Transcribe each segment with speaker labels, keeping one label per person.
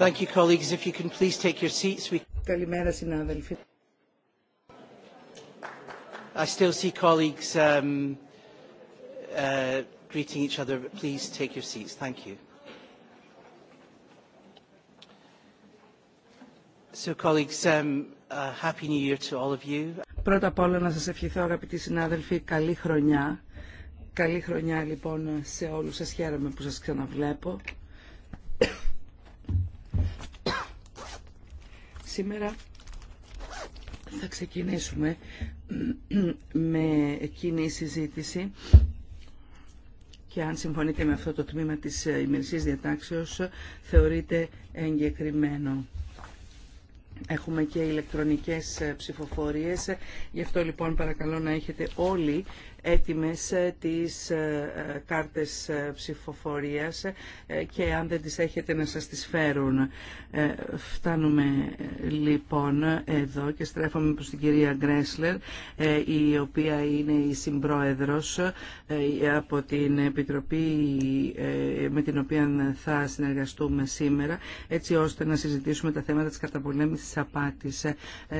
Speaker 1: Thank you, colleagues. If you can please take your seats. We... Καλημέρα, συνάδελφοι. I still see colleagues um, uh, greeting each other, please take your seats. Thank you. So, colleagues, um, uh, happy new year to all of you.
Speaker 2: Πρώτα απ' όλα να σας ευχηθώ, αγαπητοί συνάδελφοι, καλή χρονιά. Καλή χρονιά, λοιπόν, σε όλους σας. Χαίρομαι που σας ξαναβλέπω. Σήμερα θα ξεκινήσουμε με κοινή συζήτηση και αν συμφωνείτε με αυτό το τμήμα της ημερησίας διατάξεως θεωρείται εγκεκριμένο. Έχουμε και ηλεκτρονικές ψηφοφορίες, γι' αυτό λοιπόν παρακαλώ να έχετε όλοι έτοιμες ε, τις ε, ε, κάρτες ψηφοφορίας και αν δεν τις έχετε να σας τις φέρουν. Φτάνουμε λοιπόν εδώ και στρέφομαι προς την κυρία Γκρέσλερ η οποία είναι η συμπρόεδρος από την Επιτροπή με την οποία θα συνεργαστούμε σήμερα έτσι ώστε να συζητήσουμε τα θέματα της καταπολέμησης της απάτης.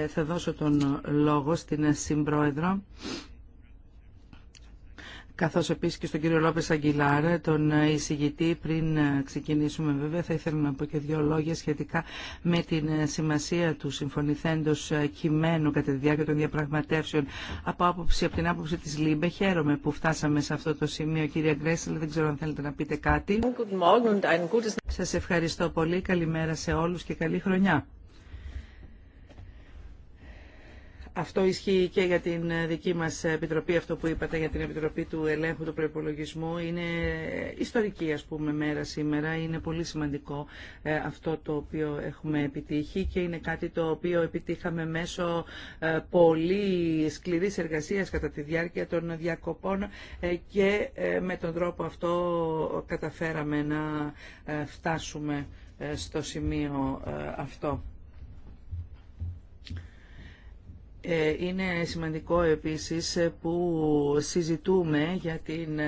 Speaker 2: Θα δώσω τον λόγο στην συμπρόεδρο καθώς επίσης και στον κύριο Λόπες Αγγιλάρα, τον εισηγητή. Πριν ξεκινήσουμε βέβαια θα ήθελα να πω και δύο λόγια σχετικά με την σημασία του συμφωνηθέντος κειμένου κατά τη διάρκεια των διαπραγματεύσεων. Από, άποψη, από την άποψη της ΛΥΜΠΕ χαίρομαι που φτάσαμε σε αυτό το σημείο. Κύριε Γκρέσλ, δεν ξέρω αν θέλετε να πείτε κάτι. Σας ευχαριστώ πολύ. Καλημέρα σε όλους και καλή χρονιά. Αυτό ισχύει και για την ε, δική μας επιτροπή, αυτό που είπατε για την επιτροπή του ελέγχου του προϋπολογισμού. Είναι ε, ιστορική ας πούμε μέρα σήμερα, είναι πολύ σημαντικό ε, αυτό το οποίο έχουμε επιτύχει και είναι κάτι το οποίο επιτύχαμε μέσω πολύ σκληρής εργασίας κατά τη διάρκεια των διακοπών και με τον τρόπο αυτό καταφέραμε να φτάσουμε στο σημείο αυτό. Ε, είναι σημαντικό επίσης που συζητούμε για την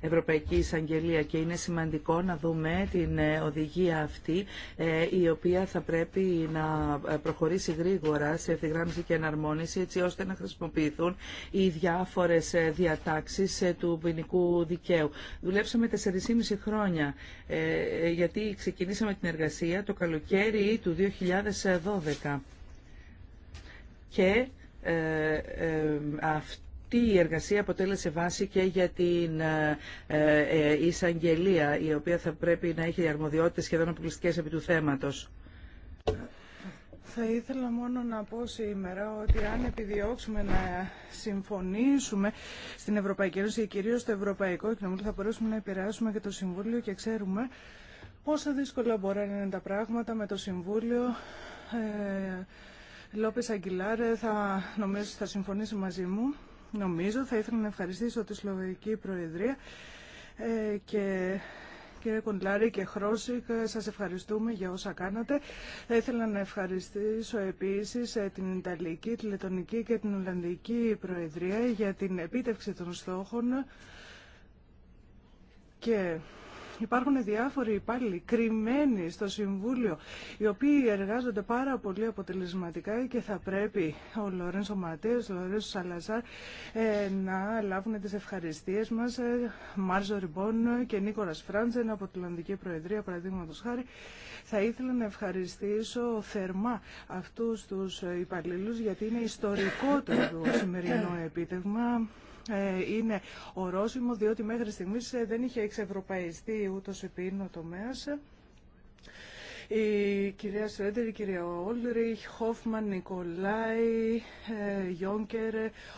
Speaker 2: Ευρωπαϊκή Εισαγγελία και είναι σημαντικό να δούμε την οδηγία αυτή ε, η οποία θα πρέπει να προχωρήσει γρήγορα σε ευθυγράμμιση και εναρμόνιση έτσι ώστε να χρησιμοποιηθούν οι διάφορες διατάξεις του ποινικού δικαίου. Δουλέψαμε 4,5 χρόνια ε, γιατί ξεκινήσαμε την εργασία το καλοκαίρι του 2012 και ε, ε, αυτή η εργασία αποτέλεσε βάση και για την ε, εισαγγελία, η οποία θα πρέπει να έχει αρμοδιότητες σχεδόν αποκλειστικές επί του θέματος.
Speaker 3: Θα ήθελα μόνο να πω σήμερα ότι αν επιδιώξουμε να συμφωνήσουμε στην Ευρωπαϊκή Ένωση και κυρίως στο Ευρωπαϊκό Κοινοβούλιο θα μπορέσουμε να επηρεάσουμε και το Συμβούλιο και ξέρουμε πόσο δύσκολα μπορεί να είναι τα πράγματα με το Συμβούλιο. Λόπε Αγγιλάρ ε, θα, νομίζω θα συμφωνήσει μαζί μου. Νομίζω θα ήθελα να ευχαριστήσω τη Σλοβενική Προεδρία ε, και κύριε Κοντλάρη και Χρόσικ, ε, σας ευχαριστούμε για όσα κάνατε. Θα ήθελα να ευχαριστήσω επίσης ε, την Ιταλική, τη Λετωνική και την Ολλανδική Προεδρία για την επίτευξη των στόχων και Υπάρχουν διάφοροι υπάλληλοι κρυμμένοι στο Συμβούλιο, οι οποίοι εργάζονται πάρα πολύ αποτελεσματικά και θα πρέπει ο Λορένσο Ματέο, ο Λορένσο Σαλαζάρ ε, να λάβουν τις ευχαριστίες μας. Ε, Μάρζο Ριμπόν και Νίκορας Φράντζεν από την Ολλανδική Προεδρία, παραδείγματο χάρη. Θα ήθελα να ευχαριστήσω θερμά αυτού του υπαλλήλου γιατί είναι ιστορικό το σημερινό επίτευγμα ε, είναι ορόσημο διότι μέχρι στιγμής ε, δεν είχε εξευρωπαϊστεί ούτως επίνο ο τομέας. Η κυρία Σρέντερ, η κυρία Όλριχ, Χόφμαν, Νικολάη, ε, Γιόνκερ,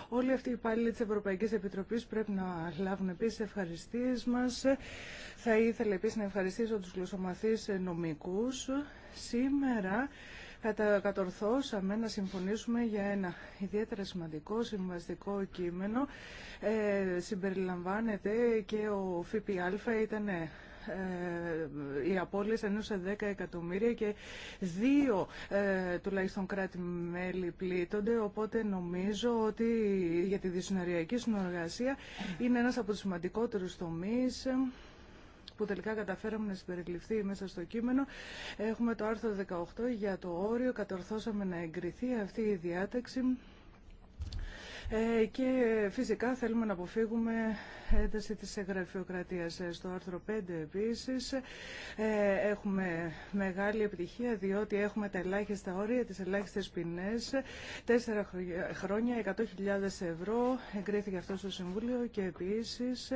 Speaker 3: όλοι αυτοί οι υπάλληλοι της Ευρωπαϊκής Επιτροπής πρέπει να λάβουν επίσης ευχαριστίες μας. Θα ήθελα επίσης να ευχαριστήσω τους γλωσσομαθείς νομικούς. Σήμερα κατορθώσαμε να συμφωνήσουμε για ένα ιδιαίτερα σημαντικό συμβαστικό κείμενο. Ε, συμπεριλαμβάνεται και ο ΦΠΑ ήταν οι ενό σε 10 εκατομμύρια και δύο ε, τουλάχιστον κράτη-μέλη πλήττονται, οπότε νομίζω ότι για τη δυσυναριακή συνεργασία είναι ένας από τους σημαντικότερους τομείς που τελικά καταφέραμε να συμπεριληφθεί μέσα στο κείμενο. Έχουμε το άρθρο 18 για το όριο. Κατορθώσαμε να εγκριθεί αυτή η διάταξη. Ε, και φυσικά θέλουμε να αποφύγουμε ένταση της εγγραφειοκρατίας. Ε, στο άρθρο 5 επίσης ε, έχουμε μεγάλη επιτυχία διότι έχουμε τα ελάχιστα όρια, τις ελάχιστες ποινές. Τέσσερα χρόνια, 100.000 ευρώ εγκρίθηκε αυτό στο Συμβούλιο και επίσης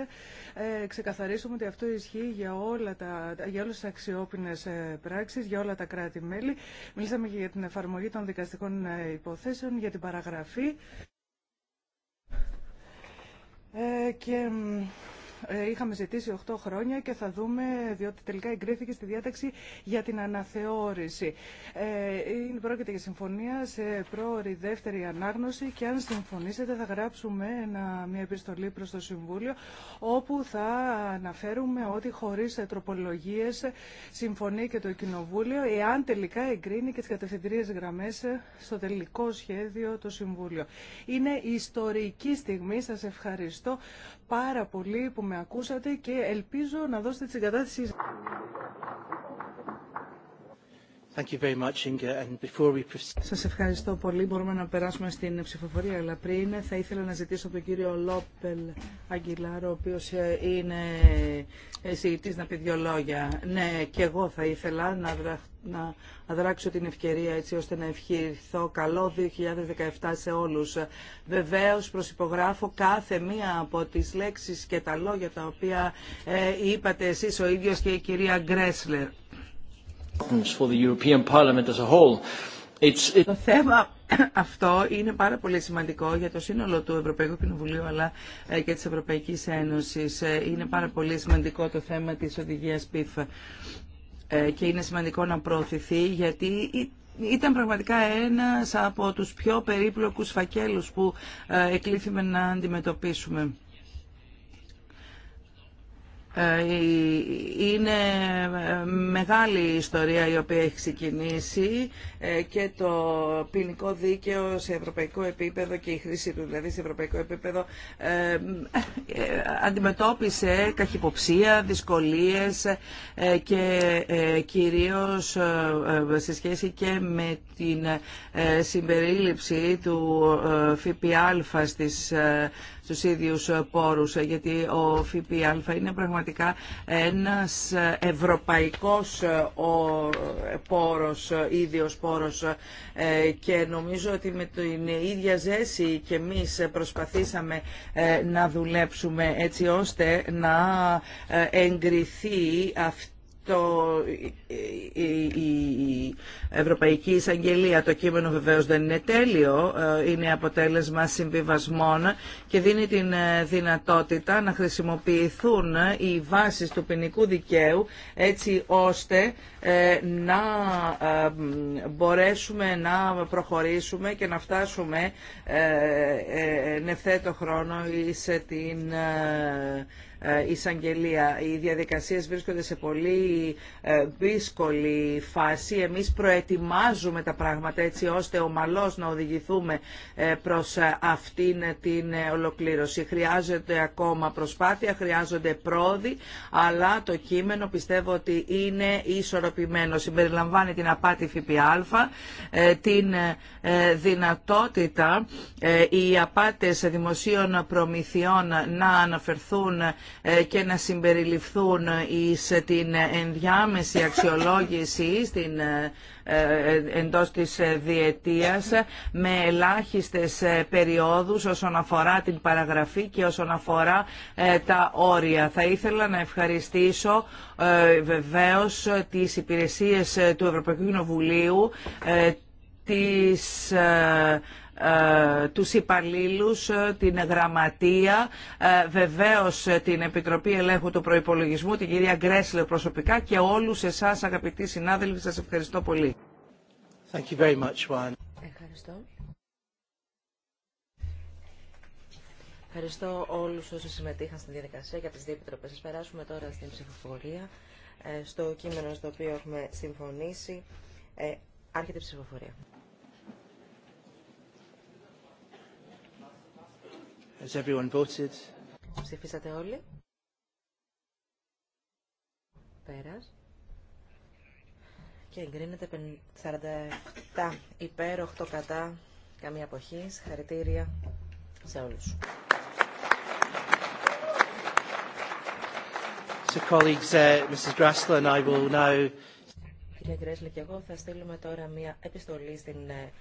Speaker 3: ξεκαθαρίσουμε ότι αυτό ισχύει για, όλα τα, για όλες τις αξιόπινες πράξεις, για όλα τα κράτη-μέλη. Μιλήσαμε και για την εφαρμογή των δικαστικών υποθέσεων, για την παραγραφή. Ε, και ε, είχαμε ζητήσει 8 χρόνια και θα δούμε, διότι τελικά εγκρίθηκε στη διάταξη για την αναθεώρηση. Ε, πρόκειται για συμφωνία σε πρόορη δεύτερη ανάγνωση και αν συμφωνήσετε θα γράψουμε μια επιστολή προς το Συμβούλιο όπου θα αναφέρουμε ότι χωρίς τροπολογίες συμφωνεί και το Κοινοβούλιο εάν τελικά εγκρίνει και τις κατευθυντηρίες γραμμές στο τελικό σχέδιο το Συμβούλιο. Είναι ιστορική στιγμή, σας ευχαριστώ πάρα πολύ που με ακούσατε και ελπίζω να δώσετε τη συγκατάθεσή σας.
Speaker 1: Thank Σας ευχαριστώ πολύ. Μπορούμε
Speaker 2: να περάσουμε στην ψηφοφορία, αλλά πριν θα ήθελα να ζητήσω τον κύριο Λόπελ Αγγιλάρο, ο οποίος ε, είναι εισηγητής να πει δύο λόγια. Ναι, και εγώ θα ήθελα να, δράξω να την ευκαιρία έτσι ώστε να ευχηθώ καλό 2017 σε όλους. Βεβαίως προσυπογράφω κάθε μία από τις λέξεις και τα λόγια τα οποία ε, είπατε εσείς ο ίδιος και η κυρία Γκρέσλερ. Το θέμα αυτό είναι πάρα πολύ σημαντικό για το σύνολο του Ευρωπαϊκού Κοινοβουλίου αλλά ε, και της Ευρωπαϊκής Ένωσης. Ε, είναι πάρα πολύ σημαντικό το θέμα της οδηγίας PIF ε, και είναι σημαντικό να προωθηθεί γιατί ήταν πραγματικά ένας από τους πιο περίπλοκους φακέλους που εκλήθημε να αντιμετωπίσουμε. Ε, είναι ε, μεγάλη η ιστορία η οποία έχει ξεκινήσει ε, και το ποινικό δίκαιο σε ευρωπαϊκό επίπεδο και η χρήση του δηλαδή σε ευρωπαϊκό επίπεδο αντιμετώπισε καχυποψία, δυσκολίες και κυρίως σε σχέση και με την συμπερίληψη του ΦΠΑ στις Στου ίδιου ε, πόρου, ε, γιατί ο ΦΠΑ είναι πραγματικά ένας ε, ευρωπαϊκός ο πόρος, ίδιος πόρος και νομίζω ότι με την ίδια ζέση και εμεί προσπαθήσαμε να δουλέψουμε έτσι ώστε να εγκριθεί αυτή το, η, Ευρωπαϊκή Εισαγγελία. Το κείμενο βεβαίως δεν είναι τέλειο, ε, είναι αποτέλεσμα συμβιβασμών και δίνει την ε, δυνατότητα να χρησιμοποιηθούν ε, οι βάσεις του ποινικού δικαίου έτσι ώστε να μπορέσουμε να προχωρήσουμε και να φτάσουμε ε, χρόνο σε την ε, εισαγγελία. Οι διαδικασίες βρίσκονται σε πολύ ε, δύσκολη φάση. Εμείς προετοιμάζουμε τα πράγματα έτσι ώστε ομαλώς να οδηγηθούμε ε, προς αυτήν την ολοκλήρωση. Χρειάζεται ακόμα προσπάθεια, χρειάζονται πρόοδοι, αλλά το κείμενο πιστεύω ότι είναι ισορροπημένο. Συμπεριλαμβάνει την απάτη ΦΠΑ, την δυνατότητα οι απάτες δημοσίων προμηθειών να αναφερθούν ε, και να συμπεριληφθούν εις ε, την ενδιάμεση αξιολόγηση στην, ε, εντός της διετίας με ελάχιστες περιόδους όσον αφορά την παραγραφή και όσον αφορά τα όρια. Θα ήθελα να ευχαριστήσω βεβαίως τις υπηρεσίες του Ευρωπαϊκού Κοινοβουλίου τις ε, τους υπαλλήλους, ε, την γραμματεία, ε, βεβαίως την Επιτροπή Ελέγχου του Προϋπολογισμού, την κυρία Γκρέσλε προσωπικά και όλους εσάς αγαπητοί
Speaker 1: συνάδελφοι. Σας ευχαριστώ πολύ. Thank you very much,
Speaker 4: Ευχαριστώ. Ευχαριστώ όλους όσοι συμμετείχαν στην διαδικασία και από τις δύο επιτροπές. Σας περάσουμε τώρα στην ψηφοφορία, στο κείμενο στο οποίο έχουμε συμφωνήσει. Άρχεται η ψηφοφορία.
Speaker 1: Has everyone voted?
Speaker 4: Ψηφίσατε όλοι. Πέρας. Και εγκρίνεται 47 υπέρ, 8 κατά, καμία αποχή. Συγχαρητήρια σε όλους.
Speaker 1: So colleagues, uh, Mrs. and I will now...
Speaker 4: Κύριε Γκρέσλη και εγώ θα στείλουμε τώρα μια επιστολή στην ε,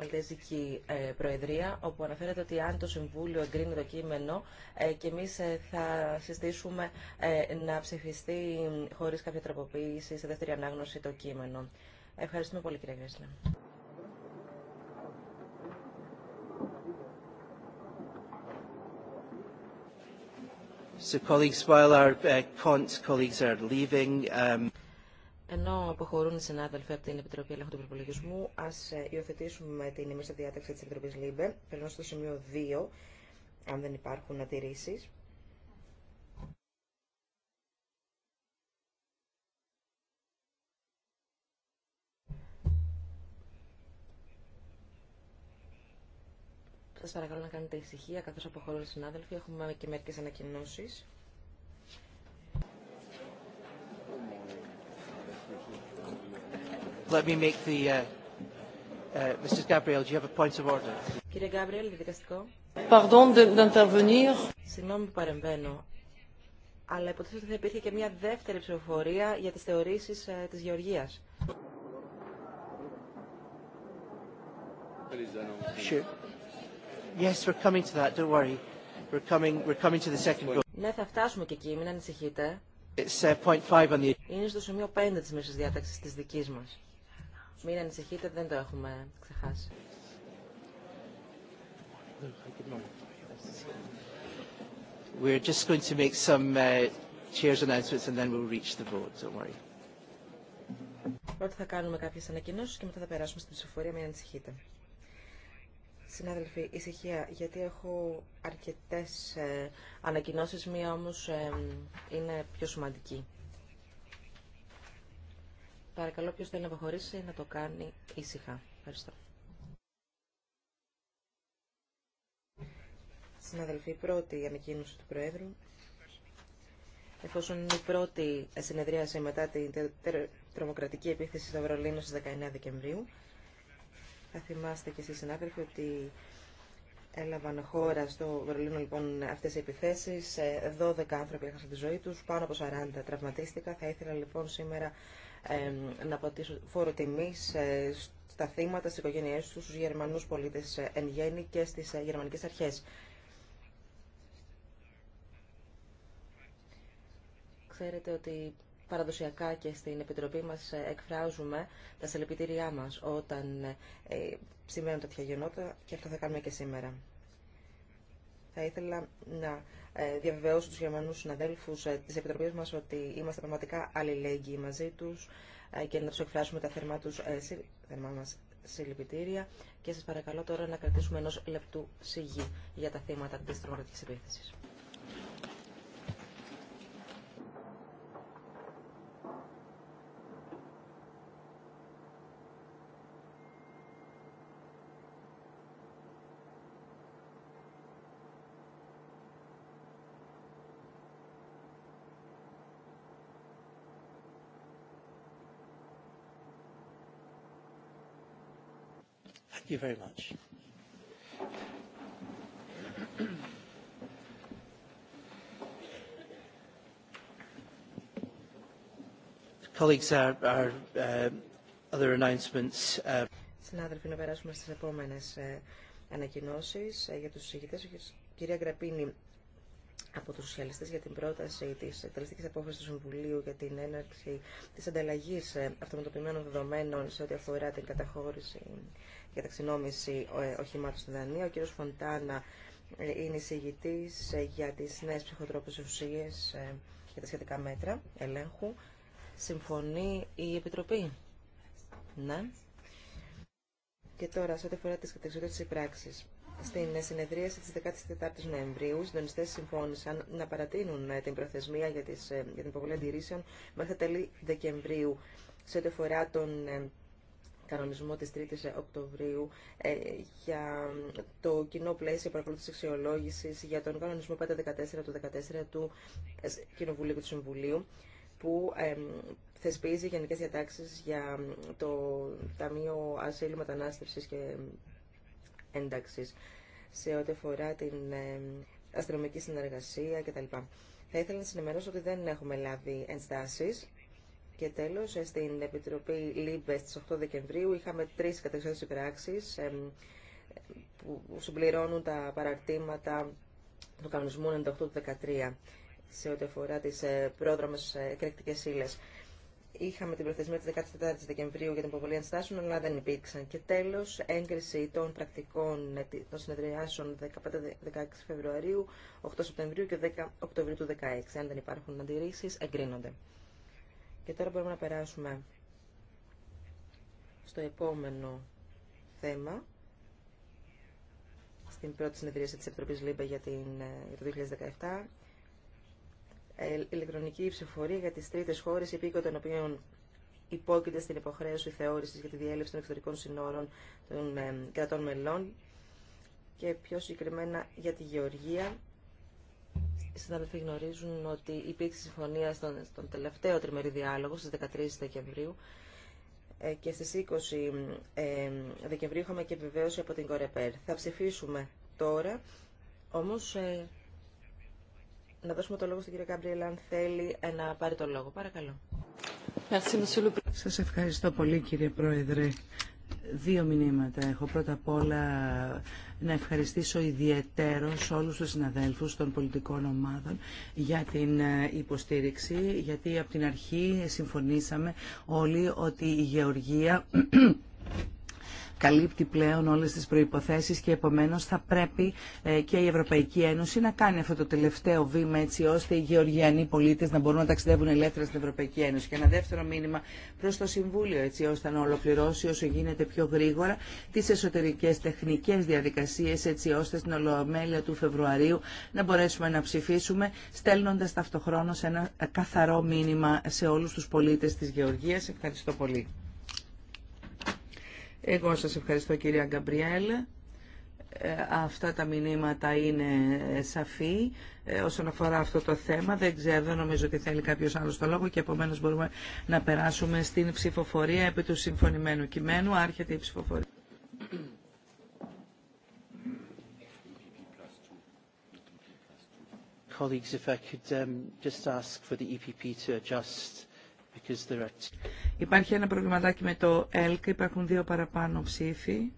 Speaker 4: Μαλτέζικη ε, Προεδρία, όπου αναφέρεται ότι αν το Συμβούλιο εγκρίνει το κείμενο ε, και εμεί ε, θα συστήσουμε να ψηφιστεί χωρί κάποια τροποποίηση σε δεύτερη ανάγνωση το κείμενο. Ευχαριστούμε πολύ, κύριε Γκρέσλε. Ενώ αποχωρούν οι συνάδελφοι από την Επιτροπή Ελέγχου του Προπολογισμού, α ε, υιοθετήσουμε την ημέρα διάταξη τη Επιτροπή ΛΥΜΠΕ. Περνώ στο σημείο 2, αν δεν υπάρχουν αντιρρήσει. Σα παρακαλώ να κάνετε ησυχία καθώ αποχωρούν οι συνάδελφοι. Έχουμε και μερικέ ανακοινώσει. Κύριε Γκάμπριελ, δικαστικό. Συγγνώμη που παρεμβαίνω, αλλά υποτίθεται ότι θα υπήρχε και μια δεύτερη ψηφοφορία για τις θεωρήσεις ε, της Γεωργίας.
Speaker 1: Yes, we're coming to Ναι, θα φτάσουμε και εκεί,
Speaker 4: μην ανησυχείτε.
Speaker 1: Uh, Είναι στο σημείο 5 της μέσης διάταξης της δικής μας.
Speaker 4: Μην ανησυχείτε, δεν το έχουμε ξεχάσει.
Speaker 1: We're just going to make some uh, chairs announcements and then we'll reach the vote. Don't worry.
Speaker 4: Πρώτα θα κάνουμε κάποιες ανακοινώσεις και μετά θα περάσουμε στην ψηφοφορία. Μην ανησυχείτε. Συνάδελφοι, ησυχία, γιατί έχω αρκετές ε, ανακοινώσεις, μία όμως ε, είναι πιο σημαντική. Παρακαλώ ποιος θέλει να αποχωρήσει να το κάνει ήσυχα. Ευχαριστώ. Συναδελφοί, πρώτη η ανακοίνωση του Προέδρου. Εφόσον είναι η πρώτη συνεδρίαση μετά την τρομοκρατική επίθεση στο Βερολίνο στις 19 Δεκεμβρίου, θα θυμάστε και εσείς συνάδελφοι ότι έλαβαν χώρα στο Βερολίνο λοιπόν αυτές οι επιθέσεις. 12 ε, άνθρωποι έχασαν τη ζωή τους, πάνω από 40 τραυματίστηκα. Θα ήθελα λοιπόν σήμερα να πατήσω φόρο τιμής ε, στα θύματα, στις οικογένειές τους, Γερμανού Γερμανούς πολίτες ε, εν γέννη και στις ε, γερμανικές αρχές. Ξέρετε ότι παραδοσιακά και στην Επιτροπή μας εκφράζουμε τα συλληπιτήριά μας όταν ε, σημαίνουν τέτοια γεγονότα και αυτό θα κάνουμε και σήμερα. Θα ήθελα να ε, διαβεβαιώσω τους Γερμανούς συναδέλφους ε, της Επιτροπής μας ότι είμαστε πραγματικά αλληλέγγυοι μαζί τους ε, και να τους εκφράσουμε τα θερμά, τους, θερμά μας συλληπιτήρια και σας παρακαλώ τώρα να κρατήσουμε ενός λεπτού σιγή για τα θύματα της τρομοκρατικής επίθεσης.
Speaker 1: you very much. Colleagues, our, our uh, other announcements. Uh...
Speaker 4: Συνάδελφοι, να περάσουμε στις επόμενες ε, ανακοινώσεις ε, για τους συζητητές. Κυρία Γραπίνη, από τους σοσιαλιστές για την πρόταση της εκτελεστικής απόφασης του Συμβουλίου για την έναρξη της ανταλλαγής ε, αυτοματοποιημένων δεδομένων σε ό,τι αφορά την καταχώρηση για ταξινόμηση ε, οχημάτων στην Δανία. Ο κ. Φοντάνα ε, είναι εισηγητής για τις νέες ψυχοτρόπες ουσίες και τα σχετικά μέτρα ελέγχου. Συμφωνεί η Επιτροπή. Ναι. Και τώρα, σε ό,τι αφορά τις της πράξης. Στην συνεδρίαση τη 14 η Νοεμβρίου, οι συντονιστέ συμφώνησαν να παρατείνουν ε, την προθεσμία για, τις, ε, για την υποβολή αντιρρήσεων μέχρι τα τέλη Δεκεμβρίου. Σε ό,τι αφορά τον ε, κανονισμό της 3ης Οκτωβρίου για το κοινό πλαίσιο παρακολούθηση αξιολόγηση, για τον κανονισμό 514 του 14 του Κοινοβουλίου και του Συμβουλίου που θεσπίζει γενικές διατάξεις για το Ταμείο Ασύλου Μετανάστευσης και σε ό,τι αφορά την ε, αστυνομική συνεργασία κτλ. Θα ήθελα να συνημερώσω ότι δεν έχουμε λάβει ενστάσεις και τέλος ε, στην Επιτροπή ΛΥΜΠΕ στις 8 Δεκεμβρίου είχαμε τρεις κατεξιώσεις πράξεις ε, που συμπληρώνουν τα παραρτήματα του κανονισμού 98 13 σε ό,τι αφορά τις πρόδρομες εκρηκτικές ύλες. Είχαμε την προθεσμία τη 14 η Δεκεμβρίου για την υποβολή ενστάσεων, αλλά δεν υπήρξαν. Και τέλος, έγκριση των πρακτικών των συνεδριάσεων 15-16 Φεβρουαρίου, 8 Σεπτεμβρίου και 10 Οκτωβρίου του 2016. Αν δεν υπάρχουν αντιρρήσει, εγκρίνονται. Και τώρα μπορούμε να περάσουμε στο επόμενο θέμα, στην πρώτη συνεδρίαση της Επιτροπής ΛΥΜΠΕ για, την, ε, για το 2017, ε, ηλεκτρονική ψηφορία για τις τρίτες χώρες υπήκο των οποίων υπόκειται στην υποχρέωση θεώρηση για τη διέλευση των εξωτερικών συνόρων των ε, κρατών μελών και πιο συγκεκριμένα για τη γεωργία. Οι συνάδελφοι γνωρίζουν ότι υπήρξε συμφωνία στον, στον τελευταίο τριμερή διάλογο στις 13 Δεκεμβρίου ε, και στις 20 Δεκεμβρίου είχαμε και επιβεβαίωση από την Κορεπέρ. Θα ψηφίσουμε τώρα, όμως να δώσουμε το λόγο στην κυρία Καμπριέλα αν θέλει ε, να πάρει το λόγο. Παρακαλώ.
Speaker 2: Σας ευχαριστώ πολύ κύριε Πρόεδρε. Δύο μηνύματα έχω. Πρώτα απ' όλα να ευχαριστήσω ιδιαιτέρως όλους τους συναδέλφους των πολιτικών ομάδων για την ε, υποστήριξη, γιατί από την αρχή συμφωνήσαμε όλοι ότι η Γεωργία καλύπτει πλέον όλες τις προϋποθέσεις και επομένως θα πρέπει ε, και η Ευρωπαϊκή Ένωση να κάνει αυτό το τελευταίο βήμα έτσι ώστε οι γεωργιανοί πολίτες να μπορούν να ταξιδεύουν ελεύθερα στην Ευρωπαϊκή Ένωση. Και ένα δεύτερο μήνυμα προς το Συμβούλιο έτσι ώστε να ολοκληρώσει όσο γίνεται πιο γρήγορα τις εσωτερικές τεχνικές διαδικασίες έτσι ώστε στην Ολομέλεια του Φεβρουαρίου να μπορέσουμε να ψηφίσουμε στέλνοντας ταυτοχρόνως ένα καθαρό μήνυμα σε όλους τους πολίτες της Γεωργίας. Ευχαριστώ πολύ. Εγώ σας ευχαριστώ κυρία Γκαμπριέλ. Ε, αυτά τα μηνύματα είναι σαφή ε, όσον αφορά αυτό το θέμα. Δεν ξέρω, δεν νομίζω ότι θέλει κάποιος άλλος το λόγο και επομένως μπορούμε να περάσουμε στην ψηφοφορία επί του συμφωνημένου κειμένου. Άρχεται η ψηφοφορία.
Speaker 1: Colleagues, if I could um, just ask for the EPP to Υπάρχει ένα
Speaker 2: προβληματάκι με το ΕΛΚ, υπάρχουν δύο παραπάνω ψήφοι.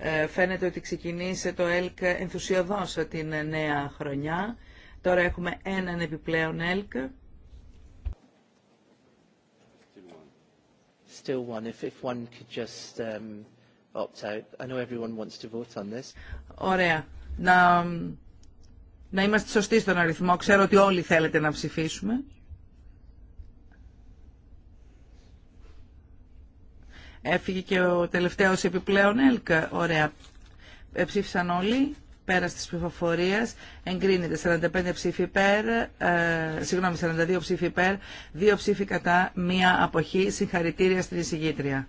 Speaker 2: Ε, φαίνεται ότι ξεκινήσε το ΕΛΚ ενθουσιοδός την νέα χρονιά. Τώρα έχουμε έναν επιπλέον ΕΛΚ.
Speaker 1: Still one, if, one could just um, opt out. I know everyone wants to vote on this.
Speaker 2: Ωραία. Να να είμαστε σωστοί στον αριθμό. Ξέρω ότι όλοι θέλετε να ψηφίσουμε. Έφυγε και ο τελευταίος επιπλέον ΕΛΚΑ. Ωραία. Ε, ψήφισαν όλοι. Πέρα τη ψηφοφορία εγκρίνεται 45 ψήφοι υπέρ, ε, συγγνώμη, 42 ψήφοι υπέρ, 2 ψήφοι κατά, μία αποχή. Συγχαρητήρια στην εισηγήτρια.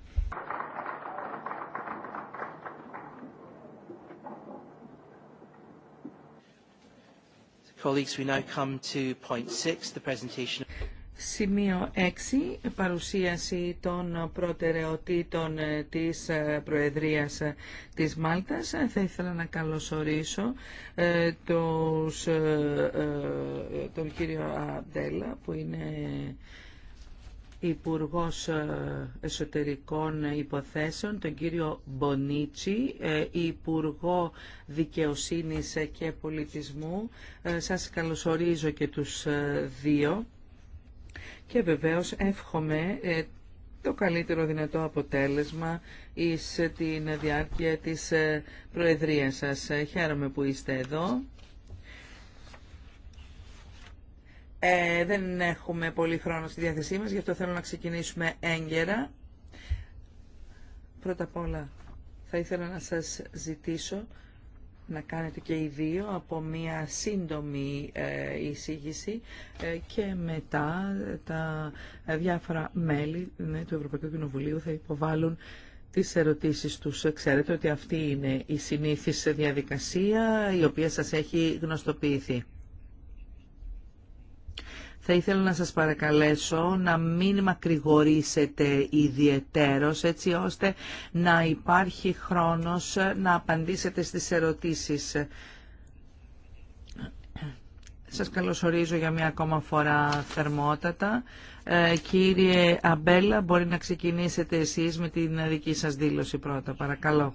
Speaker 2: Σημείο 6, παρουσίαση των προτεραιοτήτων ε, της ε, Προεδρίας ε, της Μάλτας. Θα ήθελα να καλωσορίσω τον κύριο Αντέλα που είναι Υπουργός ε, Εσωτερικών Υποθέσεων, τον κύριο Μπονίτσι, ε, Υπουργό Δικαιοσύνης και Πολιτισμού. Ε, σας καλωσορίζω και τους δύο και βεβαίως εύχομαι το καλύτερο δυνατό αποτέλεσμα εις την διάρκεια της Προεδρίας σας. Χαίρομαι που είστε εδώ Ε, δεν έχουμε πολύ χρόνο στη διάθεσή μας, γι' αυτό θέλω να ξεκινήσουμε έγκαιρα. Πρώτα απ' όλα θα ήθελα να σας ζητήσω να κάνετε και οι δύο από μία σύντομη ε, εισήγηση ε, και μετά τα διάφορα μέλη του Ευρωπαϊκού Κοινοβουλίου θα υποβάλουν τις ερωτήσεις τους. Ξέρετε ότι αυτή είναι η συνήθις διαδικασία η οποία σας έχει γνωστοποιηθεί. Θα ήθελα να σας παρακαλέσω να μην μακρηγορήσετε ιδιαιτέρως έτσι ώστε να υπάρχει χρόνος να απαντήσετε στις ερωτήσεις. Σας καλωσορίζω για μια ακόμα φορά θερμότατα. Ε, κύριε Αμπέλα, μπορεί να ξεκινήσετε εσείς με την δική σας δήλωση πρώτα, παρακαλώ.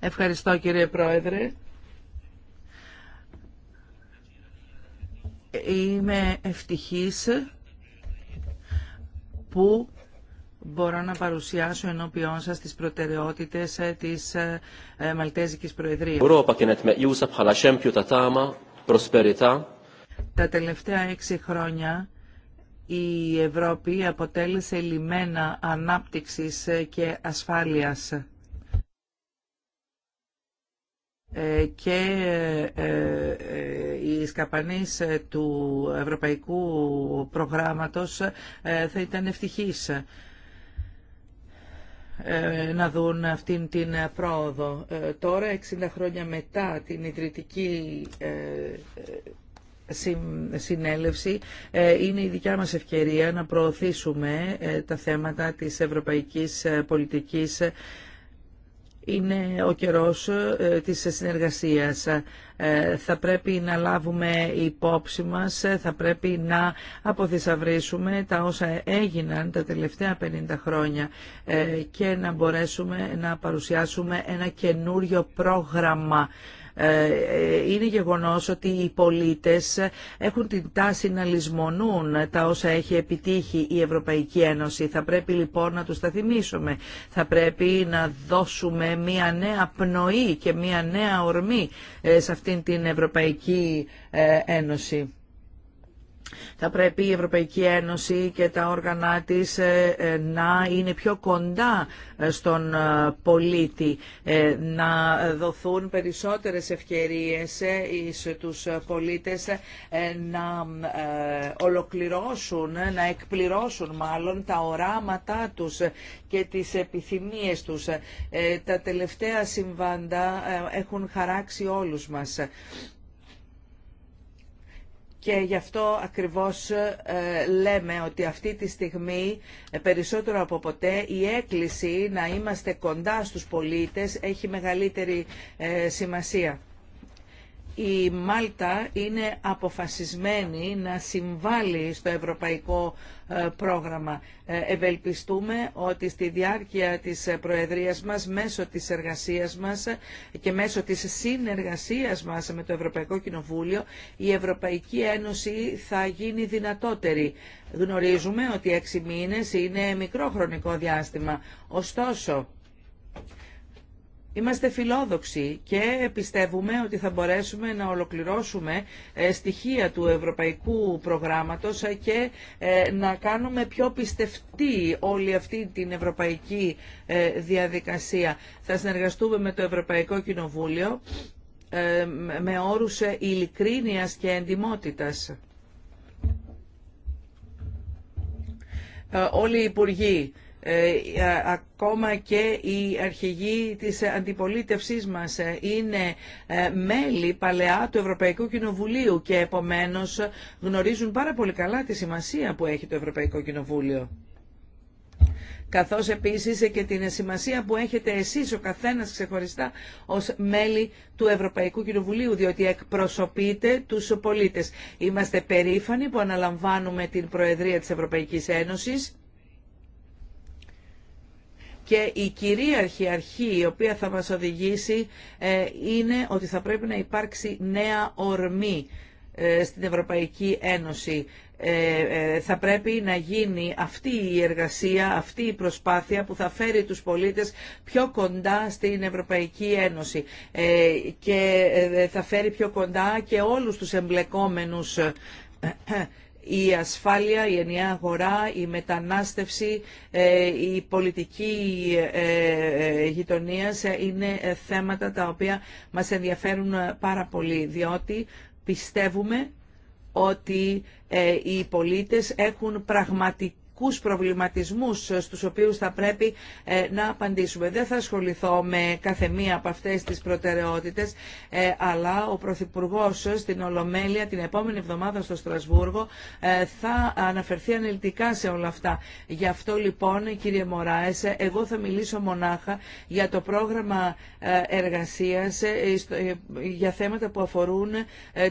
Speaker 2: Ευχαριστώ κύριε Πρόεδρε. είμαι ευτυχής που μπορώ να παρουσιάσω ενώπιόν σας τις προτεραιότητες ε, της ε, ε, Μαλτέζικης Προεδρίας. Τα τελευταία έξι χρόνια η Ευρώπη αποτέλεσε λιμένα ανάπτυξης και ασφάλειας και ε, ε, οι σκαπανείς του ευρωπαϊκού προγράμματος ε, θα ήταν ευτυχείς να δουν αυτήν την πρόοδο. Τώρα, 60 χρόνια μετά την ιδρυτική συνέλευση είναι η δικιά μας ευκαιρία να προωθήσουμε τα θέματα της ευρωπαϊκής πολιτικής είναι ο καιρός ε, της συνεργασίας. Ε, θα πρέπει να λάβουμε υπόψη μας, ε, θα πρέπει να αποθυσαυρίσουμε τα όσα έγιναν τα τελευταία 50 χρόνια και να μπορέσουμε να παρουσιάσουμε ένα καινούριο πρόγραμμα ε, ε, είναι γεγονός ότι οι πολίτες έχουν την τάση να λησμονούν τα όσα έχει επιτύχει η Ευρωπαϊκή Ένωση. Θα πρέπει λοιπόν να τους τα θυμίσουμε. Θα πρέπει να δώσουμε μια νέα πνοή και μια νέα ορμή ε, σε αυτήν την Ευρωπαϊκή Ένωση θα πρέπει η Ευρωπαϊκή Ένωση και τα όργανα της ε, ε, να είναι πιο κοντά ε, στον πολίτη, να δοθούν περισσότερες ευκαιρίες στους πολίτες να ολοκληρώσουν, να εκπληρώσουν μάλλον τα οράματά τους και τις επιθυμίες τους. Τα τελευταία συμβάντα έχουν χαράξει όλους μας και γι' αυτό ακριβώς ε, λέμε ότι αυτή τη στιγμή ε, περισσότερο από ποτέ η έκκληση να είμαστε κοντά στους πολίτες έχει μεγαλύτερη ε, σημασία η Μάλτα είναι αποφασισμένη να συμβάλλει στο ευρωπαϊκό ε, πρόγραμμα. Ε, ευελπιστούμε ότι στη διάρκεια της ε, Προεδρίας μας, μέσω της εργασίας μας και μέσω της συνεργασίας μας με το Ευρωπαϊκό Κοινοβούλιο, η Ευρωπαϊκή Ένωση θα γίνει δυνατότερη. Γνωρίζουμε ότι έξι μήνες είναι μικρό χρονικό διάστημα. Ωστόσο, Είμαστε φιλόδοξοι και πιστεύουμε ότι θα μπορέσουμε να ολοκληρώσουμε ε, στοιχεία του ευρωπαϊκού προγράμματος ε, και ε, να κάνουμε πιο πιστευτή όλη αυτή την ευρωπαϊκή διαδικασία. Θα συνεργαστούμε με το Ευρωπαϊκό Κοινοβούλιο με όρους ειλικρίνειας και εντιμότητας. Όλοι οι υπουργοί ε, ακόμα και οι αρχηγοί της αντιπολίτευσής μας ε, είναι ε, μέλη παλαιά του Ευρωπαϊκού Κοινοβουλίου και επομένως γνωρίζουν πάρα πολύ καλά τη σημασία που έχει το Ευρωπαϊκό Κοινοβούλιο καθώς επίσης και την σημασία που έχετε εσείς ο καθένας ξεχωριστά ως μέλη του Ευρωπαϊκού Κοινοβουλίου, διότι εκπροσωπείτε τους πολίτες. Είμαστε περήφανοι που αναλαμβάνουμε την Προεδρία της Ευρωπαϊκής Ένωσης και η κυρίαρχη αρχή η οποία θα μας οδηγήσει ε, είναι ότι θα πρέπει να υπάρξει νέα ορμή ε, στην Ευρωπαϊκή Ένωση. Ε, θα πρέπει να γίνει αυτή η εργασία, αυτή η προσπάθεια που θα φέρει τους πολίτες πιο κοντά στην Ευρωπαϊκή Ένωση και θα φέρει πιο κοντά και όλους τους εμπλεκόμενους η ασφάλεια, η ενιαία αγορά, η μετανάστευση, ε, η πολιτική ε, ε, γειτονία είναι θέματα τα οποία μας ενδιαφέρουν πάρα πολύ, διότι πιστεύουμε ότι οι πολίτες έχουν πραγματική βασικούς προβληματισμούς ε, στους οποίους θα πρέπει ε, να απαντήσουμε. Δεν θα ασχοληθώ με κάθε μία από αυτές τις προτεραιότητες, ε, αλλά ο Πρωθυπουργό στην Ολομέλεια την επόμενη εβδομάδα στο Στρασβούργο θα αναφερθεί ανελτικά σε όλα αυτά. Γι' αυτό λοιπόν κύριε Μωράες, εγώ θα μιλήσω μονάχα για το πρόγραμμα εργασίας για θέματα που αφορούν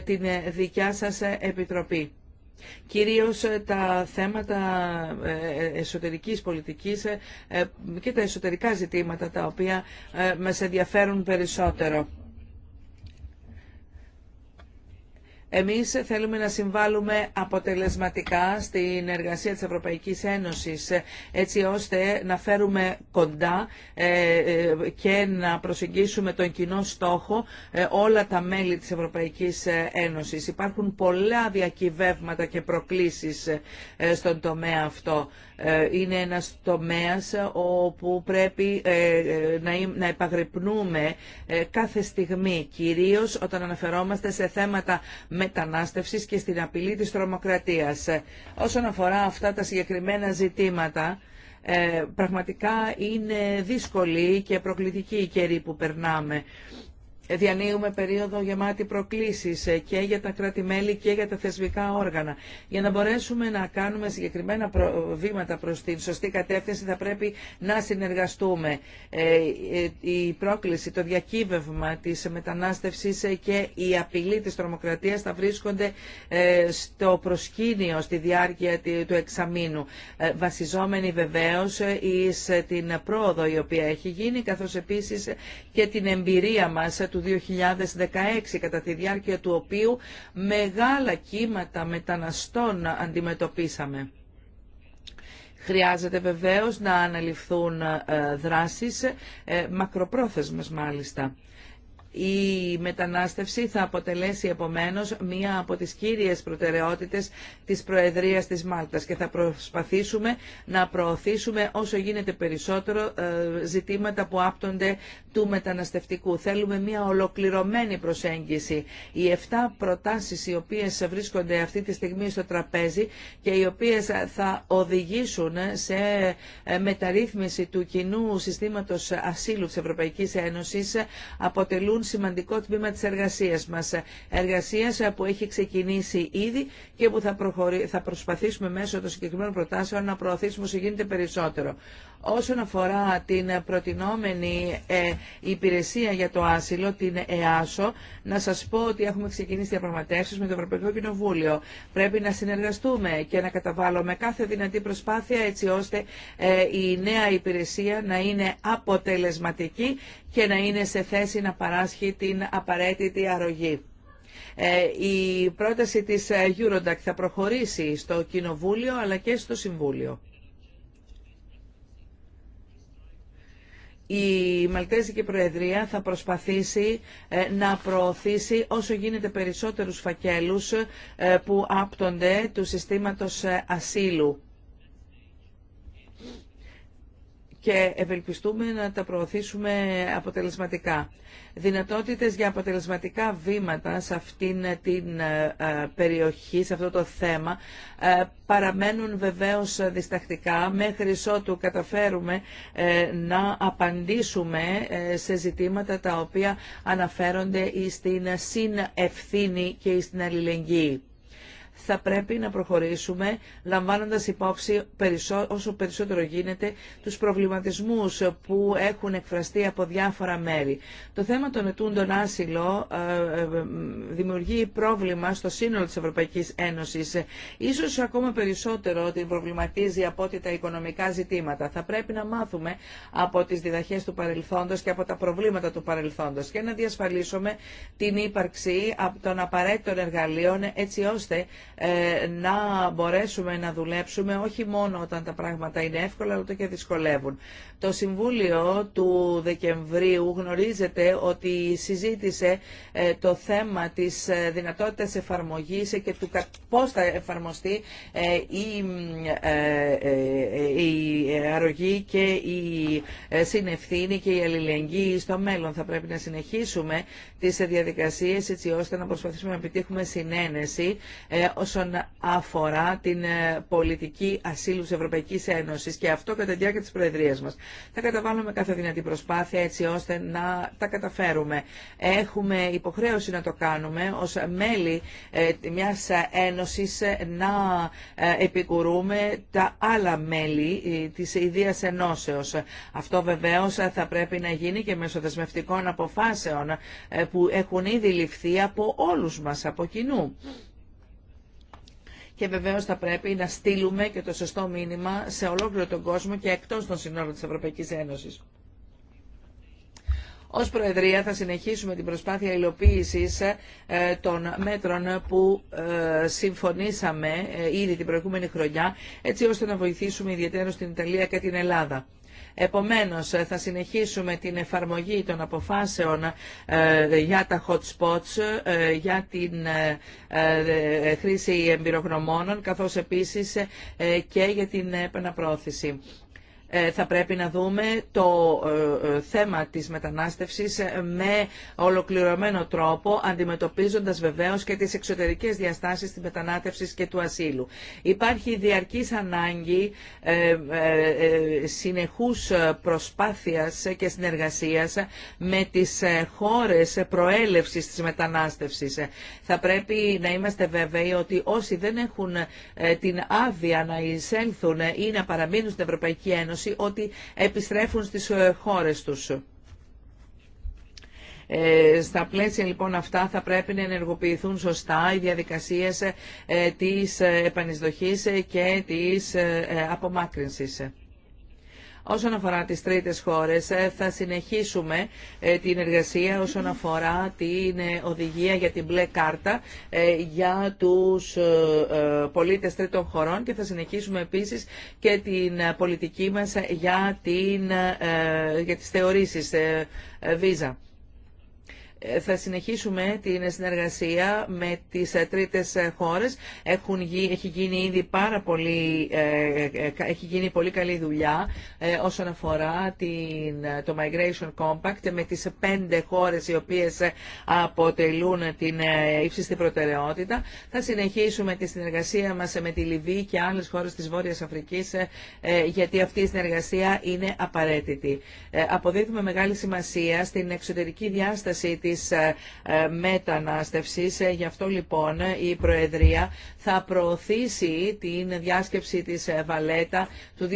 Speaker 2: την δικιά σας Επιτροπή κυρίως ε, τα θέματα ε, ε, εσωτερικής πολιτικής και τα εσωτερικά ζητήματα τα οποία μας ενδιαφέρουν περισσότερο. Εμείς θέλουμε να συμβάλλουμε αποτελεσματικά στην εργασία της Ευρωπαϊκής Ένωσης έτσι ώστε να φέρουμε κοντά ε, ε, και να προσεγγίσουμε τον κοινό στόχο ε, όλα τα μέλη της Ευρωπαϊκής Ένωσης. Υπάρχουν πολλά διακυβεύματα και προκλήσεις στον τομέα αυτό. Είναι ένας τομέας όπου πρέπει να επαγρυπνούμε κάθε στιγμή, κυρίως όταν αναφερόμαστε σε θέματα μετανάστευσης και στην απειλή της τρομοκρατίας. Όσον αφορά αυτά τα συγκεκριμένα ζητήματα, ε, πραγματικά είναι δύσκολη και προκλητική η καιρή που περνάμε διανύουμε περίοδο γεμάτη προκλήσεις ε, και για τα κράτη-μέλη και για τα θεσμικά όργανα. Για να μπορέσουμε να κάνουμε συγκεκριμένα βήματα προς την σωστή κατεύθυνση θα πρέπει να συνεργαστούμε. Ε, ε, η πρόκληση, το διακύβευμα της μετανάστευσης και η απειλή της τρομοκρατίας θα βρίσκονται στο προσκήνιο στη διάρκεια του εξαμήνου. Βασιζόμενοι βεβαίως σε την πρόοδο η οποία έχει γίνει καθώς επίσης και την εμπειρία μας του 2016, κατά τη διάρκεια του οποίου μεγάλα κύματα μεταναστών αντιμετωπίσαμε. Χρειάζεται βεβαίως να αναλυφθούν ε, δράσεις, ε, μακροπρόθεσμες μάλιστα. Η μετανάστευση θα αποτελέσει επομένως μία από τις κύριες προτεραιότητες της Προεδρίας της Μάλτας και θα προσπαθήσουμε να προωθήσουμε όσο γίνεται περισσότερο ε, ζητήματα που άπτονται του μεταναστευτικού. Θέλουμε μία ολοκληρωμένη προσέγγιση. Οι 7 προτάσεις οι οποίες βρίσκονται αυτή τη στιγμή στο τραπέζι και οι οποίες θα οδηγήσουν σε ε, μεταρρύθμιση του κοινού συστήματος ασύλου της Ευρωπαϊκής Ένωσης αποτελούν σημαντικό τμήμα της εργασίας μας. Εργασίας που έχει ξεκινήσει ήδη και που θα, θα προσπαθήσουμε μέσω των συγκεκριμένων προτάσεων να προωθήσουμε όσο γίνεται περισσότερο. Όσον αφορά την προτινόμενη ε, υπηρεσία για το άσυλο, την ΕΑΣΟ, να σας πω ότι έχουμε ξεκινήσει διαπραγματεύσεις με το Ευρωπαϊκό Κοινοβούλιο. Πρέπει να συνεργαστούμε και να καταβάλουμε κάθε δυνατή προσπάθεια έτσι ώστε ε, η νέα υπηρεσία να είναι αποτελεσματική και να είναι σε θέση να παράσχει την απαραίτητη αρρωγή. Ε, η πρόταση της Eurodac θα προχωρήσει στο Κοινοβούλιο αλλά και στο Συμβούλιο. η Μαλτέζικη Προεδρία θα προσπαθήσει ε, να προωθήσει όσο γίνεται περισσότερους φακέλους ε, που άπτονται του συστήματος ε, ασύλου. και ευελπιστούμε να τα προωθήσουμε αποτελεσματικά. Δυνατότητες για αποτελεσματικά βήματα σε αυτήν την ε, περιοχή, σε αυτό το θέμα, ε, παραμένουν βεβαίως διστακτικά μέχρι ότου καταφέρουμε ε, να απαντήσουμε σε ζητήματα τα οποία αναφέρονται στην συνευθύνη και στην αλληλεγγύη θα πρέπει να προχωρήσουμε λαμβάνοντας υπόψη όσο περισσότερο γίνεται τους προβληματισμούς που έχουν εκφραστεί από διάφορα μέρη. Το θέμα των ετούντων άσυλο ε, ε, δημιουργεί πρόβλημα στο σύνολο της Ευρωπαϊκής Ένωσης. Ίσως ακόμα περισσότερο την προβληματίζει από ότι τα οικονομικά ζητήματα. Θα πρέπει να μάθουμε από τις διδαχές του παρελθόντος και από τα προβλήματα του παρελθόντος και να διασφαλίσουμε την ύπαρξη των απαραίτητων εργαλείων έτσι ώστε ε, να μπορέσουμε να δουλέψουμε όχι μόνο όταν τα πράγματα είναι εύκολα, αλλά και δυσκολεύουν. Το Συμβούλιο του Δεκεμβρίου γνωρίζετε ότι συζήτησε ε, το θέμα της ε, δυνατότητας εφαρμογής και του πώς θα εφαρμοστεί η, η αρρωγή και η συνευθύνη και η αλληλεγγύη στο μέλλον. Θα πρέπει να συνεχίσουμε τις διαδικασίες έτσι ώστε να προσπαθήσουμε να επιτύχουμε συνένεση όσον αφορά την ε, πολιτική ασύλου της Ευρωπαϊκής Ένωσης και αυτό κατά τη διάρκεια της Προεδρίας μας. Θα καταβάλουμε κάθε δυνατή προσπάθεια έτσι ώστε να τα καταφέρουμε. Έχουμε υποχρέωση να το κάνουμε ως μέλη ε, μιας ένωσης να ε, επικουρούμε τα άλλα μέλη της ιδίας ενώσεως. Αυτό βεβαίως θα πρέπει να γίνει και μέσω δεσμευτικών αποφάσεων που έχουν ήδη ληφθεί από όλους μας από κοινού και βεβαίως θα πρέπει να στείλουμε και το σωστό μήνυμα σε ολόκληρο τον κόσμο και εκτός των συνόρων της Ευρωπαϊκής Ένωσης. Ως Προεδρία θα συνεχίσουμε την προσπάθεια υλοποίησης ε, των μέτρων που ε, συμφωνήσαμε ε, ήδη την προηγούμενη χρονιά, έτσι ώστε να βοηθήσουμε ιδιαίτερα στην Ιταλία και την Ελλάδα. Επομένως, ε, θα συνεχίσουμε την εφαρμογή των αποφάσεων ε, για τα hot spots, ε, για την χρήση εμπειρογνωμόνων, καθώς επίσης και για την επαναπρόθεση. Ε, θα πρέπει να δούμε το ε, ε, θέμα της μετανάστευσης με ολοκληρωμένο τρόπο, αντιμετωπίζοντας βεβαίως και τις εξωτερικές διαστάσεις της μετανάστευσης και του ασύλου. Υπάρχει διαρκής ανάγκη συνεχούς προσπάθειας και συνεργασίας με τις χώρες προέλευσης της μετανάστευσης. Θα πρέπει να είμαστε βέβαιοι ότι όσοι δεν έχουν την άδεια να εισέλθουν ή να παραμείνουν στην Ευρωπαϊκή Ένωση, ότι επιστρέφουν στις ε, χώρες τους. Ε, στα πλαίσια λοιπόν αυτά θα πρέπει να ενεργοποιηθούν σωστά οι διαδικασίες ε, της επανεισδοχής και της απομάκρυνσης. Όσον αφορά τις τρίτες χώρες, ε, θα συνεχίσουμε ε, την εργασία όσον αφορά την ε, οδηγία για την μπλε κάρτα για τους πολίτες τρίτων χωρών και θα συνεχίσουμε επίσης και την πολιτική μας για, την, για τις θεωρήσεις βίζα θα συνεχίσουμε την συνεργασία με τις ε, τρίτες ε, χώρες. Έχουν, έχει γίνει ήδη πάρα πολύ, ε, έχει γίνει πολύ καλή δουλειά όσον αφορά την, το Migration Compact με τις πέντε χώρες οι οποίες αποτελούν την ύψιστη προτεραιότητα. Θα συνεχίσουμε τη συνεργασία μας με τη Λιβύη και άλλες χώρες της Βόρειας Αφρικής γιατί αυτή η συνεργασία είναι απαραίτητη. Αποδίδουμε μεγάλη σημασία στην εξωτερική διάσταση της της ε, ε, μετανάστευσης. Ε, γι' αυτό λοιπόν η Προεδρία θα προωθήσει την διάσκεψη της Βαλέτα του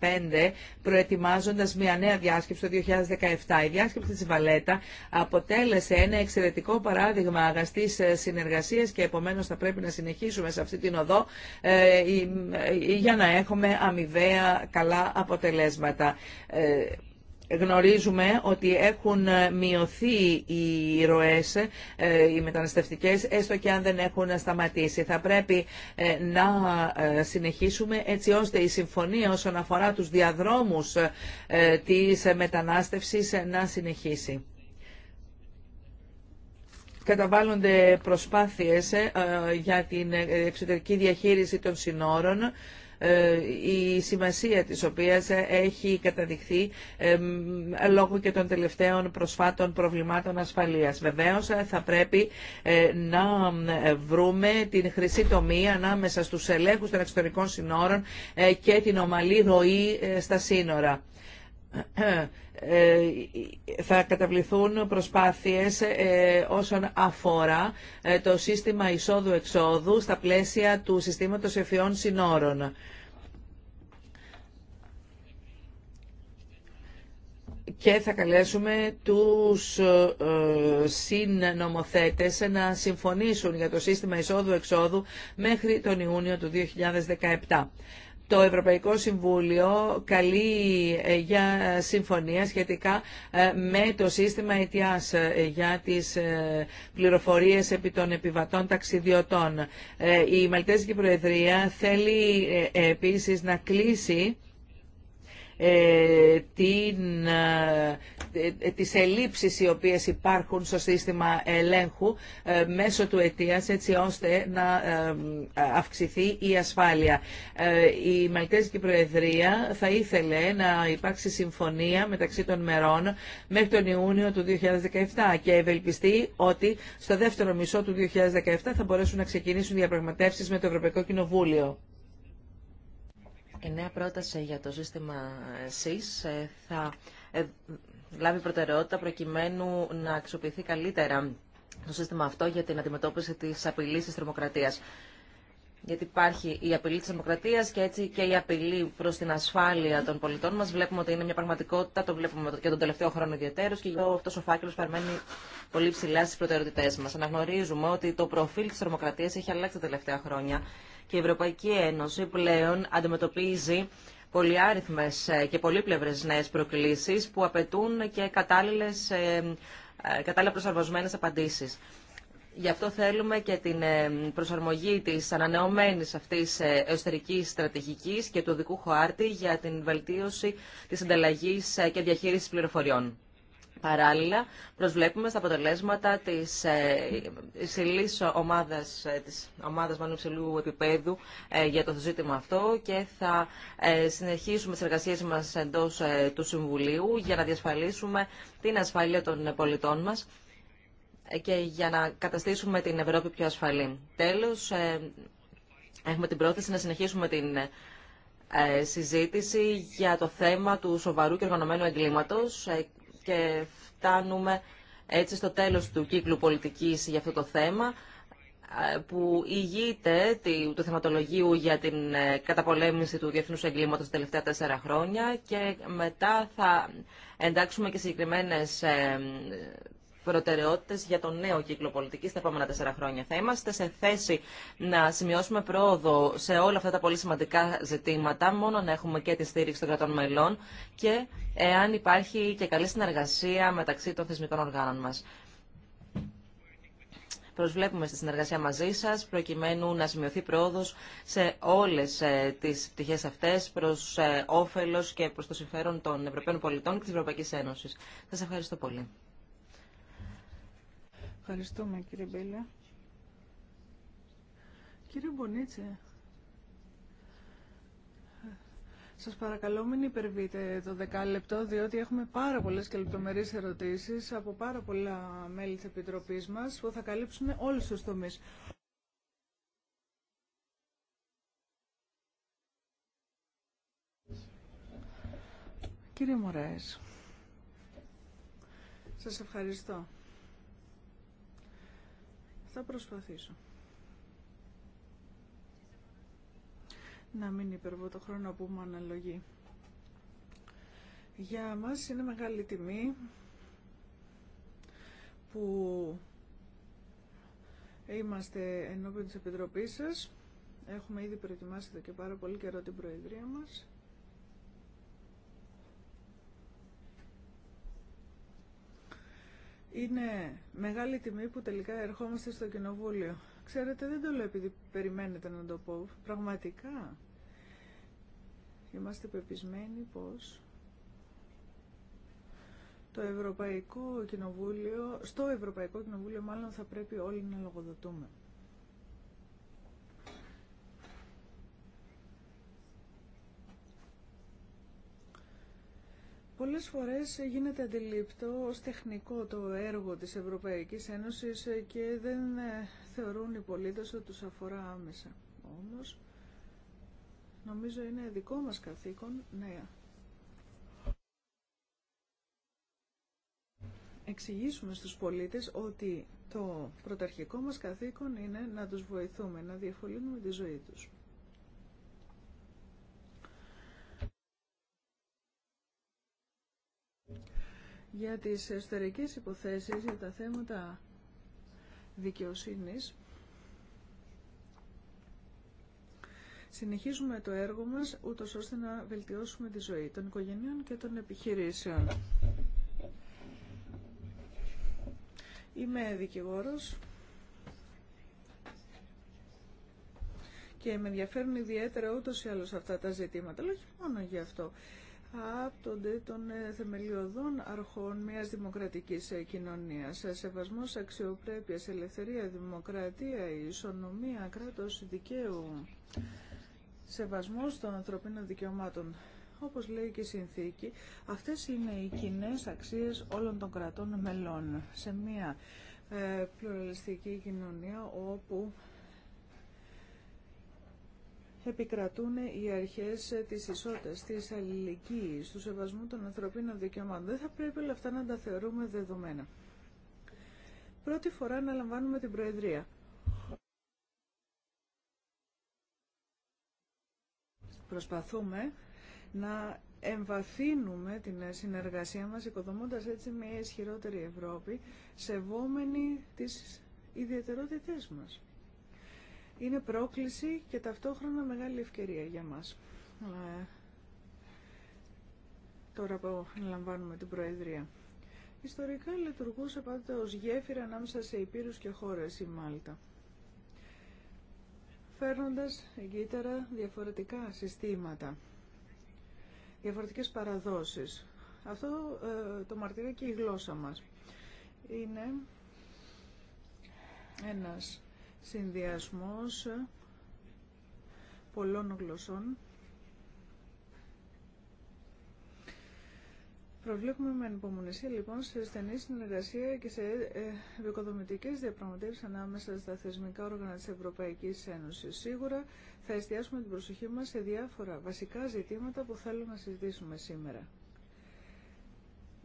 Speaker 2: 2015 προετοιμάζοντας μια νέα διάσκεψη το 2017. Η διάσκεψη της Βαλέτα αποτέλεσε ένα εξαιρετικό παράδειγμα αγαστής συνεργασίας και επομένως θα πρέπει να συνεχίσουμε σε αυτή την οδό για να έχουμε αμοιβαία καλά αποτελέσματα γνωρίζουμε ότι έχουν μειωθεί οι ροές, ε, οι μεταναστευτικές, έστω και αν δεν έχουν σταματήσει. Θα πρέπει ε, να ε, συνεχίσουμε έτσι ώστε η συμφωνία όσον αφορά τους διαδρόμους της μετανάστευσης να συνεχίσει καταβάλλονται προσπάθειες για την εξωτερική διαχείριση των συνόρων ε, η σημασία της οποίας έχει καταδειχθεί λόγω και των τελευταίων προσφάτων προβλημάτων ασφαλείας. Βεβαίως ε, θα πρέπει ε, να βρούμε την χρυσή τομή ανάμεσα στους ελέγχους των εξωτερικών συνόρων και την ομαλή ροή στα σύνορα. Ε, θα καταβληθούν προσπάθειες ε, όσον αφορά ε, το σύστημα εισόδου-εξόδου στα πλαίσια του συστήματος ευφυών συνόρων. και θα καλέσουμε τους ε, να συμφωνήσουν για το σύστημα εισόδου-εξόδου μέχρι τον Ιούνιο του 2017 το Ευρωπαϊκό Συμβούλιο καλεί ε, για συμφωνία σχετικά ε, με το σύστημα ETIAS ε, για τις πληροφορίες επί των επιβατών ταξιδιωτών. Η Μαλτέζικη Προεδρία θέλει επίσης να κλείσει την ε, ε, τις ελλείψεις οι οποίες υπάρχουν στο σύστημα ελέγχου ε, μέσω του αιτίας έτσι ώστε να αυξηθεί η ασφάλεια. Η Μαλτέζικη Προεδρία θα ήθελε να υπάρξει συμφωνία μεταξύ των μερών μέχρι τον Ιούνιο του 2017 και ευελπιστεί ότι στο δεύτερο μισό του 2017 θα μπορέσουν να ξεκινήσουν διαπραγματεύσεις με το Ευρωπαϊκό Κοινοβούλιο.
Speaker 4: Η νέα πρόταση για το σύστημα ΣΥΣ θα λάβει προτεραιότητα προκειμένου να αξιοποιηθεί καλύτερα το σύστημα αυτό για την αντιμετώπιση τη απειλή τη τρομοκρατία. Γιατί υπάρχει η απειλή τη θερμοκρατία και έτσι και η απειλή προ την ασφάλεια των πολιτών μα. Βλέπουμε ότι είναι μια πραγματικότητα, το βλέπουμε και τον τελευταίο χρόνο ιδιαίτερω. και αυτό ο φάκελο παραμένει πολύ ψηλά στι προτεραιότητέ μα. Αναγνωρίζουμε ότι το προφίλ τη δημοκρατίας έχει αλλάξει τα τελευταία χρόνια και η Ευρωπαϊκή Ένωση πλέον αντιμετωπίζει πολυάριθμες ε, και πολύπλευρες νέες προκλήσεις που απαιτούν και κατάλληλες, ε, ε, κατάλληλα προσαρμοσμένες απαντήσεις. Γι' αυτό θέλουμε και την προσαρμογή της ανανεωμένης αυτής εσωτερικής στρατηγικής και του δικού χωάρτη για την βελτίωση της ανταλλαγής και διαχείρισης πληροφοριών. Παράλληλα, προσβλέπουμε στα αποτελέσματα της ομάδα, ε, ομάδας, ε, της ομάδας μάλλον υψηλού επίπεδου ε, για το ζήτημα αυτό και θα συνεχίσουμε τις εργασίες μας εντός του Συμβουλίου για να διασφαλίσουμε την ασφάλεια των πολιτών μας και για να καταστήσουμε την Ευρώπη πιο ασφαλή. Τέλος, έχουμε την πρόθεση να συνεχίσουμε την συζήτηση για το θέμα του σοβαρού και οργανωμένου εγκλήματος και φτάνουμε έτσι στο τέλος του κύκλου πολιτικής για αυτό το θέμα που ηγείται του θεματολογίου για την ε, καταπολέμηση του διεθνούς εγκλήματος τα τελευταία τέσσερα χρόνια και μετά θα εντάξουμε και συγκεκριμένες ε, προτεραιότητε για τον νέο κύκλο πολιτική στα επόμενα τέσσερα χρόνια. Θα είμαστε σε θέση να σημειώσουμε πρόοδο σε όλα αυτά τα πολύ σημαντικά ζητήματα, μόνο να έχουμε και τη στήριξη των κρατών μελών και εάν υπάρχει και καλή συνεργασία μεταξύ των θεσμικών οργάνων μα. Προσβλέπουμε στη συνεργασία μαζί σα, προκειμένου να σημειωθεί πρόοδο σε όλε τι πτυχέ αυτέ προ ε, όφελο και προ το συμφέρον των Ευρωπαίων πολιτών και τη Ευρωπαϊκή Ένωση. Σα ευχαριστώ πολύ.
Speaker 3: Ευχαριστούμε κύριε Μπέλα. Κύριε Μπονίτσε, σας παρακαλώ μην υπερβείτε το δεκάλεπτο, διότι έχουμε πάρα πολλές και λεπτομερείς ερωτήσεις από πάρα πολλά μέλη της Επιτροπής μας που θα καλύψουν όλους τους τομείς. Κύριε Μωράης, σας ευχαριστώ. Θα προσπαθήσω. Να μην υπερβώ το χρόνο που μου αναλογεί. Για μας είναι μεγάλη τιμή που είμαστε ενώπιν της Επιτροπής σας. Έχουμε ήδη προετοιμάσει εδώ και πάρα πολύ καιρό την Προεδρία μας. Είναι μεγάλη τιμή που τελικά ερχόμαστε στο Κοινοβούλιο. Ξέρετε, δεν το λέω επειδή περιμένετε να το πω. Πραγματικά. Είμαστε πεπισμένοι πως το Ευρωπαϊκό Κοινοβούλιο, στο Ευρωπαϊκό Κοινοβούλιο μάλλον θα πρέπει όλοι να λογοδοτούμε. Πολλές φορές γίνεται αντιλήπτο ως τεχνικό το έργο της Ευρωπαϊκής Ένωσης και δεν ε, θεωρούν οι πολίτες ότι τους αφορά άμεσα. Όμως, νομίζω είναι δικό μας καθήκον Ναι. εξηγήσουμε στους πολίτες ότι το πρωταρχικό μας καθήκον είναι να τους βοηθούμε, να διευκολύνουμε τη ζωή τους. για τις εσωτερικές υποθέσεις, για τα θέματα δικαιοσύνης. Συνεχίζουμε το έργο μας, ούτω ώστε να βελτιώσουμε τη ζωή των οικογενειών και των επιχειρήσεων. Είμαι δικηγόρος και με ενδιαφέρουν ιδιαίτερα ούτως ή άλλως αυτά τα ζητήματα, αλλά όχι μόνο γι' αυτό άπτονται των ε, θεμελιωδών αρχών μιας δημοκρατικής ε, κοινωνίας. Ε, σεβασμός, αξιοπρέπεια, ελευθερία, δημοκρατία, ισονομία, κράτος δικαίου, σεβασμός των ανθρωπίνων δικαιωμάτων. Όπως λέει και η συνθήκη, αυτές είναι οι κοινέ αξίες όλων των κρατών μελών σε μια ε, πλουραλιστική κοινωνία όπου επικρατούν οι αρχές της ισότητας, της αλληλεγγύης, του σεβασμού των ανθρωπίνων δικαιωμάτων. Δεν θα πρέπει όλα αυτά να τα θεωρούμε δεδομένα. Πρώτη φορά να λαμβάνουμε την Προεδρία. Προσπαθούμε να εμβαθύνουμε την συνεργασία μας, οικοδομώντας έτσι μια ισχυρότερη Ευρώπη, σεβόμενη τις ιδιαιτερότητές μας είναι πρόκληση και ταυτόχρονα μεγάλη ευκαιρία για μας. τώρα που λαμβάνουμε την Προεδρία. Ιστορικά λειτουργούσε πάντα ως γέφυρα ανάμεσα σε υπήρους και χώρες η Μάλτα. Φέρνοντας εγκύτερα διαφορετικά συστήματα, διαφορετικές παραδόσεις. Αυτό ε, το μαρτυρεί και η γλώσσα μας. Είναι ένας συνδυασμός πολλών γλωσσών. Προβλέπουμε με ανυπομονησία λοιπόν σε στενή συνεργασία και σε ε, επικοδομητικέ διαπραγματεύσει ανάμεσα στα θεσμικά όργανα τη Ευρωπαϊκή Ένωση. Σίγουρα θα εστιάσουμε την προσοχή μα σε διάφορα βασικά ζητήματα που θέλουμε να συζητήσουμε σήμερα.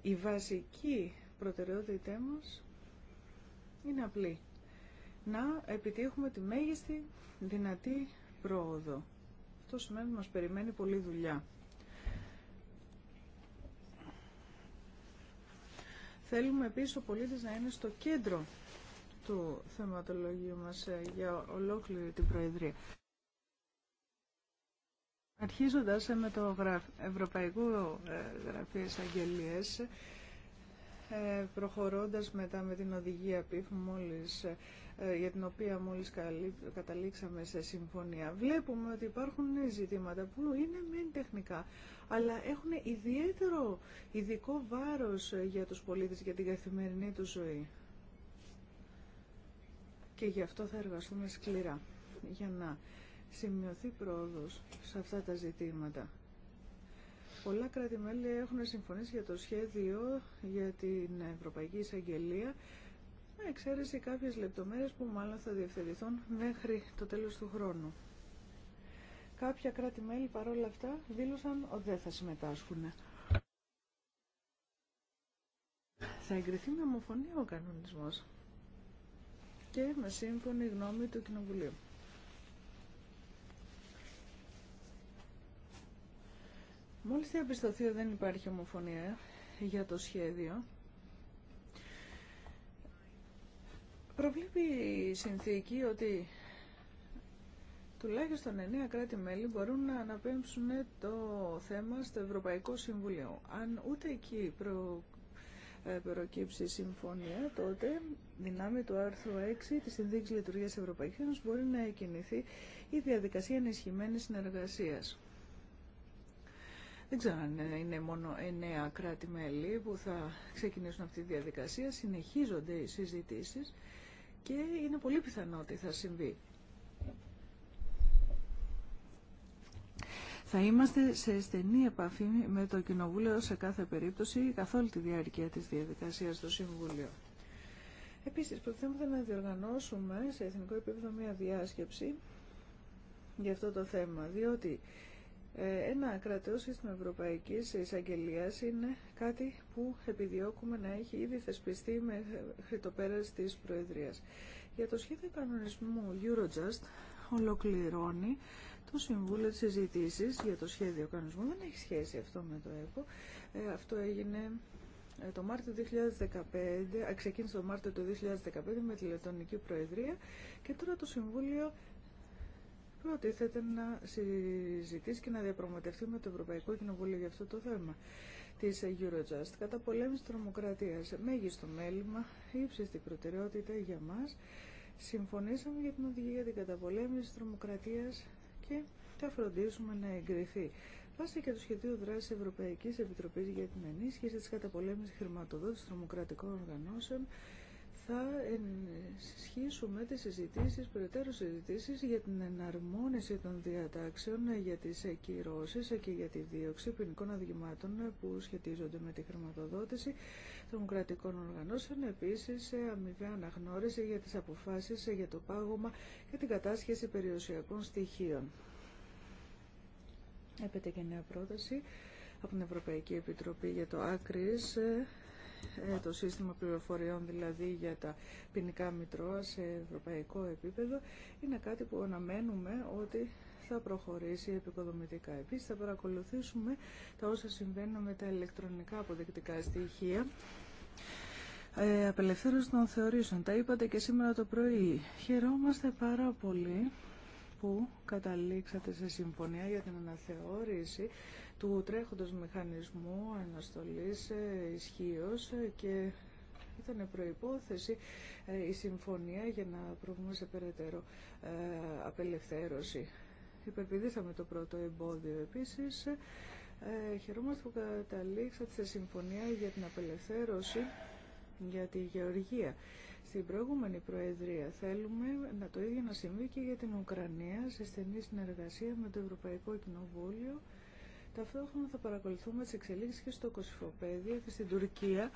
Speaker 3: Η βασική προτεραιότητά μας είναι απλή να επιτύχουμε τη μέγιστη δυνατή πρόοδο. Αυτό σημαίνει ότι μας περιμένει πολλή δουλειά. Θέλουμε επίσης ο πολίτης να είναι στο κέντρο του θεματολογίου μας ε, για ολόκληρη την Προεδρία. Αρχίζοντας ε, με το Ευρωπαϊκό ε, Γραφείο Εισαγγελίες, προχωρώντας μετά με την οδηγία που μόλις ε, για την οποία μόλις καταλήξαμε σε συμφωνία. Βλέπουμε ότι υπάρχουν ζητήματα που είναι μεν τεχνικά, αλλά έχουν ιδιαίτερο ειδικό βάρος για τους πολίτες, για την καθημερινή τους ζωή. Και γι' αυτό θα εργαστούμε σκληρά, για να σημειωθεί πρόοδος σε αυτά τα ζητήματα. Πολλά κράτη-μέλη έχουν συμφωνήσει για το σχέδιο για την Ευρωπαϊκή Εισαγγελία με εξαίρεση κάποιες λεπτομέρειες που μάλλον θα διευθετηθούν μέχρι το τέλος του χρόνου. Κάποια κράτη-μέλη παρόλα αυτά δήλωσαν ότι δεν θα συμμετάσχουν. Θα εγκριθεί με ομοφωνία ο κανονισμός και με σύμφωνη γνώμη του Κοινοβουλίου. Μόλις διαπιστωθεί ότι δεν υπάρχει ομοφωνία για το σχέδιο, Προβλέπει η συνθήκη ότι τουλάχιστον 9 κράτη-μέλη μπορούν να αναπέμψουν το θέμα στο Ευρωπαϊκό Συμβουλίο. Αν ούτε εκεί προ... Ε, προκύψει συμφωνία, τότε δυνάμει του άρθρου 6 της Συνδίκης Λειτουργίας Ευρωπαϊκής Ένωσης μπορεί να εκκινηθεί η διαδικασία ενισχυμένης συνεργασίας. Δεν ξέρω αν είναι μόνο εννέα κράτη-μέλη που θα ξεκινήσουν αυτή τη διαδικασία. Συνεχίζονται οι συζητήσεις και είναι πολύ πιθανό ότι θα συμβεί. Θα είμαστε σε στενή επαφή με το Κοινοβούλιο σε κάθε περίπτωση καθ' όλη τη διάρκεια της διαδικασίας στο Συμβούλιο. Επίσης, προτιμούμε να διοργανώσουμε σε εθνικό επίπεδο μια διάσκεψη για αυτό το θέμα, διότι ε, ένα κρατέο σύστημα Ευρωπαϊκής εισαγγελία είναι κάτι που επιδιώκουμε να έχει ήδη θεσπιστεί μέχρι το πέρα τη Προεδρίας. Για το σχέδιο κανονισμού Eurojust ολοκληρώνει το Συμβούλιο τη Συζητήσεις για το σχέδιο κανονισμού. Δεν έχει σχέση αυτό με το ΕΠΟ. Ε, αυτό έγινε ε, το Μάρτιο 2015, ξεκίνησε το Μάρτιο του 2015 με τη Λετωνική Προεδρία και τώρα το Συμβούλιο προτίθεται να συζητήσει και να διαπραγματευτεί με το Ευρωπαϊκό Κοινοβούλιο για αυτό το θέμα τη Eurojust. Κατά πολέμηση τρομοκρατία, μέγιστο μέλημα, ύψιστη προτεραιότητα για μα. συμφωνήσαμε για την οδηγία για την καταπολέμηση τρομοκρατία και θα φροντίσουμε να εγκριθεί. Βάσει και το σχεδίο δράση Ευρωπαϊκή Επιτροπή για την ενίσχυση τη καταπολέμηση χρηματοδότηση τρομοκρατικών οργανώσεων, θα ενισχύσουμε τις συζητήσεις, περαιτέρω συζητήσεις για την εναρμόνιση των διατάξεων για τις κυρώσεις και για τη δίωξη ποινικών αδειγμάτων που σχετίζονται με τη χρηματοδότηση των κρατικών οργανώσεων, επίσης αμοιβή αναγνώριση για τις αποφάσεις για το πάγωμα και την κατάσχεση περιουσιακών στοιχείων. Έπεται και νέα πρόταση από την Ευρωπαϊκή Επιτροπή για το άκρης ε, το σύστημα πληροφοριών δηλαδή για τα ποινικά μητρώα σε ευρωπαϊκό επίπεδο είναι κάτι που αναμένουμε ότι θα προχωρήσει επικοδομητικά. Επίσης θα παρακολουθήσουμε τα όσα συμβαίνουν με τα ηλεκτρονικά αποδεικτικά στοιχεία ε, απελευθέρωση των θεωρήσεων. Τα είπατε και σήμερα το πρωί. Χαιρόμαστε πάρα πολύ που καταλήξατε σε συμφωνία για την αναθεώρηση του τρέχοντος μηχανισμού αναστολής ε, ισχύως ε, και ήταν προϋπόθεση ε, η συμφωνία για να προβούμε σε περαιτέρω απελευθέρωση. Υπερπηδήσαμε το πρώτο εμπόδιο επίσης. Χαιρόμαστε που καταλήξατε σε συμφωνία για την απελευθέρωση για τη Γεωργία. Στην προηγούμενη Προεδρία θέλουμε να το ίδιο να συμβεί και για την Ουκρανία σε στενή συνεργασία με το Ευρωπαϊκό Κοινοβούλιο Ταυτόχρονα θα παρακολουθούμε τις εξελίξεις και στο Κωσυφοπέδιο και στην Τουρκία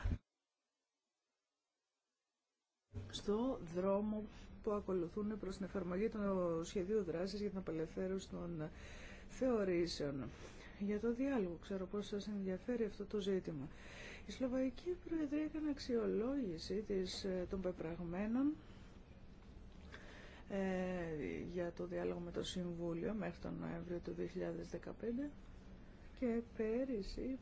Speaker 3: στο δρόμο που ακολουθούν προς την εφαρμογή του σχεδίου δράσης για την απελευθέρωση των θεωρήσεων. Για το διάλογο, ξέρω πώς σας ενδιαφέρει αυτό το ζήτημα. Η Σλοβαϊκή Προεδρία έκανε αξιολόγηση της, ε, των πεπραγμένων ε, για το διάλογο με το Συμβούλιο μέχρι τον Νοέμβριο του 2015 και πέρυσι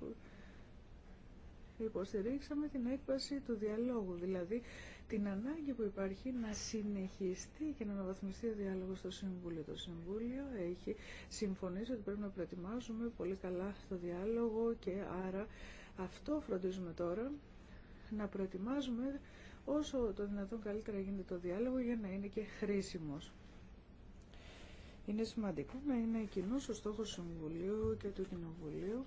Speaker 3: υποστηρίξαμε την έκβαση του διαλόγου, δηλαδή την ανάγκη που υπάρχει να συνεχιστεί και να αναβαθμιστεί ο διάλογο στο Συμβούλιο. Το Συμβούλιο έχει συμφωνήσει ότι πρέπει να προετοιμάζουμε πολύ καλά το διάλογο και άρα αυτό φροντίζουμε τώρα να προετοιμάζουμε όσο το δυνατόν καλύτερα γίνεται το διάλογο για να είναι και χρήσιμος. Είναι σημαντικό να είναι κοινό ο στόχο του Συμβουλίου και του Κοινοβουλίου.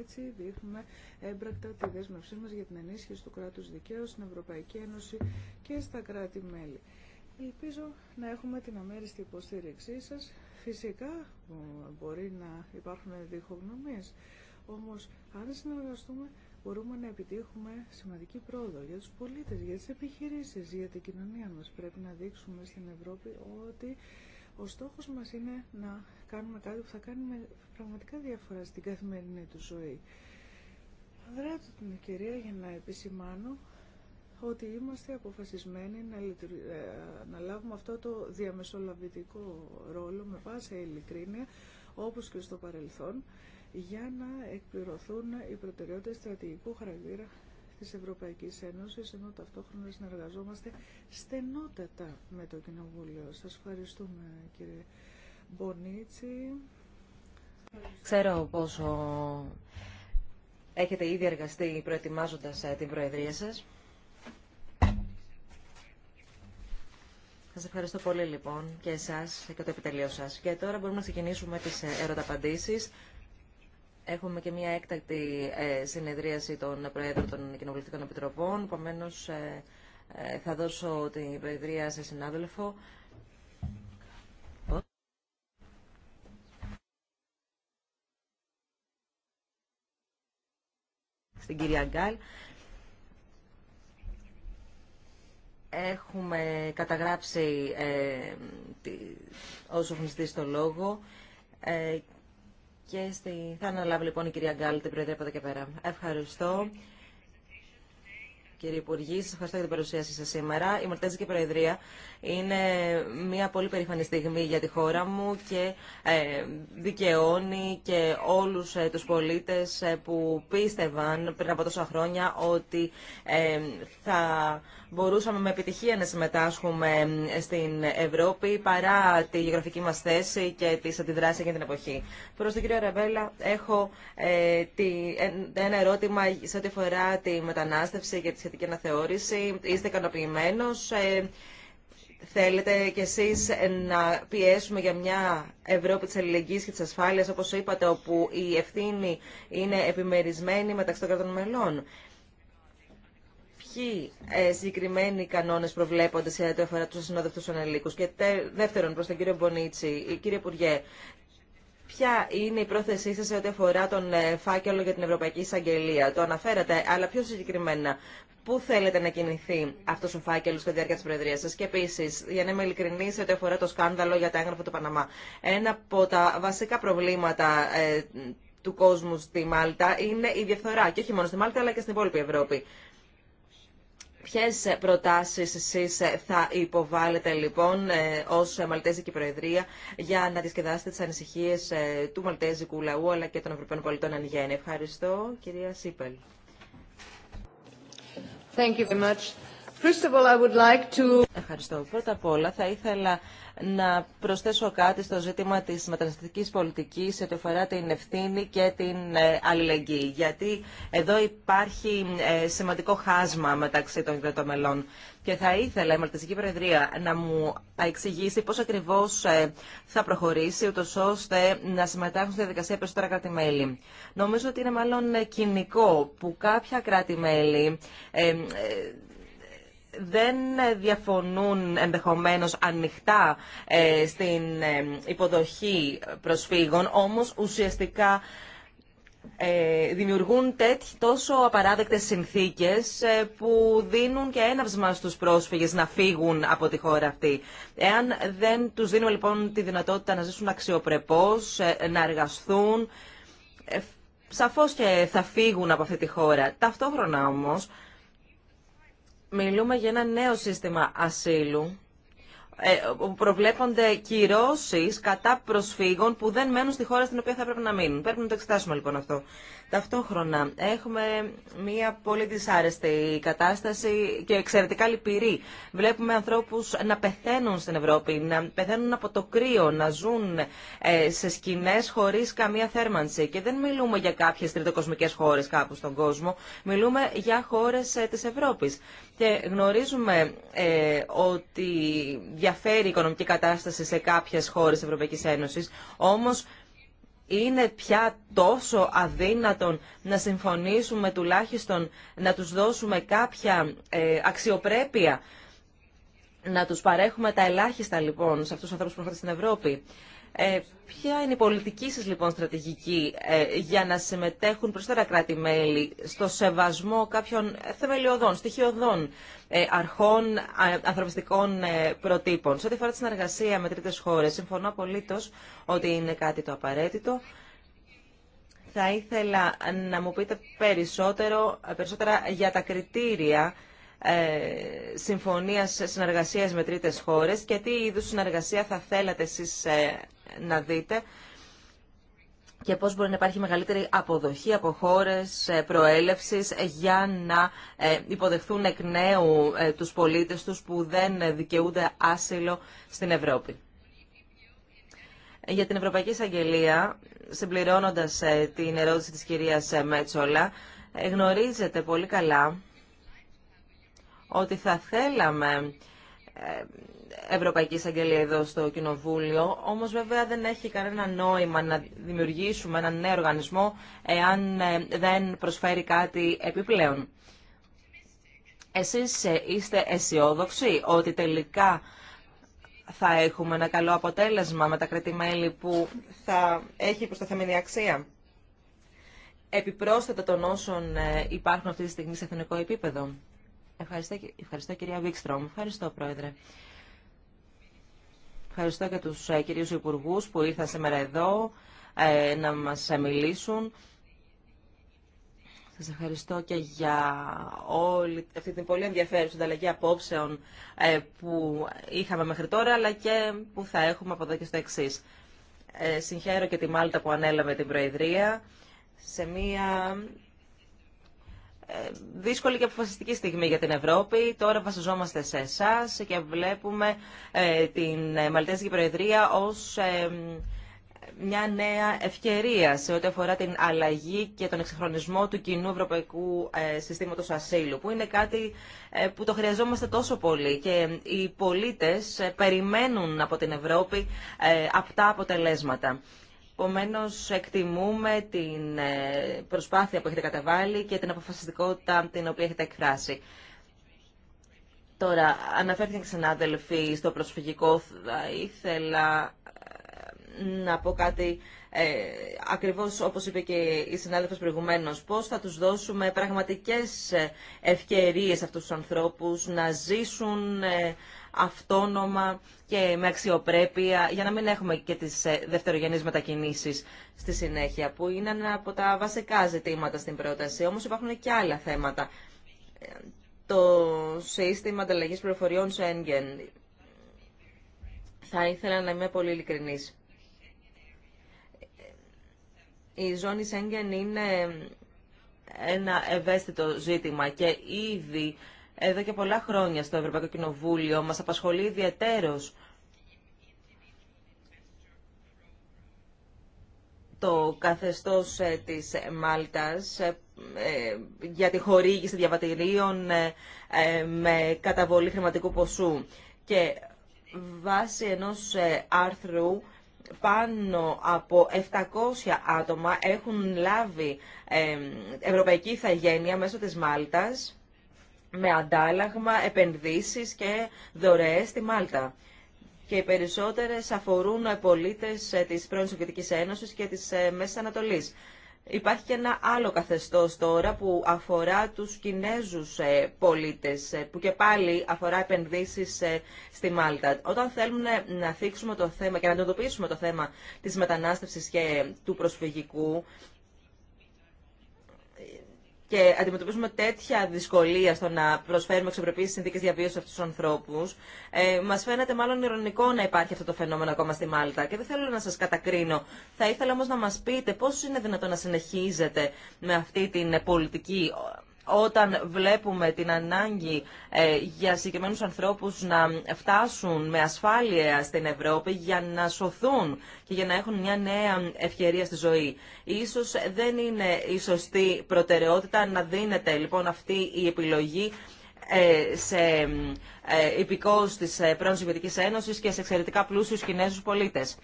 Speaker 3: Έτσι δείχνουμε έμπρακτα τη δέσμευσή μα για την ενίσχυση του κράτου δικαίου στην Ευρωπαϊκή Ένωση και στα κράτη-μέλη. Ελπίζω να έχουμε την αμέριστη υποστήριξή σα. Φυσικά μπορεί να υπάρχουν διχογνωμίε, Όμω αν συνεργαστούμε μπορούμε να επιτύχουμε σημαντική πρόοδο για του πολίτε, για τι επιχειρήσει, για την κοινωνία μα. Πρέπει να δείξουμε στην Ευρώπη ότι ο στόχος μας είναι να κάνουμε κάτι που θα κάνουμε πραγματικά διαφορά στην καθημερινή του ζωή. Δράτω την ευκαιρία για να επισημάνω ότι είμαστε αποφασισμένοι να, ε, να λάβουμε αυτό το διαμεσολαβητικό ρόλο με πάσα ειλικρίνεια, όπως και στο παρελθόν, για να εκπληρωθούν οι προτεραιότητες στρατηγικού χαρακτήρα της Ευρωπαϊκής Ένωσης, ενώ ταυτόχρονα συνεργαζόμαστε στενότατα με το Κοινοβούλιο. Σας ευχαριστούμε κύριε Μπονίτσι.
Speaker 4: Ξέρω πόσο έχετε ήδη εργαστεί προετοιμάζοντας ε, την Προεδρία σας. Σας ευχαριστώ πολύ λοιπόν και εσάς και το επιτελείο σας. Και τώρα μπορούμε να ξεκινήσουμε τις ε, ερωταπαντήσεις. Έχουμε και μια έκτακτη ε, συνεδρίαση των Προέδρων των Κοινοβουλευτικών Επιτροπών. Επομένω, ε, ε, θα δώσω την Προεδρία σε συνάδελφο. Στην κυρία Γκάλ. Έχουμε καταγράψει τη, όσο έχουν στο λόγο ε, και στη... θα αναλάβει λοιπόν η κυρία Γκάλ την Προεδρία από εδώ και πέρα. Ευχαριστώ. Κύριε Υπουργή, σα ευχαριστώ για την παρουσίαση σα σήμερα. Η Μορτέζικη Προεδρία είναι μια πολύ περήφανη στιγμή για τη χώρα μου και ε, δικαιώνει και όλου ε, του πολίτε ε, που πίστευαν πριν από τόσα χρόνια ότι θα μπορούσαμε με επιτυχία να συμμετάσχουμε στην Ευρώπη παρά τη γεωγραφική μας θέση και τις αντιδράσεις για την εποχή. Προς τον κύριο Ραβέλα έχω ε, τη, ε, ένα ερώτημα σε ό,τι αφορά τη μετανάστευση και τη σχετική αναθεώρηση. Είστε ικανοποιημένο. Ε, θέλετε κι εσείς να πιέσουμε για μια Ευρώπη της αλληλεγγύης και της ασφάλειας, όπως είπατε, όπου η ευθύνη είναι επιμερισμένη μεταξύ των κρατών μελών ποιοι ε, συγκεκριμένοι κανόνε προβλέπονται σε ό,τι αφορά του ασυνόδευτου ανελίκου. Και δεύτερον, προ τον κύριο Μπονίτσι, κύριε Υπουργέ, ποια είναι η πρόθεσή σα σε ό,τι αφορά τον ε, φάκελο για την Ευρωπαϊκή Εισαγγελία. Το αναφέρατε, αλλά πιο συγκεκριμένα, πού θέλετε να κινηθεί αυτό ο φάκελο κατά τη διάρκεια τη Προεδρία σα. Και επίση, για να είμαι ειλικρινή, σε ό,τι αφορά το σκάνδαλο για τα έγγραφα του Παναμά. Ένα από τα βασικά προβλήματα ε, του κόσμου στη Μάλτα είναι η διαφθορά. Και όχι μόνο στη Μάλτα, αλλά και στην υπόλοιπη Ευρώπη. Ποιες προτάσεις εσείς θα υποβάλλετε λοιπόν ε, ως Μαλτέζικη Προεδρία για να διασκεδάσετε τις ανησυχίες ε, του Μαλτέζικου λαού αλλά και των Ευρωπαίων πολιτών αν Ευχαριστώ κυρία Σίπελ. Thank you very much.
Speaker 2: Ευχαριστώ.
Speaker 4: Πρώτα απ' όλα θα ήθελα να προσθέσω κάτι στο ζήτημα της μεταναστευτικής πολιτικής σε ό,τι αφορά την ευθύνη και την ε, αλληλεγγύη. Γιατί εδώ υπάρχει ε, σημαντικό χάσμα μεταξύ των κρατών Και θα ήθελα η Μαλτιστική Προεδρία να μου εξηγήσει πώς ακριβώς ε, θα προχωρήσει, ούτως ώστε να συμμετάχουν στη διαδικασία περισσότερα κράτη-μέλη. Νομίζω ότι είναι μάλλον κοινικό που κάποια κράτη-μέλη δεν διαφωνούν ενδεχομένως ανοιχτά ε, στην ε, υποδοχή προσφύγων, όμως ουσιαστικά ε, δημιουργούν τέτοιες τόσο απαράδεκτες συνθήκες που δίνουν και έναυσμα στους πρόσφυγες να φύγουν από τη χώρα αυτή. Εάν δεν τους δίνουμε λοιπόν τη δυνατότητα να ζήσουν αξιοπρεπώς, να εργαστούν, σαφώς και θα φύγουν από αυτή τη χώρα. Ταυτόχρονα όμως μιλούμε για ένα νέο σύστημα ασύλου ε, που προβλέπονται κυρώσει κατά προσφύγων που δεν μένουν στη χώρα στην οποία θα έπρεπε να μείνουν. Πρέπει να το εξετάσουμε λοιπόν αυτό. Ταυτόχρονα έχουμε μια πολύ δυσάρεστη κατάσταση και εξαιρετικά λυπηρή. Βλέπουμε ανθρώπους να πεθαίνουν στην Ευρώπη, να πεθαίνουν από το κρύο, να ζουν ε, σε σκηνές χωρίς καμία θέρμανση. Και δεν μιλούμε για κάποιες τριτοκοσμικές χώρες κάπου στον κόσμο, μιλούμε για χώρες ε, της Ευρώπης και γνωρίζουμε ε, ότι διαφέρει η οικονομική κατάσταση σε κάποιες χώρες της Ευρωπαϊκής Ένωσης, όμως είναι πια τόσο αδύνατον να συμφωνήσουμε τουλάχιστον να τους δώσουμε κάποια ε, αξιοπρέπεια, να τους παρέχουμε τα ελάχιστα λοιπόν σε αυτούς τους ανθρώπους που έρχονται στην Ευρώπη. Ε, ποια είναι η πολιτική σας λοιπόν στρατηγική ε, για να συμμετεχουν προσθετερα περισσότερα κράτη-μέλη στο σεβασμό κάποιων θεμελιωδών, στοιχειωδών ε, αρχών ανθρωπιστικών ε, προτύπων. Σε ό,τι αφορά τη συνεργασία με τρίτες χώρες, συμφωνώ απολύτως ότι είναι κάτι το απαραίτητο. Θα ήθελα να μου πείτε περισσότερο, περισσότερα για τα κριτήρια ε, συμφωνίας συνεργασίας με τρίτες χώρες και τι είδους συνεργασία θα θέλατε εσείς να δείτε και πώς μπορεί να υπάρχει μεγαλύτερη αποδοχή από χώρες ε, προέλευσης ε, για να ε, υποδεχθούν εκ νέου τους πολίτες τους που δεν δικαιούνται άσυλο στην Ευρώπη. Για την Ευρωπαϊκή Εισαγγελία, συμπληρώνοντας την ερώτηση της κυρίας Μέτσολα, γνωρίζετε πολύ καλά ότι θα θέλαμε Ευρωπαϊκή Εισαγγελία εδώ στο Κοινοβούλιο. Όμω, βέβαια, δεν έχει κανένα νόημα να δημιουργήσουμε έναν νέο οργανισμό εάν ε, δεν προσφέρει κάτι επιπλέον. Εσείς ε, είστε αισιόδοξοι ότι τελικά θα έχουμε ένα καλό αποτέλεσμα με τα κρατημέλη που θα έχει προσταθεμένη αξία. Επιπρόσθετα των όσων ε, υπάρχουν αυτή τη στιγμή σε εθνικό επίπεδο. Ευχαριστώ, ευχαριστώ κυρία Βίξτρομ. Ευχαριστώ πρόεδρε. Ευχαριστώ και τους ε, κυρίους υπουργούς που ήρθαν σήμερα εδώ ε, να μας ε, μιλήσουν. Σας ευχαριστώ και για όλη αυτή την πολύ ενδιαφέρουσα ανταλλαγή απόψεων που είχαμε μέχρι τώρα, αλλά και που θα έχουμε από εδώ και στο εξή. Συγχαίρω και τη Μάλτα που ανέλαβε την Προεδρία σε μια δύσκολη και αποφασιστική στιγμή για την Ευρώπη. Τώρα βασιζόμαστε σε εσά και βλέπουμε ε, την Μαλτέζικη Προεδρία ως ε, μια νέα ευκαιρία σε ό,τι αφορά την αλλαγή και τον εξυγχρονισμό του κοινού ευρωπαϊκού ε, συστήματος ασύλου, που είναι κάτι που το χρειαζόμαστε τόσο πολύ και οι πολίτες περιμένουν από την Ευρώπη αυτά αποτελέσματα. Επομένω, εκτιμούμε την ε, προσπάθεια που έχετε καταβάλει και την αποφασιστικότητα την οποία έχετε εκφράσει. Τώρα, αναφέρθηκαν συνάδελφοι στο προσφυγικό. Θα ήθελα ε, να πω κάτι ε, ακριβώς όπως είπε και η συνάδελφος προηγουμένως, πώς θα τους δώσουμε πραγματικές ε, ευκαιρίες αυτούς τους ανθρώπους να ζήσουν αυτόνομα και με αξιοπρέπεια για να μην έχουμε και τις ε, δευτερογενείς μετακινήσει στη συνέχεια που είναι ένα από τα βασικά ζητήματα στην πρόταση. Όμως υπάρχουν και άλλα θέματα. Το σύστημα ανταλλαγή πληροφοριών Schengen. Θα ήθελα να είμαι πολύ ειλικρινή. Η ζώνη Σέγγεν είναι ένα ευαίσθητο ζήτημα και ήδη εδώ και πολλά χρόνια στο Ευρωπαϊκό Κοινοβούλιο. Μας απασχολεί ιδιαίτερως το καθεστώς ε, της Μάλτας ε, ε, για τη χορήγηση διαβατηρίων με καταβολή χρηματικού ποσού. Και βάσει ενός άρθρου πάνω από 700 άτομα έχουν λάβει ευρωπαϊκή ηθαγένεια μέσω της Μάλτας με αντάλλαγμα επενδύσεις και δωρεές στη Μάλτα. Και οι περισσότερες αφορούν πολίτες ε, της πρώην Σοβιετικής Ένωσης και της ε, Μέσης Ανατολής. Υπάρχει και ένα άλλο καθεστώς τώρα που αφορά τους Κινέζους ε, πολίτες, που και πάλι αφορά επενδύσεις στη Μάλτα. Όταν θέλουμε να θίξουμε το θέμα και να αντιμετωπίσουμε το θέμα της μετανάστευσης και του προσφυγικού, και αντιμετωπίζουμε τέτοια δυσκολία στο να προσφέρουμε εξωπρεπεί συνθήκε διαβίωση σε αυτού του ανθρώπου, ε, μα φαίνεται μάλλον ηρωνικό να υπάρχει αυτό το φαινόμενο ακόμα στη Μάλτα. Και δεν θέλω να σα κατακρίνω. Θα ήθελα όμω να μα πείτε πώ είναι δυνατόν να συνεχίζετε με αυτή την πολιτική όταν βλέπουμε την ανάγκη ε, για συγκεκριμένου ανθρώπους να φτάσουν με ασφάλεια στην Ευρώπη για να σωθούν και για να έχουν μια νέα ευκαιρία στη ζωή. Ίσως δεν είναι η σωστή προτεραιότητα να δίνεται λοιπόν αυτή η επιλογή ε, σε ε, υπηκόους της πρώην Σοβιετικής Ένωσης και σε εξαιρετικά πλούσιους Κινέζους πολίτες.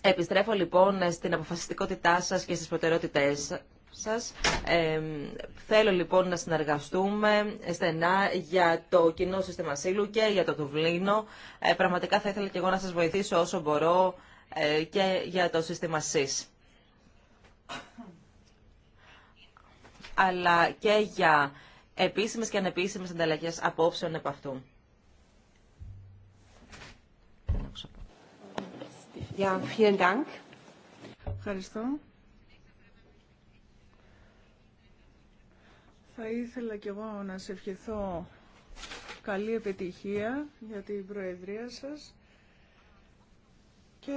Speaker 4: Επιστρέφω λοιπόν στην αποφασιστικότητά σας και στις προτεραιότητές σας. θέλω λοιπόν να συνεργαστούμε στενά για το κοινό σύστημα σύλλου και για το Δουβλίνο. Ε, πραγματικά θα ήθελα και εγώ να σας βοηθήσω όσο μπορώ ε, και για το σύστημα ΣΥΣ. Αλλά και για επίσημες και ανεπίσημες ανταλλαγές απόψεων επ' αυτού.
Speaker 3: vielen Ευχαριστώ. Θα ήθελα κι εγώ να σε ευχηθώ καλή επιτυχία για την Προεδρία σας και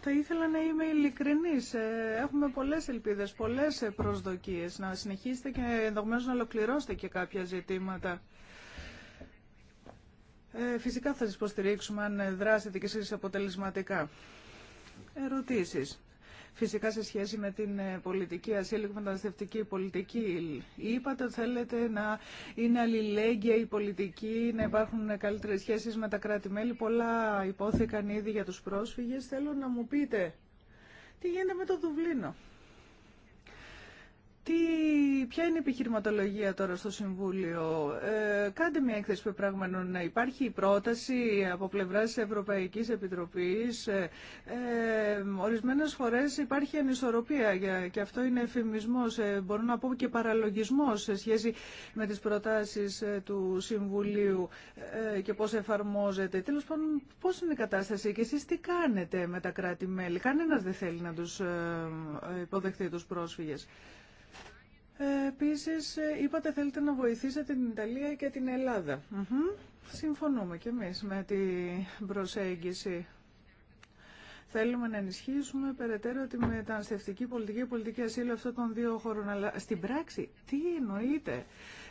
Speaker 3: θα ήθελα να είμαι ειλικρινής. Ε, έχουμε πολλές ελπίδες, πολλές προσδοκίες να συνεχίσετε και ενδεχομένως να ολοκληρώσετε και κάποια ζητήματα. Ε, φυσικά θα σας υποστηρίξουμε αν δράσετε και εσείς αποτελεσματικά. Ερωτήσεις. Φυσικά σε σχέση με την ε, πολιτική ασύλου και μεταναστευτική πολιτική, ε, είπατε ότι θέλετε να είναι αλληλέγγυα η πολιτική, να υπάρχουν καλύτερες σχέσεις με τα κράτη-μέλη. Πολλά υπόθηκαν ήδη για τους πρόσφυγες. Θέλω να μου πείτε τι γίνεται με το Δουβλίνο. Τι, ποια είναι η επιχειρηματολογία τώρα στο Συμβούλιο. Ε, κάντε μια έκθεση πεπραγμένων να υπάρχει η πρόταση από πλευράς τη Ευρωπαϊκής Επιτροπής. Ε, ε, ορισμένες φορές υπάρχει ανισορροπία και αυτό είναι εφημισμός, ε, μπορώ να πω και παραλογισμός σε σχέση με τις προτάσεις ε, του Συμβουλίου ε, και πώς εφαρμόζεται. Τέλος πάντων, πώς είναι η κατάσταση και εσείς τι κάνετε με τα κράτη-μέλη. Κανένας δεν θέλει να τους ε, υποδεχτεί τους πρόσφυγες. Ε, Επίση, ε, είπατε θέλετε να βοηθήσετε την Ιταλία και την Ελλάδα. Συμφωνούμε κι εμείς με την προσέγγιση. Θέλουμε να ενισχύσουμε περαιτέρω τη μεταναστευτική πολιτική πολιτική ασύλου αυτών των δύο χωρών. Αλλά στην πράξη, τι εννοείται.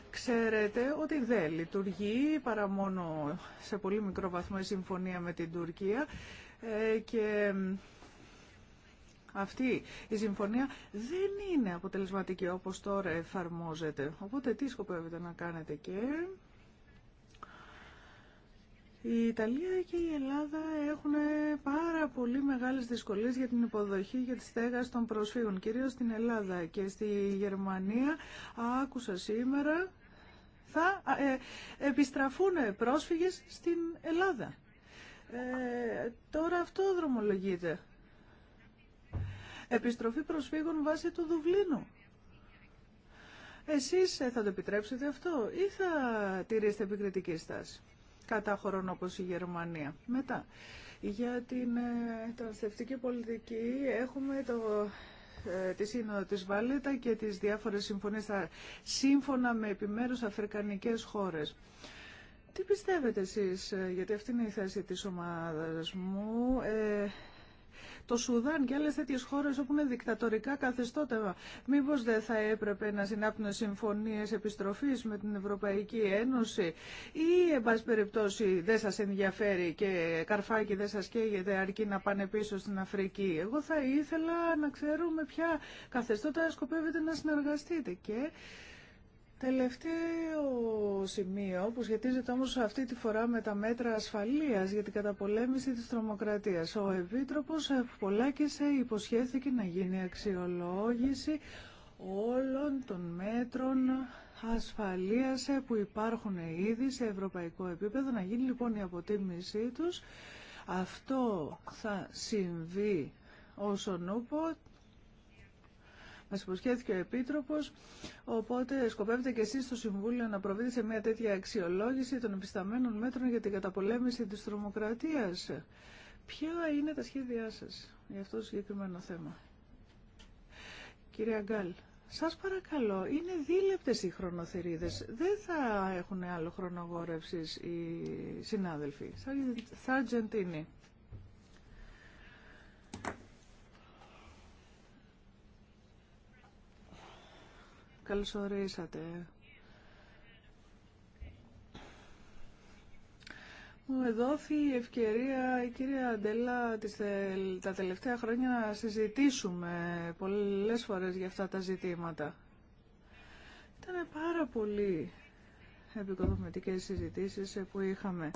Speaker 3: Ξέρετε ότι δεν λειτουργεί παρά μόνο σε πολύ μικρό βαθμό η συμφωνία με την Τουρκία ε, και αυτή η συμφωνία δεν είναι αποτελεσματική όπως τώρα εφαρμόζεται. Οπότε τι σκοπεύετε να κάνετε και... Η Ιταλία και η Ελλάδα έχουν πάρα πολύ μεγάλες δυσκολίες για την υποδοχή για τη στέγαση των προσφύγων, κυρίως στην Ελλάδα και στη Γερμανία. Άκουσα σήμερα, θα ε, επιστραφούν πρόσφυγες στην Ελλάδα. Ε, τώρα αυτό δρομολογείται επιστροφή προσφύγων βάσει του Δουβλίνου. Εσείς ε, θα το επιτρέψετε αυτό ή θα τηρήσετε επικριτική στάση κατά χωρών όπως η Γερμανία. Μετά, για την ε, πολιτική έχουμε το, ε, τη Σύνοδο της Βαλέτα και τις διάφορες συμφωνίες σύμφωνα με επιμέρους αφρικανικές χώρες. Τι πιστεύετε εσείς, ε, γιατί αυτή είναι η θέση της ομάδας μου, ε, το Σουδάν και άλλε τέτοιε χώρες όπου είναι δικτατορικά καθεστώτα. Μήπω δεν θα έπρεπε να συνάπτουν συμφωνίε επιστροφής με την Ευρωπαϊκή Ένωση ή, εν πάση περιπτώσει, δεν σας ενδιαφέρει και καρφάκι δεν σας καίγεται αρκεί να πάνε πίσω στην Αφρική. Εγώ θα ήθελα να ξέρουμε ποια καθεστώτα σκοπεύετε να συνεργαστείτε και Τελευταίο σημείο που σχετίζεται όμως αυτή τη φορά με τα μέτρα ασφαλείας για την καταπολέμηση της τρομοκρατίας. Ο Επίτροπος Πολάκησε υποσχέθηκε να γίνει αξιολόγηση όλων των μέτρων ασφαλείας που υπάρχουν ήδη σε ευρωπαϊκό επίπεδο, να γίνει λοιπόν η αποτίμησή τους. Αυτό θα συμβεί όσον ούπο μας υποσχέθηκε ο Επίτροπος, οπότε σκοπεύετε και εσείς στο Συμβούλιο να προβείτε σε μια τέτοια αξιολόγηση των επισταμένων μέτρων για την καταπολέμηση της τρομοκρατίας. Ποια είναι τα σχέδιά σας για αυτό το συγκεκριμένο θέμα. Κύριε Αγκάλ, σας παρακαλώ, είναι δίλεπτες οι χρονοθερίδες. Δεν θα έχουν άλλο χρονογόρευσης οι συνάδελφοι. Σαργεντίνη. καλωσορίσατε. Μου δόθη η ευκαιρία, η κυρία Αντέλα, τα τελευταία χρόνια να συζητήσουμε πολλές φορές για αυτά τα ζητήματα. Ήταν πάρα πολύ επικοδομητικές συζητήσεις που είχαμε.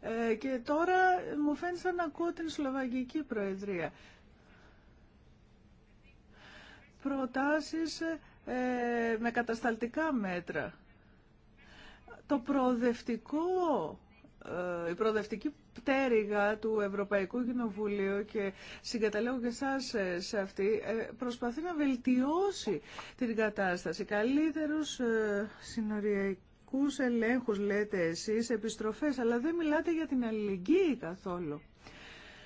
Speaker 3: Ε, και τώρα μου φαίνεται σαν να ακούω την Σλοβακική Προεδρία. Προτάσεις ε, με κατασταλτικά μέτρα. Το προοδευτικό ε, η προοδευτική πτέρυγα του Ευρωπαϊκού Κοινοβουλίου και συγκαταλέγω και εσάς σε αυτή, προσπαθεί να βελτιώσει την κατάσταση. Καλύτερους συνοριακούς εσωτερικούς ελέγχους λέτε εσείς, επιστροφές, αλλά δεν μιλάτε για την αλληλεγγύη καθόλου.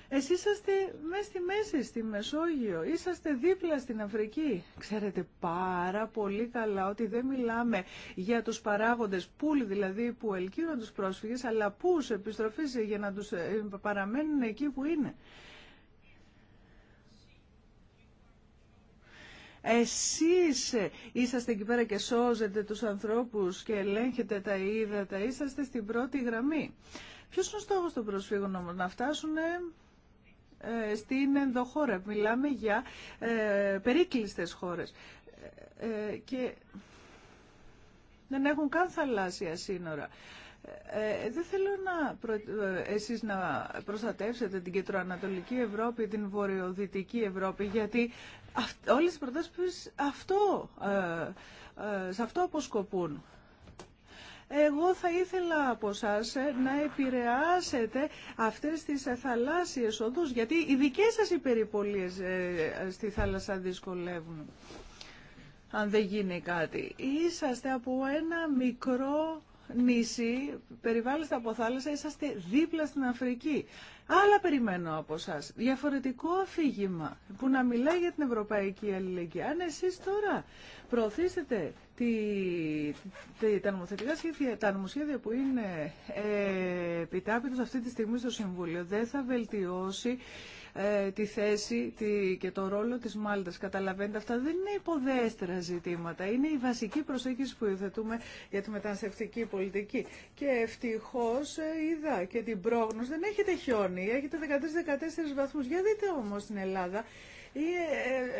Speaker 3: Εσείς είσαστε μέσα στη μέση, στη Μεσόγειο, είσαστε δίπλα στην Αφρική. Ξέρετε πάρα πολύ καλά ότι δεν μιλάμε για τους παράγοντες πουλ, δηλαδή που ελκύουν τους πρόσφυγες, αλλά πού επιστροφής για να τους ε, παραμένουν εκεί που είναι. Εσείς είσαστε εκεί πέρα και σώζετε τους ανθρώπους και ελέγχετε τα ύδατα, είσαστε στην πρώτη γραμμή. Ποιος είναι ο στόχος των προσφύγων όμως, να φτάσουν ε, στην ενδοχώρα. Μιλάμε για ε, περίκλειστες χώρες. Ε, ε, και δεν έχουν καν θαλάσσια σύνορα. Ε, δεν θέλω να ε, εσείς να προστατεύσετε την κεντροανατολική Ευρώπη, την βορειοδυτική Ευρώπη, γιατί αυ... όλες οι προτάσεις αυτό, ε, ε, σε αυτό αποσκοπούν. Εγώ θα ήθελα από εσά να επηρεάσετε αυτές τις θαλάσσιες οδούς, γιατί οι δικές σας υπερηπολίες στη θάλασσα δυσκολεύουν, αν δεν γίνει κάτι. Είσαστε από ένα μικρό νησί, περιβάλλεστε από θάλασσα, είσαστε δίπλα στην Αφρική. Άλλα περιμένω από εσά. Διαφορετικό αφήγημα που να μιλάει για την ευρωπαϊκή αλληλεγγύη. Αν εσεί τώρα προωθήσετε τη, τα νομοθετικά σχέδια, τα νομοσχέδια που είναι ε, επιτάπητος αυτή τη στιγμή στο Συμβούλιο, δεν θα βελτιώσει ε, τη θέση και το ρόλο της Μάλτας. Καταλαβαίνετε, αυτά δεν είναι υποδέστερα ζητήματα. Είναι η βασική προσέγγιση που υιοθετούμε για τη μεταναστευτική πολιτική. Και ευτυχώ ε, είδα και την πρόγνωση. Δεν έχετε χιόνι, έχετε 13-14 βαθμούς. Για δείτε όμως στην Ελλάδα. Ε,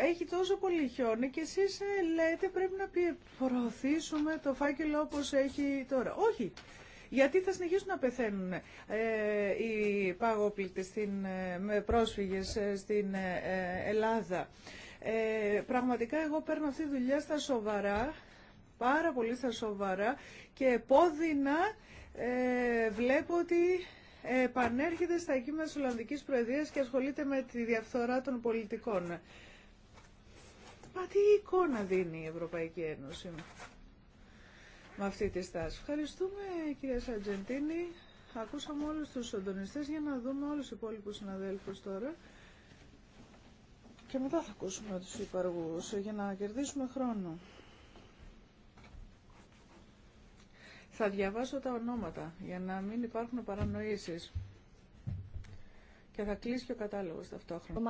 Speaker 3: έχει τόσο πολύ χιόνι και εσείς λέτε πρέπει να προωθήσουμε το φάκελο όπως έχει τώρα. Όχι, γιατί θα συνεχίσουν να πεθαίνουν ε, οι παγόπλητες ε, με πρόσφυγες ε, στην Ελλάδα. Πραγματικά εγώ παίρνω αυτή τη δουλειά στα σοβαρά, πάρα πολύ στα σοβαρά και επώδυνα βλέπω ότι επανέρχεται στα κείμενα της Ολλανδικής Προεδρίας και ασχολείται με τη διαφθορά των πολιτικών. Μα τι εικόνα δίνει η Ευρωπαϊκή Ένωση με αυτή τη στάση. Ευχαριστούμε κυρία Σαρτζεντίνη. Ακούσαμε όλους τους συντονιστές για να δούμε όλους τους υπόλοιπους συναδέλφους τώρα. Και μετά θα ακούσουμε τους υπαργούς για να κερδίσουμε χρόνο. Θα διαβάσω τα ονόματα για να μην υπάρχουν παρανοήσεις. Και θα κλείσει και ο κατάλογος ταυτόχρονα. Mr.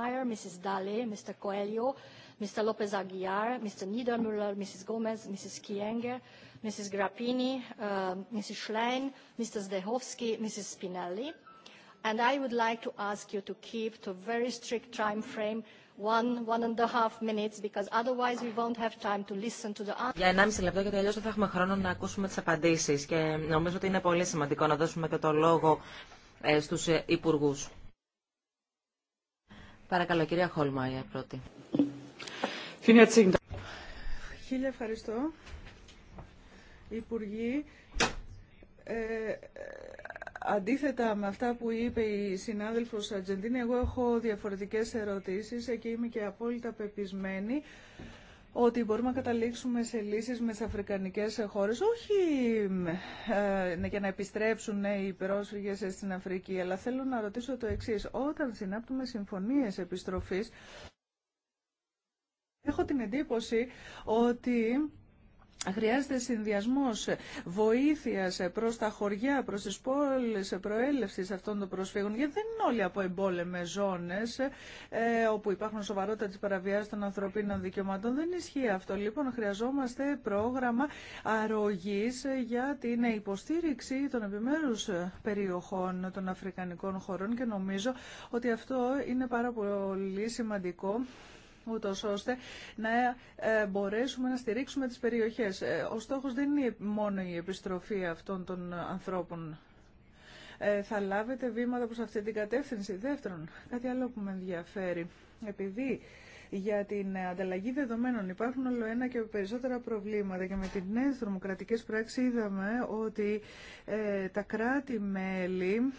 Speaker 3: Mrs.
Speaker 1: Mrs. Grappini, Mrs. Schlein, Mr. Zdechovsky, Mrs. Spinelli. And I would like to ask you to keep to a very strict time frame, one, one and a half minutes, because otherwise we won't have time to listen to the answers. Για 1,5
Speaker 4: λεπτό, γιατί αλλιώς δεν θα έχουμε χρόνο να ακούσουμε τις απαντήσεις. Και νομίζω ότι είναι πολύ σημαντικό να δώσουμε και το λόγο ε, στους υπουργούς. Παρακαλώ, κυρία Χόλμα, η πρώτη. Χίλια
Speaker 3: ευχαριστώ. Υπουργοί, ε, αντίθετα με αυτά που είπε η συνάδελφος Ατζεντίνη, εγώ έχω διαφορετικές ερωτήσεις και είμαι και απόλυτα πεπισμένη ότι μπορούμε να καταλήξουμε σε λύσεις με τις αφρικανικές χώρες, όχι ε, για ναι, να επιστρέψουν ναι, οι πρόσφυγες στην Αφρική, αλλά θέλω να ρωτήσω το εξή. Όταν συνάπτουμε συμφωνίες επιστροφής, έχω την εντύπωση ότι Χρειάζεται συνδυασμός βοήθειας προς τα χωριά, προς τις πόλεις προέλευσης αυτών των προσφύγων, γιατί δεν είναι όλοι από εμπόλεμες ζώνες ε, όπου υπάρχουν σοβαρότητα παραβιάσεις των ανθρωπίνων δικαιωμάτων. Δεν ισχύει αυτό. Λοιπόν, χρειαζόμαστε πρόγραμμα αρρωγής για την υποστήριξη των επιμέρους περιοχών των αφρικανικών χωρών και νομίζω ότι αυτό είναι πάρα πολύ σημαντικό ούτω ώστε να ε, μπορέσουμε να στηρίξουμε τις περιοχές. Ε, ο στόχος δεν είναι μόνο η επιστροφή αυτών των ανθρώπων ε, θα λάβετε βήματα προς αυτή την κατεύθυνση. Δεύτερον, κάτι άλλο που με ενδιαφέρει. Επειδή για την ανταλλαγή δεδομένων υπάρχουν όλο ένα και περισσότερα προβλήματα και με τις νέες δρομοκρατικές πράξεις είδαμε ότι τα κράτη-μέλη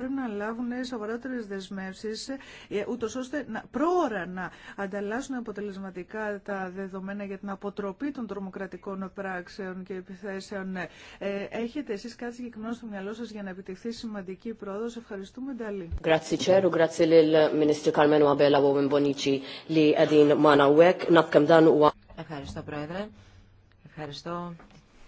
Speaker 3: πρέπει να λάβουν σοβαρότερε δεσμεύσει, ε, ούτω ώστε να, πρόωρα να ανταλλάσσουν αποτελεσματικά τα δεδομένα για την αποτροπή των τρομοκρατικών πράξεων και επιθέσεων. Ε, έχετε εσεί κάτι συγκεκριμένο στο μυαλό σα για να επιτευχθεί σημαντική πρόοδο. Ευχαριστούμε, Νταλή.
Speaker 4: Ευχαριστώ, Πρόεδρε. Ευχαριστώ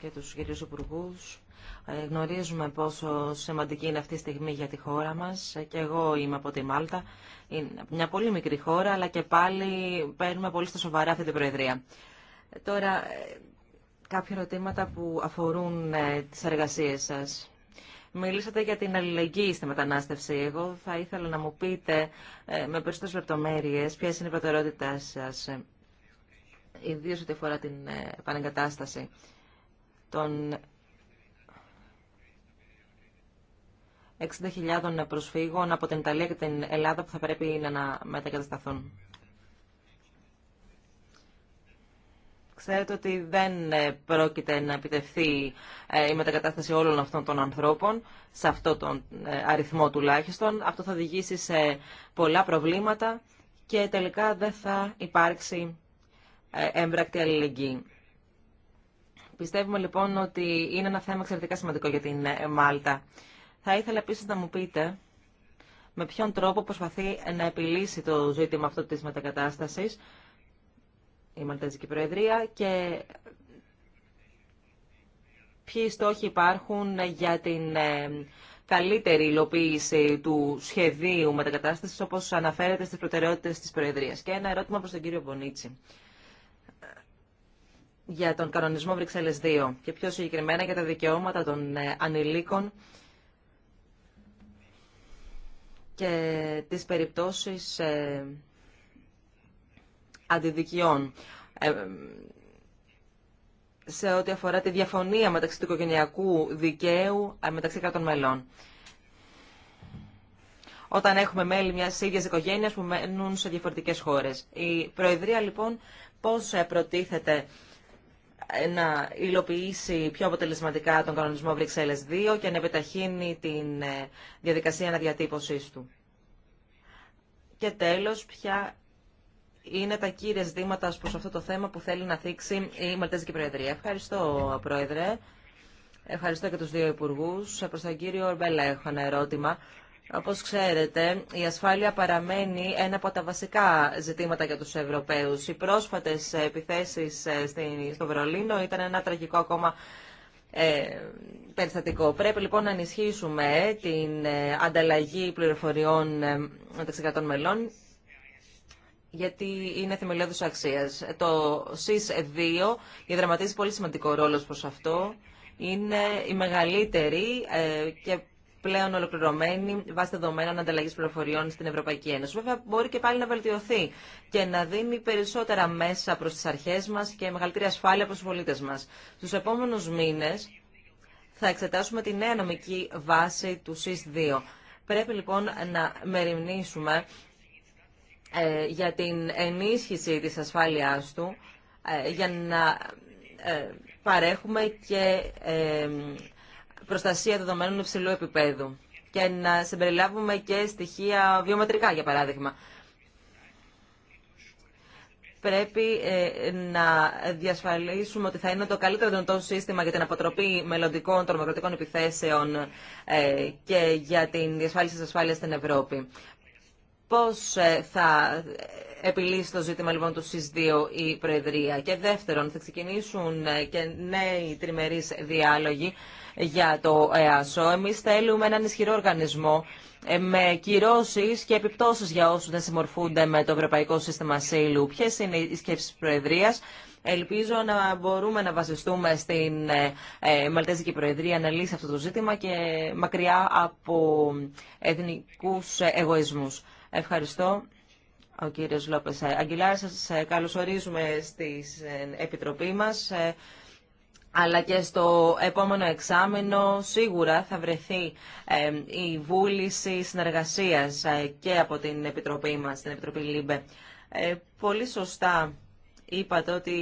Speaker 4: και τους κυρίους Υπουργούς. Ε, γνωρίζουμε πόσο σημαντική είναι αυτή η στιγμή για τη χώρα μας και εγώ είμαι από τη Μάλτα. Είναι μια πολύ μικρή χώρα, αλλά και πάλι παίρνουμε πολύ στα σοβαρά αυτή την Προεδρία. Ε, τώρα, ε, κάποια ερωτήματα που αφορούν τις εργασίες σας. Μιλήσατε για την αλληλεγγύη στη μετανάστευση. Εγώ θα ήθελα να μου πείτε με περισσότερες λεπτομέρειες ποιες είναι οι προτεραιότητες σας, ιδίως ό,τι αφορά την επανεγκατάσταση των 60.000 προσφύγων από την Ιταλία και την Ελλάδα που θα πρέπει να μετακατασταθούν. Ξέρετε ότι δεν ε, πρόκειται να επιτευχθεί ε, η μετακατάσταση όλων αυτών των ανθρώπων, σε αυτόν τον ε, αριθμό τουλάχιστον. Αυτό θα οδηγήσει σε πολλά προβλήματα και τελικά δεν θα υπάρξει έμπρακτη αλληλεγγύη. Πιστεύουμε λοιπόν ότι είναι ένα θέμα εξαιρετικά σημαντικό για την Μάλτα. Θα ήθελα επίσης να μου πείτε με ποιον τρόπο προσπαθεί να επιλύσει το ζήτημα αυτό της μετακατάστασης η Μαλτέζικη Προεδρία και ποιοι στόχοι υπάρχουν για την ε, καλύτερη υλοποίηση του σχεδίου μετακατάστασης όπως αναφέρεται στις προτεραιότητες της Προεδρίας. Και ένα ερώτημα προς τον κύριο Μπονίτσι ε, για τον κανονισμό Βρυξέλλες 2 και πιο συγκεκριμένα για τα δικαιώματα των ε, ανηλίκων και τις περιπτώσεις ε, αντιδικιών ε, σε ό,τι αφορά τη διαφωνία μεταξύ του οικογενειακού δικαίου ε, μεταξύ κρατών μελών. Όταν έχουμε μέλη μιας ίδιας οικογένειας που μένουν σε διαφορετικές χώρες. Η Προεδρία λοιπόν πώς προτίθεται να υλοποιήσει πιο αποτελεσματικά τον κανονισμό Βρυξέλλες 2 και να επιταχύνει την ε, διαδικασία αναδιατύπωσής του. Και τέλος, ποια είναι τα κύρια ζητήματα προς αυτό το θέμα που θέλει να θίξει η Μαλτέζικη Προεδρία. Ευχαριστώ, Πρόεδρε. Ευχαριστώ και τους δύο υπουργούς. Προς τον κύριο Ορμπέλα έχω ένα ερώτημα. Όπως ξέρετε, η ασφάλεια παραμένει ένα από τα βασικά ζητήματα για τους Ευρωπαίους. Οι πρόσφατες επιθέσεις ε, στο Βερολίνο ήταν ένα τραγικό ακόμα ε, περιστατικό. Πρέπει λοιπόν να ενισχύσουμε την ε, ανταλλαγή πληροφοριών μεταξύ των μελών γιατί είναι θεμελιώδης αξίας. Το ΣΥΣ2 διαδραματίζει πολύ σημαντικό ρόλο προς αυτό. Είναι η μεγαλύτερη και πλέον ολοκληρωμένη βάσει δεδομένων ανταλλαγή πληροφοριών στην Ευρωπαϊκή Ένωση. Βέβαια, μπορεί και πάλι να βελτιωθεί και να δίνει περισσότερα μέσα προ τι αρχέ μα και μεγαλύτερη ασφάλεια προ του πολίτε μα. Στου επόμενου μήνε θα εξετάσουμε τη νέα νομική βάση του ΣΥΣ2. Πρέπει λοιπόν να μεριμνήσουμε ε, για την ενίσχυση της ασφάλειάς του, ε, για να ε, παρέχουμε και προστασία δεδομένων υψηλού επίπεδου και να συμπεριλάβουμε και στοιχεία βιομετρικά, για παράδειγμα. Πρέπει ε, να διασφαλίσουμε ότι θα είναι το καλύτερο δυνατό σύστημα για την αποτροπή μελλοντικών τρομοκρατικών επιθέσεων ε, και για την διασφάλιση της ασφάλειας στην Ευρώπη. Πώς ε, θα επιλύσει το ζήτημα λοιπόν του ΣΥΣ 2 η Προεδρία. Και δεύτερον, θα ξεκινήσουν και νέοι τριμερείς διάλογοι για το ΕΑΣΟ. Εμείς θέλουμε έναν ισχυρό οργανισμό ε, με κυρώσει και επιπτώσεις για όσους δεν συμμορφούνται με το Ευρωπαϊκό Σύστημα Ασύλου. Ποιες είναι οι σκέψεις Προεδρίας. Ελπίζω να μπορούμε να βασιστούμε στην ε, ε, Μαλτέζικη Προεδρία να λύσει αυτό το ζήτημα και μακριά από εθνικούς εγωισμούς. Ευχαριστώ. Ο κύριος Λόπες Αγγιλάρη, σας καλωσορίζουμε στην Επιτροπή μας αλλά και στο επόμενο εξάμενο σίγουρα θα βρεθεί η βούληση συνεργασίας ε, και από την Επιτροπή μας, την Επιτροπή ΛΥΜΠΕ. Ε, πολύ σωστά είπατε ότι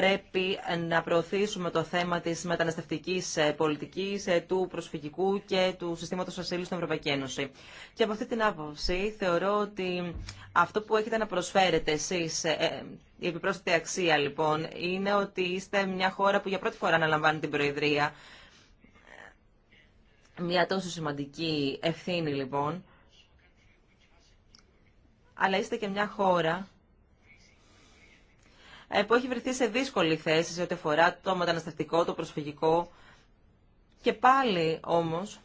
Speaker 4: πρέπει να προωθήσουμε το θέμα της μεταναστευτικής ε, πολιτικής, ε, του προσφυγικού και του συστήματος ασύλου στην Ευρωπαϊκή Ένωση. Και από αυτή την άποψη θεωρώ ότι αυτό που έχετε να προσφέρετε εσείς, ε, η επιπρόσθετη αξία λοιπόν, είναι ότι είστε μια χώρα που για πρώτη φορά αναλαμβάνει την Προεδρία. Μια τόσο σημαντική ευθύνη λοιπόν. Αλλά είστε και μια χώρα ε, που έχει βρεθεί σε δύσκολη θέση σε ό,τι αφορά το μεταναστευτικό, το προσφυγικό. Και πάλι όμως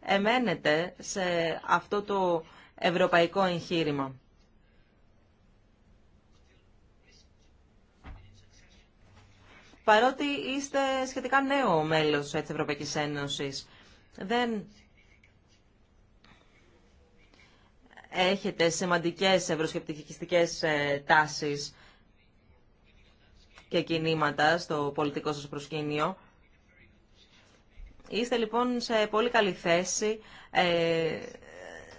Speaker 4: εμένεται σε αυτό το ευρωπαϊκό εγχείρημα. Παρότι είστε σχετικά νέο μέλος της Ευρωπαϊκής Ένωσης, δεν έχετε σημαντικές ευρωσκεπτικιστικές ε, τάσεις και κινήματα στο πολιτικό σας προσκήνιο. Είστε λοιπόν σε πολύ καλή θέση ε,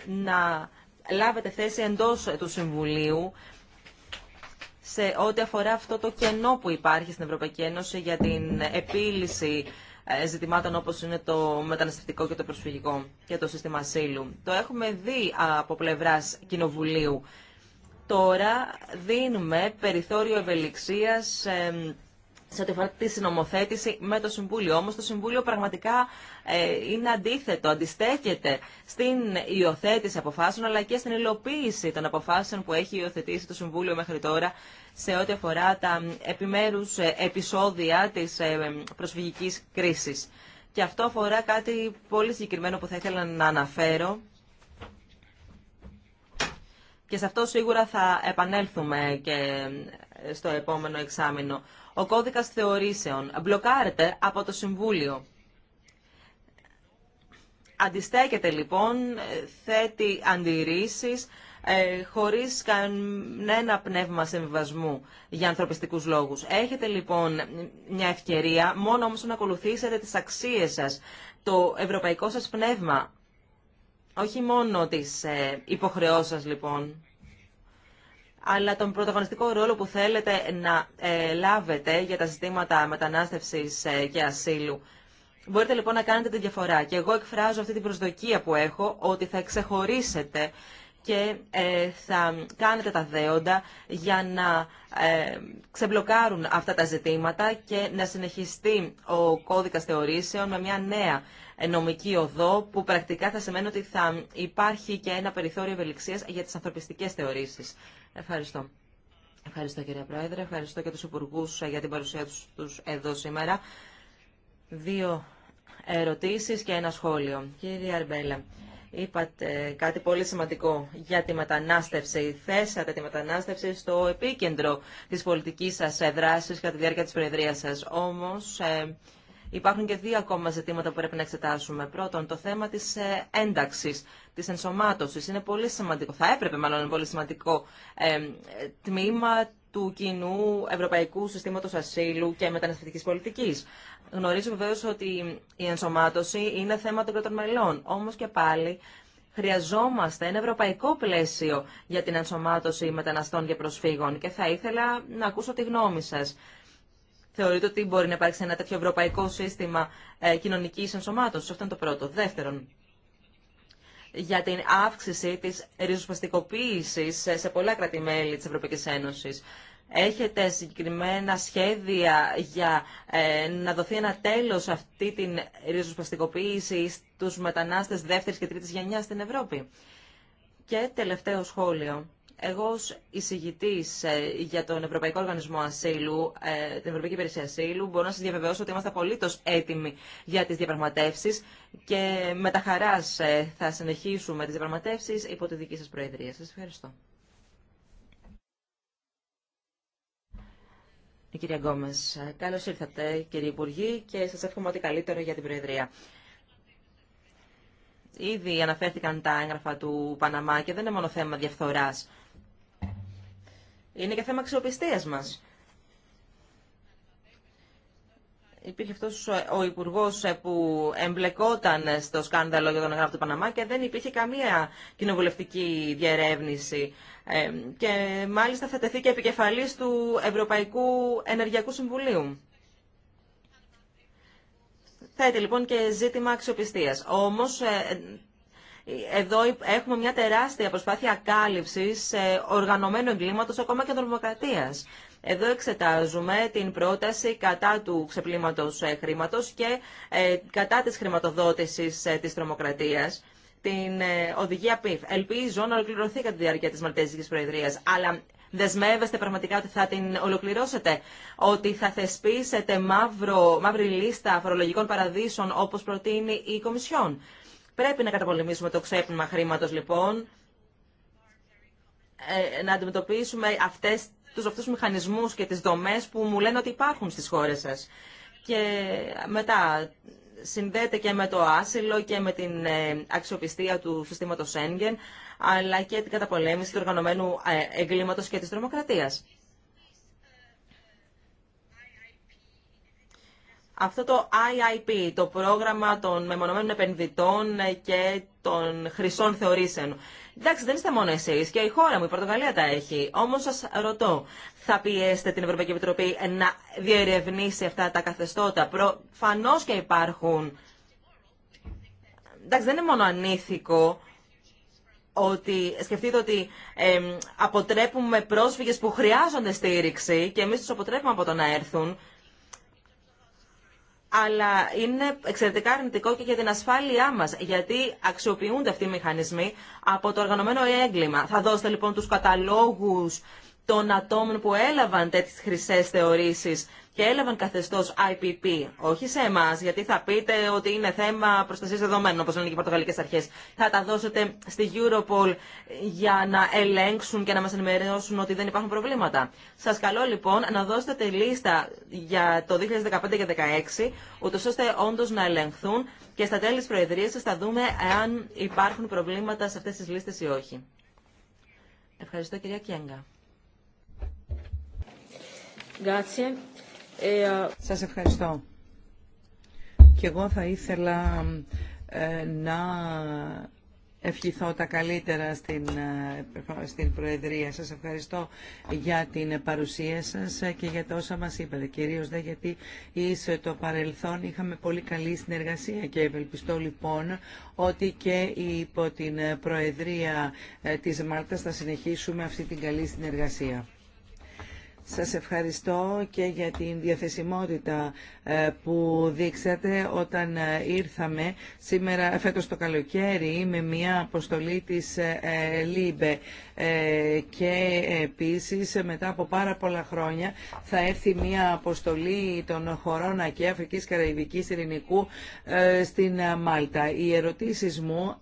Speaker 4: να λάβετε θέση εντός του Συμβουλίου σε ό,τι αφορά αυτό το κενό που υπάρχει στην Ευρωπαϊκή Ένωση για την επίλυση ε, ζητημάτων όπως είναι το μεταναστευτικό και το προσφυγικό και το σύστημα ασύλου. Το έχουμε δει από πλευράς Κοινοβουλίου. Τώρα δίνουμε περιθώριο ευελιξίας σε ό,τι αφορά τη συνομοθέτηση με το Συμβούλιο. Όμως το Συμβούλιο πραγματικά ε, είναι αντίθετο, αντιστέκεται στην υιοθέτηση αποφάσεων αλλά και στην υλοποίηση των αποφάσεων που έχει υιοθετήσει το Συμβούλιο μέχρι τώρα σε ό,τι αφορά τα επιμέρους ε, επεισόδια της ε, προσφυγική κρίσης. Και αυτό αφορά κάτι πολύ συγκεκριμένο που θα ήθελα να αναφέρω. Και σε αυτό σίγουρα θα επανέλθουμε και στο επόμενο εξάμεινο. Ο κώδικας θεωρήσεων μπλοκάρεται από το Συμβούλιο. Αντιστέκεται λοιπόν, θέτει αντιρρήσεις ε, χωρίς κανένα πνεύμα συμβιβασμού για ανθρωπιστικούς λόγους. Έχετε λοιπόν μια ευκαιρία, μόνο όμως να ακολουθήσετε τις αξίες σας, το ευρωπαϊκό σας πνεύμα, όχι μόνο τις ε, υποχρεώσεις σας λοιπόν αλλά τον πρωταγωνιστικό ρόλο που θέλετε να ε, λάβετε για τα ζητήματα μετανάστευσης ε, και ασύλου. Μπορείτε λοιπόν να κάνετε τη διαφορά και εγώ εκφράζω αυτή την προσδοκία που έχω ότι θα ξεχωρίσετε και ε, θα κάνετε τα δέοντα για να ξεμπλοκάρουν αυτά τα ζητήματα και να συνεχιστεί ο κώδικας θεωρήσεων με μια νέα νομική οδό που πρακτικά θα σημαίνει ότι θα υπάρχει και ένα περιθώριο ευελιξίας για τις ανθρωπιστικές θεωρήσεις. Ευχαριστώ. Ευχαριστώ κύριε Πρόεδρε, ευχαριστώ και τους υπουργού για την παρουσία τους εδώ σήμερα. Δύο ερωτήσεις και ένα σχόλιο. Κύριε Αρμπέλα, είπατε κάτι πολύ σημαντικό για τη μετανάστευση. Θέσατε τη μετανάστευση στο επίκεντρο της πολιτικής σας δράσης κατά τη διάρκεια της Προεδρίας σας. Όμως, ε, Υπάρχουν και δύο ακόμα ζητήματα που πρέπει να εξετάσουμε. Πρώτον, το θέμα τη ε, ένταξη, τη ενσωμάτωση. Είναι πολύ σημαντικό, θα έπρεπε μάλλον είναι πολύ σημαντικό ε, τμήμα του κοινού Ευρωπαϊκού Συστήματο Ασύλου και μεταναστευτική πολιτική. Γνωρίζω βεβαίω ότι η ενσωμάτωση είναι θέμα των κρατών μελών, Όμω και πάλι χρειαζόμαστε ένα ευρωπαϊκό πλαίσιο για την ενσωμάτωση μεταναστών και προσφύγων και θα ήθελα να ακούσω τη γνώμη σας θεωρείτε ότι μπορεί να υπάρξει ένα τέτοιο ευρωπαϊκό σύστημα ε, κοινωνικής ενσωμάτωσης. Αυτό είναι το πρώτο. Δεύτερον, για την αύξηση της ριζοσπαστικοποίηση σε πολλά κράτη-μέλη της Ευρωπαϊκής Ένωσης. Έχετε συγκεκριμένα σχέδια για ε, να δοθεί ένα τέλος αυτή την ριζοσπαστικοποίηση στους μετανάστες δεύτερης και τρίτης γενιάς στην Ευρώπη. Και τελευταίο σχόλιο. Εγώ ως εισηγητής ε, για τον Ευρωπαϊκό Οργανισμό Ασύλου, ε, την Ευρωπαϊκή Υπηρεσία Ασύλου, μπορώ να σας διαβεβαιώσω ότι είμαστε απολύτως έτοιμοι για τις διαπραγματεύσεις και με τα χαράς ε, θα συνεχίσουμε τις διαπραγματεύσεις υπό τη δική σας Προεδρία. Σας ευχαριστώ. Η κυρία Γκόμε, καλώ ήρθατε κύριε Υπουργή και σας εύχομαι ό,τι καλύτερο για την Προεδρία. Ήδη αναφέρθηκαν τα έγγραφα του Παναμά και δεν είναι μόνο θέμα διαφθορά. Είναι και θέμα αξιοπιστίας μας. Υπήρχε αυτός ο υπουργός που εμπλεκόταν στο σκάνδαλο για τον εγγράφο του Παναμά και δεν υπήρχε καμία κοινοβουλευτική διερεύνηση. Ε, και μάλιστα θα τεθεί και επικεφαλής του Ευρωπαϊκού Ενεργειακού Συμβουλίου. Θέτει λοιπόν και ζήτημα αξιοπιστία. Όμως ε, εδώ έχουμε μια τεράστια προσπάθεια κάλυψης ε, οργανωμένου εγκλήματος ακόμα και δρομοκρατίας. Εδώ εξετάζουμε την πρόταση κατά του ξεπλήματος ε, χρήματος και ε, κατά της χρηματοδότησης της τρομοκρατίας την οδηγία ΠΥΦ. Ελπίζω να ολοκληρωθεί κατά τη διάρκεια της Μαλτέζικης Προεδρίας, αλλά δεσμεύεστε πραγματικά ότι θα την ολοκληρώσετε, ότι θα θεσπίσετε μαύρο, μαύρη λίστα φορολογικών παραδείσων όπως προτείνει η Κομισιόν. Πρέπει να καταπολεμήσουμε το ξέπνιμα χρήματος λοιπόν, ε, να αντιμετωπίσουμε αυτές, τους αυτούς μηχανισμούς και τις δομές που μου λένε ότι υπάρχουν στις χώρες σας. Και μετά συνδέεται και με το άσυλο και με την ε, αξιοπιστία του συστήματος Σέγγεν, αλλά και την καταπολέμηση του οργανωμένου ε, εγκλήματος και της τρομοκρατίας. αυτό το IIP, το πρόγραμμα των μεμονωμένων επενδυτών ε, και των χρυσών θεωρήσεων. Εντάξει, δεν είστε μόνο εσεί και η χώρα μου, η Πορτογαλία τα έχει. Όμω σα ρωτώ, θα πιέσετε την Ευρωπαϊκή Επιτροπή να διερευνήσει αυτά τα καθεστώτα. Προφανώ και υπάρχουν. Εντάξει, δεν είναι μόνο ανήθικο ότι σκεφτείτε ότι ε, αποτρέπουμε πρόσφυγες που χρειάζονται στήριξη και εμείς τους αποτρέπουμε από το να έρθουν αλλά είναι εξαιρετικά αρνητικό και για την ασφάλειά μας, γιατί αξιοποιούνται αυτοί οι μηχανισμοί από το οργανωμένο έγκλημα. Θα δώσετε λοιπόν τους καταλόγους των ατόμων που έλαβαν τέτοιες χρυσές θεωρήσεις και έλαβαν καθεστώς IPP, όχι σε εμά, γιατί θα πείτε ότι είναι θέμα προστασίας δεδομένων, όπως λένε και οι πορτογαλικές αρχές. Θα τα δώσετε στη Europol για να ελέγξουν και να μας ενημερώσουν ότι δεν υπάρχουν προβλήματα. Σας καλώ λοιπόν να δώσετε τη λίστα για το 2015 και 2016, ούτως ώστε όντως να ελεγχθούν και στα τέλη της Προεδρίας σας θα δούμε αν υπάρχουν προβλήματα σε αυτές τις λίστες ή όχι. Ευχαριστώ κυρία Κιέγκα.
Speaker 2: E, ε, σας ευχαριστώ. Και εγώ θα ήθελα ε, να ευχηθώ τα καλύτερα στην, ε, στην Προεδρία. Σας ευχαριστώ για την παρουσία σας και για τα όσα μας είπατε. Κυρίως γιατί εις το παρελθόν είχαμε πολύ καλή συνεργασία και ευελπιστώ λοιπόν ότι και υπό την Προεδρία της Μάλτας θα συνεχίσουμε αυτή την καλή συνεργασία. Σας ευχαριστώ και για την διαθεσιμότητα ε, που δείξατε όταν ε, ήρθαμε σήμερα φέτος το καλοκαίρι με μια αποστολή της ε, ΛΥΜΠΕ και επίσης μετά από πάρα πολλά χρόνια θα έρθει μια αποστολή των χωρών ΑΚΕ Αφρικής Καραϊβικής Ειρηνικού στην Μάλτα. Οι ερωτήσεις μου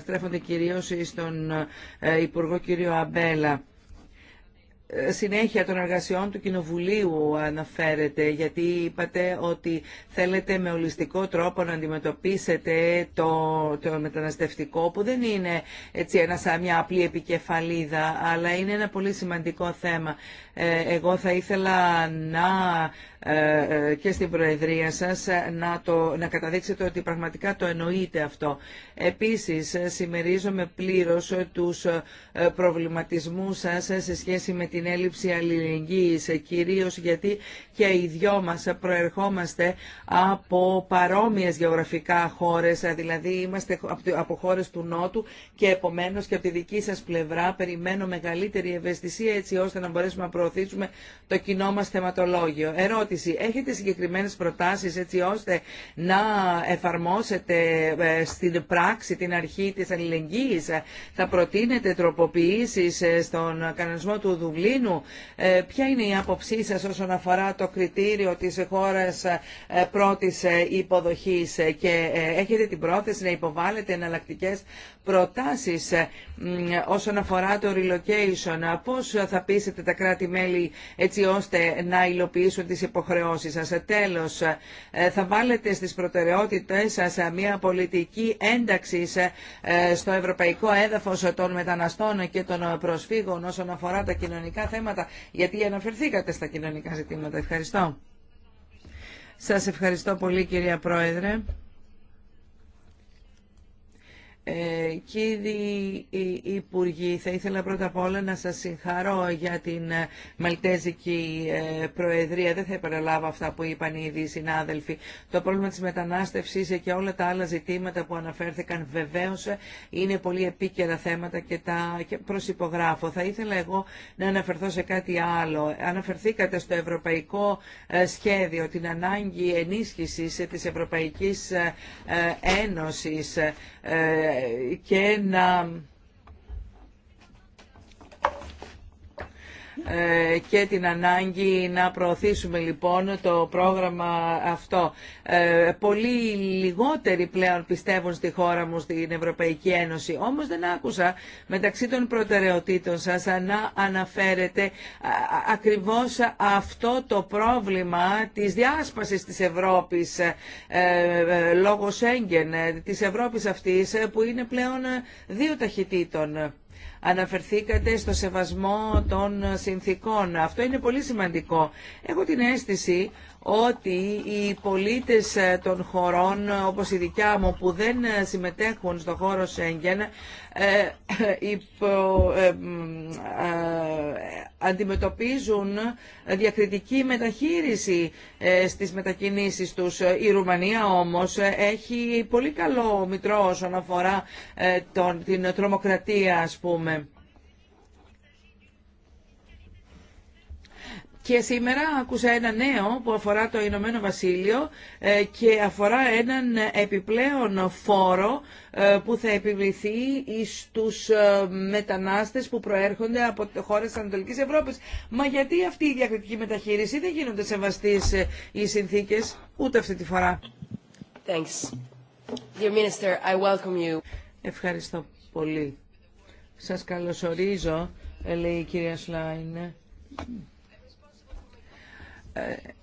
Speaker 2: στρέφονται κυρίως στον Υπουργό κύριο Αμπέλα συνέχεια των εργασιών του Κοινοβουλίου αναφέρεται, γιατί είπατε ότι θέλετε με ολιστικό τρόπο να αντιμετωπίσετε το, το μεταναστευτικό, που δεν είναι έτσι ένα, μια απλή επικεφαλίδα, αλλά είναι ένα πολύ σημαντικό θέμα. Ε, εγώ θα ήθελα να ε, ε, και στην Προεδρία σας να, το, να καταδείξετε ότι πραγματικά το εννοείτε αυτό. Επίσης, συμμερίζομαι πλήρως τους προβληματισμούς σας σε σχέση με την έλλειψη αλληλεγγύης, κυρίως γιατί και οι δυο μας προερχόμαστε από παρόμοιες γεωγραφικά χώρες, δηλαδή είμαστε από χώρες του Νότου και επομένως και από τη δική σας πλευρά περιμένω μεγαλύτερη ευαισθησία έτσι ώστε να μπορέσουμε να προωθήσουμε το κοινό μας θεματολόγιο. Ερώτηση, έχετε συγκεκριμένες προτάσεις έτσι ώστε να εφαρμόσετε ε, στην πράξη την αρχή της αλληλεγγύης, θα προτείνετε τροποποιήσεις ε, στον κανονισμό του ε, ποια είναι η άποψή σας όσον αφορά το κριτήριο της χώρας ε, πρώτης ε, υποδοχής και έχετε την πρόθεση να υποβάλλετε εναλλακτικέ προτάσεις όσον αφορά το relocation. Πώς θα πείσετε τα κράτη-μέλη έτσι ώστε να υλοποιήσουν τις υποχρεώσεις σας. Τέλος, θα βάλετε στις προτεραιότητες σας μια πολιτική ένταξη στο ευρωπαϊκό έδαφος των μεταναστών και των προσφύγων όσον αφορά τα κοινωνικά κοινωνικά θέματα, γιατί αναφερθήκατε στα κοινωνικά ζητήματα. Ευχαριστώ. Σας ευχαριστώ πολύ κυρία Πρόεδρε. Ε, κύριοι ε, Υπουργοί, θα ήθελα πρώτα απ' όλα να σας συγχαρώ για την ε, Μαλτέζικη ε, Προεδρία. Δεν θα επαναλάβω αυτά που είπαν ήδη οι συνάδελφοι. Το πρόβλημα της μετανάστευσης και όλα τα άλλα ζητήματα που αναφέρθηκαν βεβαίως είναι πολύ επίκαιρα θέματα και τα και προσυπογράφω. Θα ήθελα εγώ να αναφερθώ σε κάτι άλλο. Αναφερθήκατε στο ευρωπαϊκό σχέδιο, την ανάγκη ενίσχυσης της Ευρωπαϊκής Ένωσης και να Ε, και την ανάγκη να προωθήσουμε λοιπόν το πρόγραμμα αυτό. Ε, Πολύ λιγότεροι πλέον πιστεύουν στη χώρα μου στην Ευρωπαϊκή Ένωση. Όμως δεν άκουσα μεταξύ των προτεραιοτήτων σας να αναφέρετε ακριβώς αυτό το πρόβλημα της διάσπασης της Ευρώπης ε, λόγω Σέγγεν, της Ευρώπης αυτής που είναι πλέον δύο ταχυτήτων. Αναφερθήκατε στο σεβασμό των συνθήκων. Αυτό είναι πολύ σημαντικό. Έχω την αίσθηση ότι οι πολίτες ε, των χωρών όπως η δικιά μου που δεν ε, συμμετέχουν στο χώρο Σέγγεν ε, αντιμετωπίζουν διακριτική μεταχείριση στις μετακινήσεις τους. Η Ρουμανία όμως έχει πολύ καλό μητρό όσον αφορά την τρομοκρατία ας πούμε. Και σήμερα άκουσα ένα νέο που αφορά το Ηνωμένο Βασίλειο ε, και αφορά έναν επιπλέον φόρο ε, που θα επιβληθεί στους ε, μετανάστες που προέρχονται από χώρες της Ανατολικής Ευρώπης. Μα γιατί αυτή η διακριτική μεταχείριση δεν γίνονται σεβαστείς οι συνθήκες ούτε αυτή τη φορά. Thanks. Dear Minister, I welcome you. Ευχαριστώ πολύ. Σας καλωσορίζω, λέει η κυρία Σλάιν ε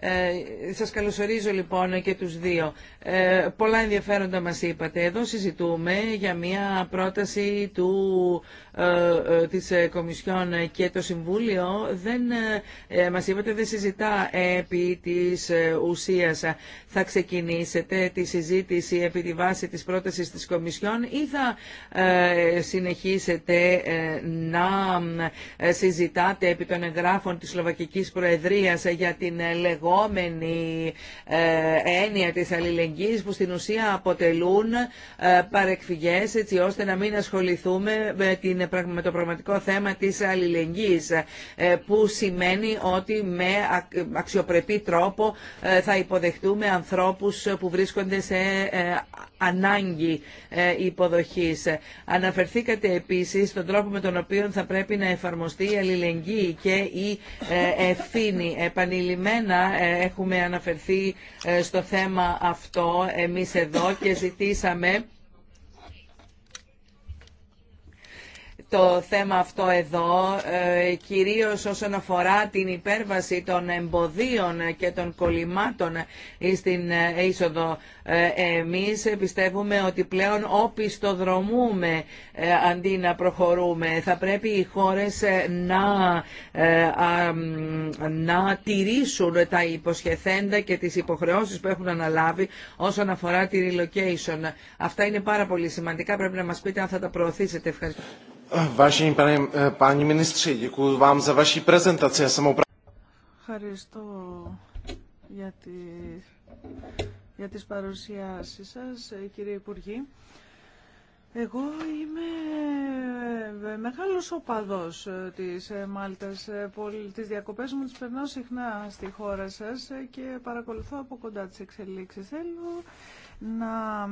Speaker 2: Ε, σας καλωσορίζω λοιπόν και τους δύο. Ε, πολλά ενδιαφέροντα μας είπατε. Εδώ συζητούμε για μια πρόταση του, ε, ε, της ε, Κομισιόν και το Συμβούλιο δεν, μας είπατε δεν συζητά επί της ουσίας. Θα ξεκινήσετε τη συζήτηση επί τη βάση της πρότασης της Κομισιόν ή θα συνεχίσετε να συζητάτε επί των εγγράφων της Σλοβακικής Προεδρίας για την λεγόμενη λεγόμενη ε, έννοια της αλληλεγγύης που στην ουσία αποτελούν ε, παρεκφυγές έτσι ώστε να μην ασχοληθούμε με το πραγματικό θέμα της αλληλεγγύης ε, που σημαίνει ότι με αξιοπρεπή τρόπο θα υποδεχτούμε ανθρώπους που βρίσκονται σε ανάγκη ε, υποδοχής. Αναφερθήκατε επίσης στον τρόπο με τον οποίο θα πρέπει να εφαρμοστεί η αλληλεγγύη και η ε, ευθύνη. Επανειλημμένα ε, έχουμε αναφερθεί στο θέμα αυτό εμείς εδώ και ζητήσαμε το θέμα αυτό εδώ, ε, κυρίως όσον αφορά την υπέρβαση των εμποδίων και των κολλημάτων στην ε, είσοδο. Ε, εμείς πιστεύουμε ότι πλέον όπιστο δρομούμε αντί να προχωρούμε. Θα πρέπει οι χώρες να, να τηρήσουν τα υποσχεθέντα και τις υποχρεώσεις που έχουν αναλάβει όσον αφορά τη relocation. Αυτά είναι πάρα πολύ σημαντικά. Πρέπει να μας πείτε αν θα τα προωθήσετε. Ευχαριστώ.
Speaker 1: Vážení eh,
Speaker 3: Ευχαριστώ για τι για τις παρουσιάσεις σας, ε, κύριε Υπουργή. Εγώ είμαι ε, μεγάλος οπαδός ε, της Μάλτας. Τις διακοπές μου τις περνάω συχνά στη χώρα σας και παρακολουθώ από κοντά τις εξελίξεις. Θέλω να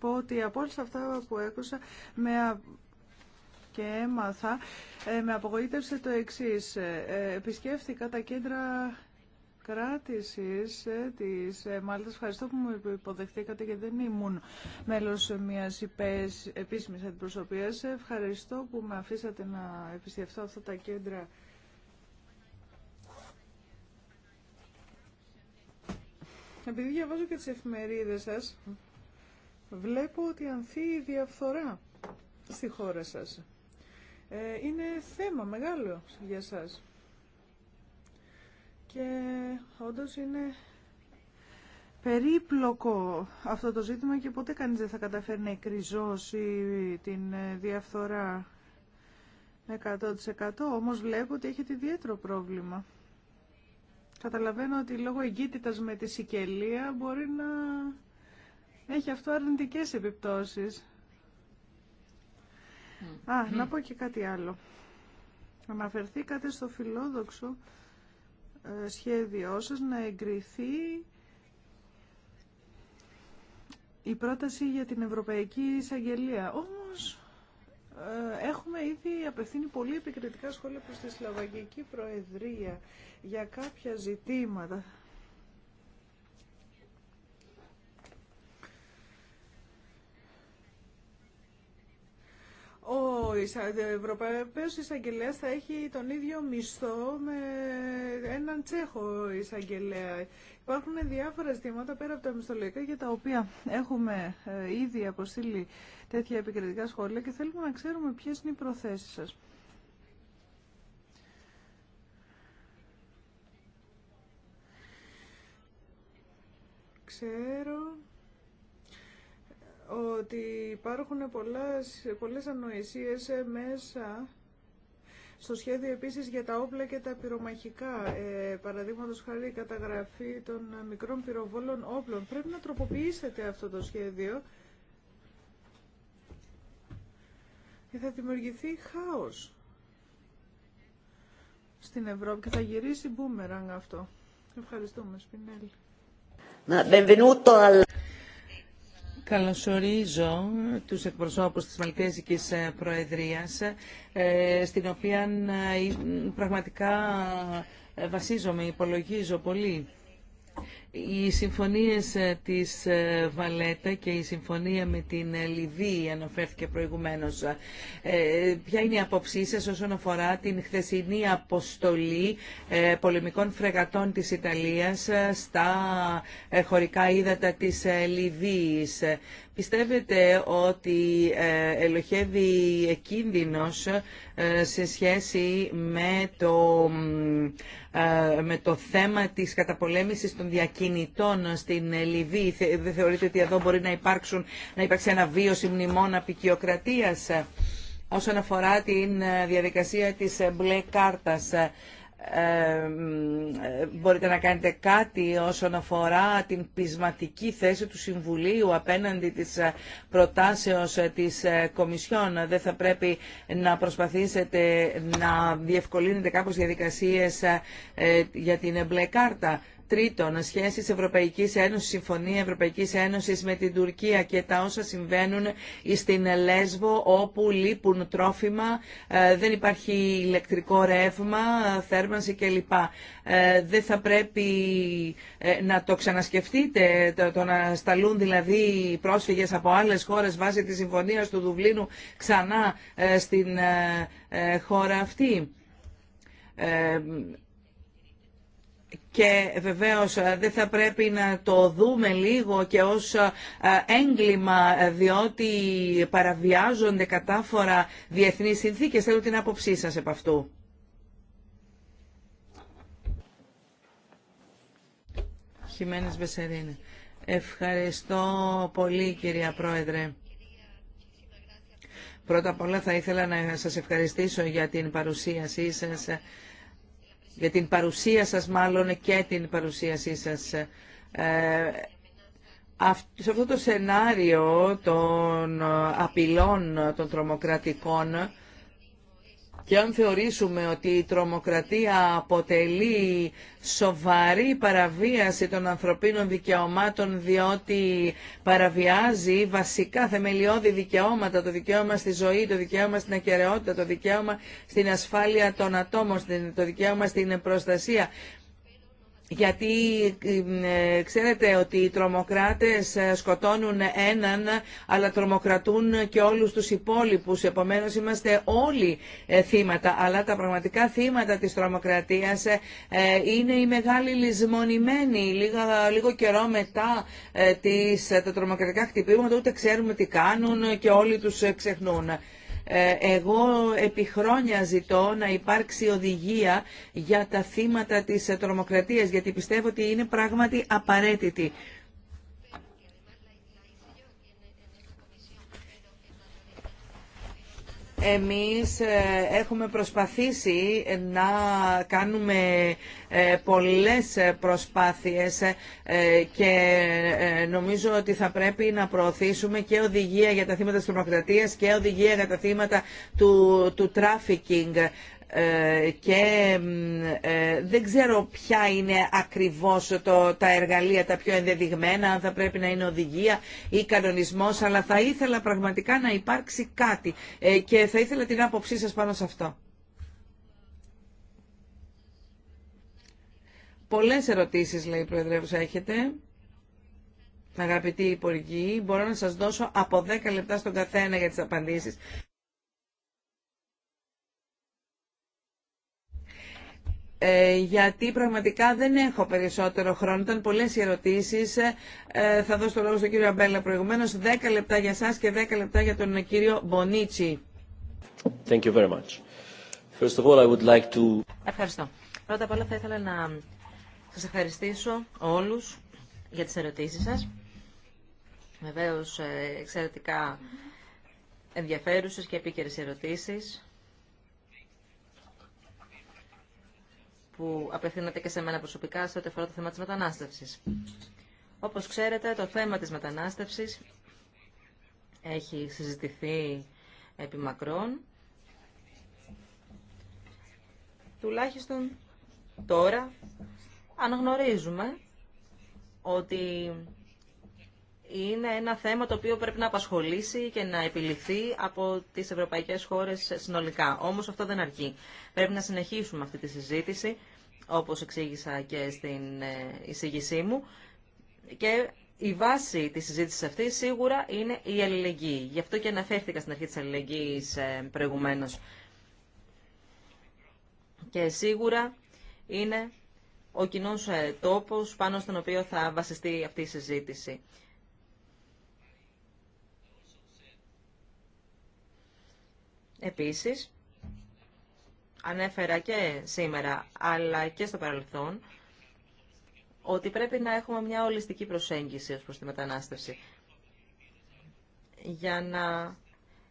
Speaker 3: πω ότι από όλα αυτά που έκουσα με και έμαθα, ε, με απογοήτευσε το εξής. Ε, ε, επισκέφθηκα τα κέντρα κράτησης της Μάλτας. Ευχαριστώ που με υποδεχτήκατε και δεν ήμουν μέλος μιας υπές, επίσημης αντιπροσωπείας. Ευχαριστώ που με αφήσατε να επισκεφθώ αυτά τα κέντρα Επειδή διαβάζω και τις εφημερίδες σας, Βλέπω ότι ανθεί η διαφθορά στη χώρα σας. Ε, είναι θέμα μεγάλο για σας. Και όντως είναι περίπλοκο αυτό το ζήτημα και ποτέ κανείς δεν θα καταφέρει να εκριζώσει την ε, διαφθορά 100%. Όμως βλέπω ότι έχετε ιδιαίτερο πρόβλημα. Καταλαβαίνω ότι λόγω εγκύτητας με τη Σικελία μπορεί να έχει αυτό αρνητικές επιπτώσεις. Α, να πω και κάτι άλλο. Αναφερθήκατε στο φιλόδοξο ε, σχέδιό σας να εγκριθεί η πρόταση για την Ευρωπαϊκή Εισαγγελία. Όμως, ε, έχουμε ήδη απευθύνει πολύ επικριτικά σχόλια προς τη σλαβακική Προεδρία για κάποια ζητήματα. Ο Ευρωπαϊκός εισαγγελέα θα έχει τον ίδιο μισθό με έναν Τσέχο εισαγγελέα. Υπάρχουν διάφορα ζητήματα πέρα από τα μισθολογικά για τα οποία έχουμε ε, ήδη αποστείλει τέτοια επικριτικά σχόλια και θέλουμε να ξέρουμε ποιες είναι οι προθέσεις σας. Ξέρω ότι υπάρχουν πολλές, πολλές ανοησίες μέσα στο σχέδιο επίσης για τα όπλα και τα πυρομαχικά, ε, παραδείγματος χάρη καταγραφή των μικρών πυροβόλων όπλων. Πρέπει να τροποποιήσετε αυτό το σχέδιο και θα δημιουργηθεί χάος στην Ευρώπη και θα γυρίσει μπούμερανγκ αυτό. Ευχαριστούμε, Σπινέλη.
Speaker 2: Καλωσορίζω τους εκπροσώπους της Μαλτέζικης ε, Προεδρίας, ε, στην οποία ε, πραγματικά βασίζομαι, υπολογίζω πολύ. Οι συμφωνίες ε, της ε, Βαλέτα και η συμφωνία με την ε, Λιβύη αναφέρθηκε προηγουμένως. Ποια είναι η απόψή σας όσον αφορά την χθεσινή αποστολή πολεμικών φρεγατών της Ιταλίας στα χωρικά ύδατα της Λιβύης. Πιστεύετε ότι ε, ελοχεύει κίνδυνος ε, σε σχέση με το, ε, με το θέμα της καταπολέμησης των διακινητών στην Λιβύη. Δεν θεωρείτε ότι εδώ μπορεί να, υπάρξουν, να υπάρξει ένα βίωση μνημών απεικιοκρατίας όσον αφορά την διαδικασία της μπλε κάρτας. Ε, μπορείτε να κάνετε κάτι όσον αφορά την πεισματική θέση του Συμβουλίου απέναντι της ε, προτάσεως ε, της Κομισιόν. Δεν θα πρέπει να προσπαθήσετε να διευκολύνετε κάπως διαδικασίες για την μπλε κάρτα. Τρίτον, σχέσει Ευρωπαϊκή Ένωση, συμφωνία Ευρωπαϊκή Ένωση με την Τουρκία και τα όσα συμβαίνουν στην Λέσβο, όπου λείπουν τρόφιμα, ε, δεν υπάρχει ηλεκτρικό ρεύμα, θέρμανση κλπ. Ε, δεν θα πρέπει ε, να το ξανασκεφτείτε, το να σταλούν δηλαδή πρόσφυγες από άλλες χώρες βάσει τη συμφωνία του Δουβλίνου ξανά στην χώρα αυτή και βεβαίως ε, δεν θα πρέπει να το δούμε λίγο και ως ε, έγκλημα ε, διότι παραβιάζονται κατάφορα διεθνείς συνθήκες. Θέλω την άποψή σας επ' αυτού. Χιμένες Ευχαριστώ πολύ κυρία Πρόεδρε. Πρώτα απ' όλα θα ήθελα να σας ευχαριστήσω για την παρουσίασή σας για την παρουσία σας μάλλον και την παρουσίασή σας. Ε, σε αυτό το σενάριο των ε, απειλών των τρομοκρατικών και αν θεωρήσουμε ότι η τρομοκρατία αποτελεί σοβαρή παραβίαση των ανθρωπίνων δικαιωμάτων διότι παραβιάζει βασικά θεμελιώδη δικαιώματα, το δικαίωμα στη ζωή, το δικαίωμα στην ακεραιότητα, το δικαίωμα στην ασφάλεια των ατόμων, το δικαίωμα στην προστασία, γιατί ε, ξέρετε ότι οι τρομοκράτες ε, σκοτώνουν έναν, αλλά τρομοκρατούν και όλους τους υπόλοιπους. Επομένως είμαστε όλοι ε, θύματα, αλλά τα πραγματικά θύματα της τρομοκρατίας είναι οι μεγάλοι λησμονημένοι. Λίγα, λίγο καιρό μετά τα τρομοκρατικά χτυπήματα ούτε ξέρουμε τι κάνουν και όλοι τους ξεχνούν. Ε, εγώ επί χρόνια ζητώ να υπάρξει οδηγία για τα θύματα της τρομοκρατίας, γιατί πιστεύω ότι είναι πράγματι απαραίτητη. Εμείς ε, έχουμε προσπαθήσει να κάνουμε ε, πολλές προσπάθειες ε, και νομίζω ότι θα πρέπει να προωθήσουμε και οδηγία για τα θύματα της τρομοκρατίας και οδηγία για τα θύματα του, του τράφικινγκ ε, και ε, δεν ξέρω ποια είναι ακριβώς το, τα εργαλεία τα πιο ενδεδειγμένα, αν θα πρέπει να είναι οδηγία ή κανονισμός, αλλά θα ήθελα πραγματικά να υπάρξει κάτι ε, και θα ήθελα την άποψή σας πάνω σε αυτό. Πολλές ερωτήσεις, λέει η Προεδρεύουσα, έχετε. Αγαπητοί υπουργοί, μπορώ να σας δώσω από 10 λεπτά στον καθένα για τις απαντήσεις. Ε, γιατί πραγματικά δεν έχω περισσότερο χρόνο. Ήταν πολλέ οι ερωτήσεις. Ε, θα δώσω το λόγο στον κύριο Αμπέλα προηγουμένως. 10 λεπτά για σας και 10 λεπτά για τον κύριο Μπονίτσι.
Speaker 1: like to...
Speaker 2: Ευχαριστώ.
Speaker 4: Πρώτα απ' όλα θα ήθελα να σας ευχαριστήσω όλους για τις ερωτήσεις σας. Βεβαίως ε, εξαιρετικά ενδιαφέρουσες και επίκαιρες ερωτήσεις. που απευθύνεται και σε μένα προσωπικά σε ό,τι αφορά το θέμα της μετανάστευσης. Όπως ξέρετε, το θέμα της μετανάστευσης έχει συζητηθεί επί μακρόν. Τουλάχιστον τώρα αναγνωρίζουμε ότι είναι ένα θέμα το οποίο πρέπει να απασχολήσει και να επιληθεί από τις ευρωπαϊκές χώρες συνολικά. Όμως αυτό δεν αρκεί. Πρέπει να συνεχίσουμε αυτή τη συζήτηση, όπως εξήγησα και στην ε, εισήγησή μου. Και η βάση της συζήτησης αυτή σίγουρα είναι η αλληλεγγύη. Γι' αυτό και αναφέρθηκα στην αρχή της αλληλεγγύης ε, προηγουμένως. Και σίγουρα είναι ο κοινό ε, τόπος πάνω στον οποίο θα βασιστεί αυτή η συζήτηση. Επίσης, ανέφερα και σήμερα, αλλά και στο παρελθόν, ότι πρέπει να έχουμε μια ολιστική προσέγγιση ως προς τη μετανάστευση. Για να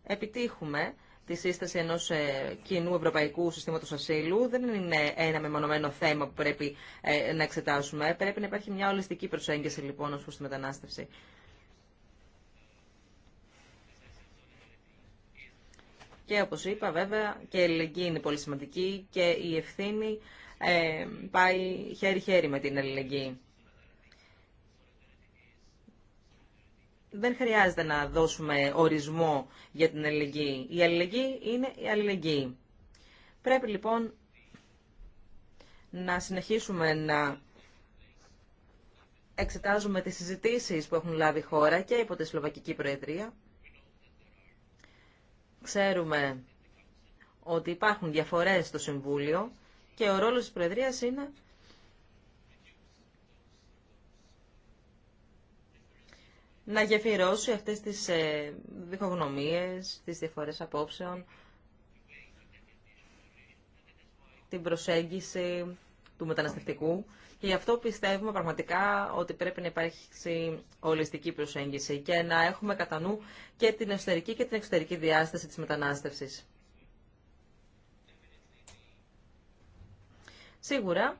Speaker 4: επιτύχουμε τη σύσταση ενός ε, κοινού ευρωπαϊκού συστήματος ασύλου δεν είναι ένα μεμονωμένο θέμα που πρέπει ε, να εξετάσουμε. Πρέπει να υπάρχει μια ολιστική προσέγγιση λοιπόν ως προς τη μετανάστευση. Και όπως είπα βέβαια και η ελληνική είναι πολύ σημαντική και η ευθύνη ε, πάει χέρι-χέρι με την ελληνική. Δεν χρειάζεται να δώσουμε ορισμό για την αλληλεγγύη. Η αλληλεγγύη είναι η αλληλεγγύη. Πρέπει λοιπόν να συνεχίσουμε να εξετάζουμε τις συζητήσεις που έχουν λάβει η χώρα και υπό τη Σλοβακική Προεδρία Ξέρουμε ότι υπάρχουν διαφορές στο Συμβούλιο και ο ρόλος της Προεδρίας είναι να γεφυρώσει αυτές τις ε, διχογνωμίες, τις διαφορές απόψεων, την προσέγγιση του μεταναστευτικού γι' αυτό πιστεύουμε πραγματικά ότι πρέπει να υπάρξει ολιστική προσέγγιση και να έχουμε κατά νου και την εσωτερική και την εξωτερική διάσταση της μετανάστευσης. Σίγουρα,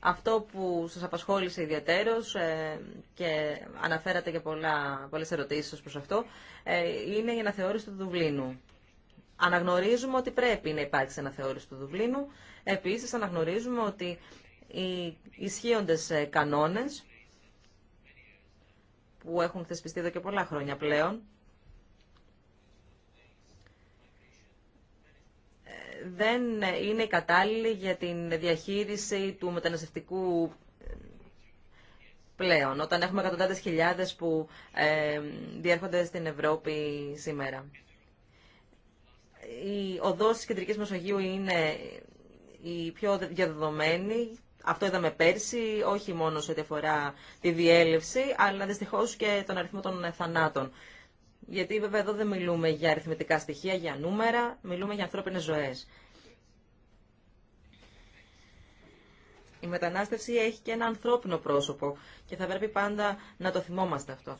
Speaker 4: αυτό που σας απασχόλησε ιδιαίτερος ε, και αναφέρατε και πολλά, πολλές ερωτήσεις προς αυτό, ε, είναι η αναθεώρηση του Δουβλίνου. Αναγνωρίζουμε ότι πρέπει να υπάρξει αναθεώρηση του Δουβλίνου Επίσης αναγνωρίζουμε ότι οι ισχύοντες ε, κανόνες που έχουν θεσπιστεί εδώ και πολλά χρόνια πλέον ε, δεν είναι κατάλληλοι για την διαχείριση του μεταναστευτικού ε, πλέον, όταν έχουμε εκατοντάδες χιλιάδες που διέρχονται στην Ευρώπη σήμερα. Η οδός της Κεντρικής Μεσογείου είναι η πιο διαδεδομένη. Αυτό είδαμε πέρσι, όχι μόνο σε ό,τι αφορά τη διέλευση, αλλά δυστυχώ και τον αριθμό των θανάτων. Γιατί βέβαια εδώ δεν μιλούμε για αριθμητικά στοιχεία, για νούμερα, μιλούμε για ανθρώπινες ζωές. Η μετανάστευση έχει και ένα ανθρώπινο πρόσωπο και θα πρέπει πάντα να το θυμόμαστε αυτό.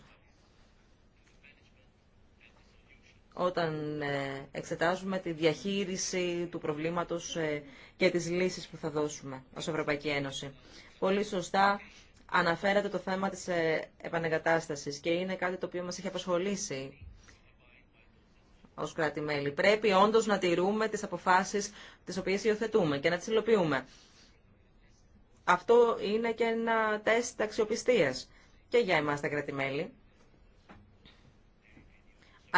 Speaker 4: όταν ε, εξετάζουμε τη διαχείριση του προβλήματος ε, και τις λύσεις που θα δώσουμε ως Ευρωπαϊκή Ένωση. Πολύ σωστά αναφέρατε το θέμα της ε, επανεγκατάστασης και είναι κάτι το οποίο μας έχει απασχολήσει ως κράτη-μέλη. Πρέπει όντως να τηρούμε τις αποφάσεις τις οποίες υιοθετούμε και να τις υλοποιούμε. Αυτό είναι και ένα τεστ αξιοπιστίας και για εμάς τα κράτη-μέλη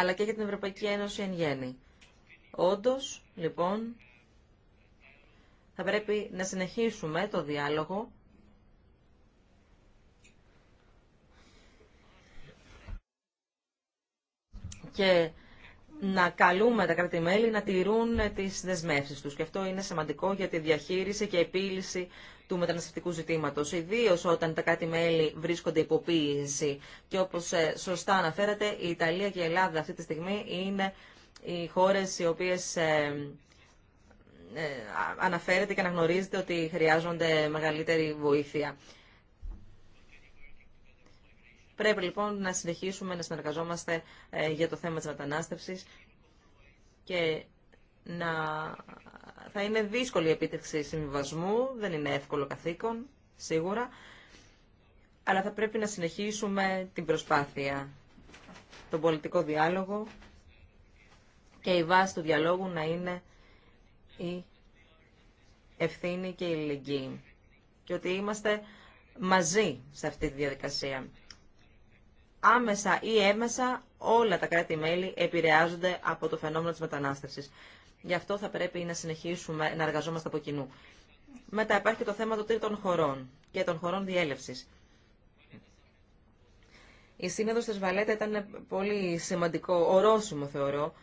Speaker 4: αλλά και για την Ευρωπαϊκή Ένωση εν γέννη. Όντως, λοιπόν, θα πρέπει να συνεχίσουμε το διάλογο και να καλούμε τα κράτη-μέλη να τηρούν τις δεσμεύσεις τους. Και αυτό είναι σημαντικό για τη διαχείριση και επίλυση του μεταναστευτικού ζητήματος, ιδίω όταν τα κράτη-μέλη βρίσκονται υποποίηση. Και όπως ε, σωστά αναφέρατε, η Ιταλία και η Ελλάδα αυτή τη στιγμή είναι οι χώρες οι οποίες ε, ε, αναφέρεται και αναγνωρίζεται ότι χρειάζονται μεγαλύτερη βοήθεια. Πρέπει λοιπόν να συνεχίσουμε να συνεργαζόμαστε ε, για το θέμα της μετανάστευσης και να... θα είναι δύσκολη η επίτευξη συμβιβασμού, δεν είναι εύκολο καθήκον, σίγουρα, αλλά θα πρέπει να συνεχίσουμε την προσπάθεια, τον πολιτικό διάλογο και η βάση του διαλόγου να είναι η ευθύνη και η αλληλεγγύη και ότι είμαστε μαζί σε αυτή τη διαδικασία άμεσα ή έμεσα όλα τα κράτη-μέλη επηρεάζονται από το φαινόμενο της μετανάστευσης. Γι' αυτό θα πρέπει να συνεχίσουμε να εργαζόμαστε από κοινού. Μετά υπάρχει και το θέμα των τρίτων χωρών και των χωρών διέλευσης. Η σύνοδος της Βαλέτα ήταν πολύ σημαντικό ορόσημο θεωρώ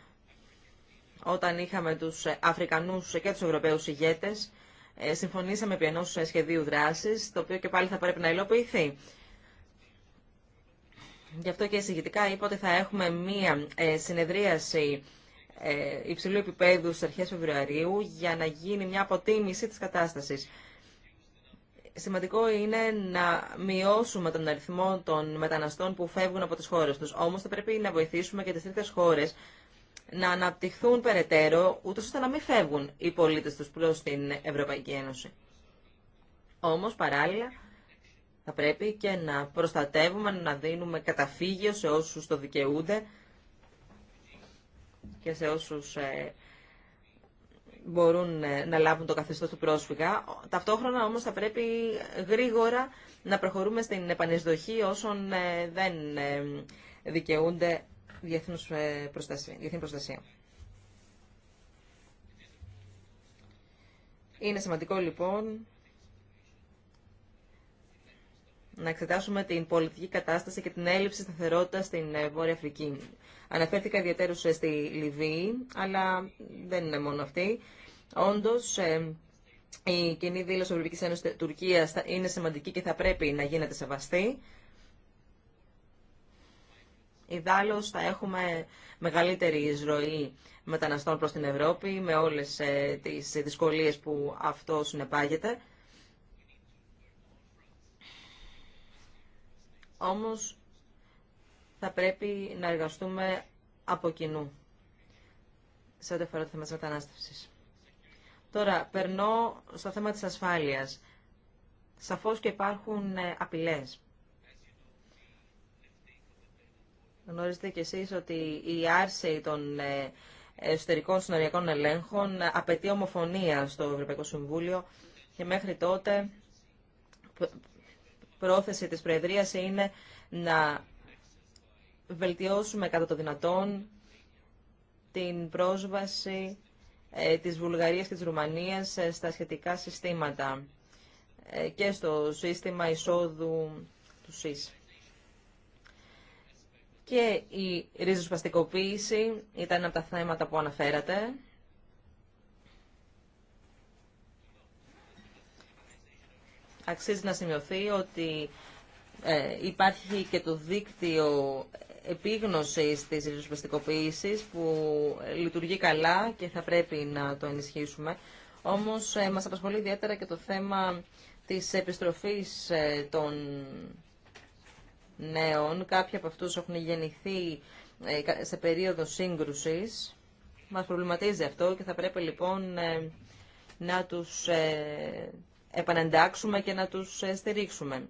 Speaker 4: όταν είχαμε τους Αφρικανούς και τους Ευρωπαίους ηγέτες ε, συμφωνήσαμε επί ενός ε, σχεδίου δράσης το οποίο και πάλι θα πρέπει να υλοποιηθεί. Γι' αυτό και εισηγητικά είπα ότι θα έχουμε μία ε, συνεδρίαση ε, υψηλού επίπεδου στις αρχές Φεβρουαρίου για να γίνει μια αποτίμηση της κατάστασης. Σημαντικό είναι να μειώσουμε τον αριθμό των μεταναστών που φεύγουν από τις χώρες τους. Όμως θα πρέπει να βοηθήσουμε και τις τρίτες χώρες να αναπτυχθούν περαιτέρω, ούτως ώστε να μην φεύγουν οι πολίτες τους προς την Ευρωπαϊκή Ένωση. Όμως, παράλληλα, θα πρέπει και να προστατεύουμε, να δίνουμε καταφύγιο σε όσους το δικαιούνται και σε όσους ε, μπορούν ε, να λάβουν το καθεστώς του πρόσφυγα. Ταυτόχρονα όμως θα πρέπει γρήγορα να προχωρούμε στην επανεισδοχή όσων ε, δεν δικαιούνται διεθνούς προστασία, διεθνή προστασία. Είναι σημαντικό λοιπόν να εξετάσουμε την πολιτική κατάσταση και την έλλειψη σταθερότητα στην ε, Βόρεια Αφρική. Αναφέρθηκα ιδιαίτερω ε, στη Λιβύη, αλλά δεν είναι μόνο αυτή. Όντω, ε, η κοινή δήλωση Ευρωπαϊκή Ένωση Τουρκία είναι σημαντική και θα πρέπει να γίνεται σεβαστή. Ιδάλω θα έχουμε μεγαλύτερη εισρωή μεταναστών προς την Ευρώπη με όλες τις δυσκολίες που αυτό συνεπάγεται. Όμως θα πρέπει να εργαστούμε από κοινού σε ό,τι αφορά το θέμα της μετανάστευσης. Τώρα, περνώ στο θέμα της ασφάλειας. Σαφώς και υπάρχουν ε, απειλές. Γνωρίζετε κι εσείς ότι η άρση των ε, εσωτερικών συνοριακών ελέγχων απαιτεί ομοφωνία στο Ευρωπαϊκό Συμβούλιο και μέχρι τότε πρόθεση της Προεδρίας είναι να βελτιώσουμε κατά το δυνατόν την πρόσβαση ε, της Βουλγαρίας και της Ρουμανίας ε, στα σχετικά συστήματα ε, και στο σύστημα εισόδου του ΣΥΣ. Και η ριζοσπαστικοποίηση ήταν από τα θέματα που αναφέρατε. αξίζει να σημειωθεί ότι ε, υπάρχει και το δίκτυο επίγνωσης της ριζοσπαστικοποίησης που λειτουργεί καλά και θα πρέπει να το ενισχύσουμε. Όμως ε, μας απασχολεί ιδιαίτερα και το θέμα της επιστροφής ε, των νέων. Κάποιοι από αυτούς έχουν γεννηθεί σε περίοδο σύγκρουσης. Μας προβληματίζει αυτό και θα πρέπει λοιπόν να τους επανεντάξουμε και να τους στηρίξουμε.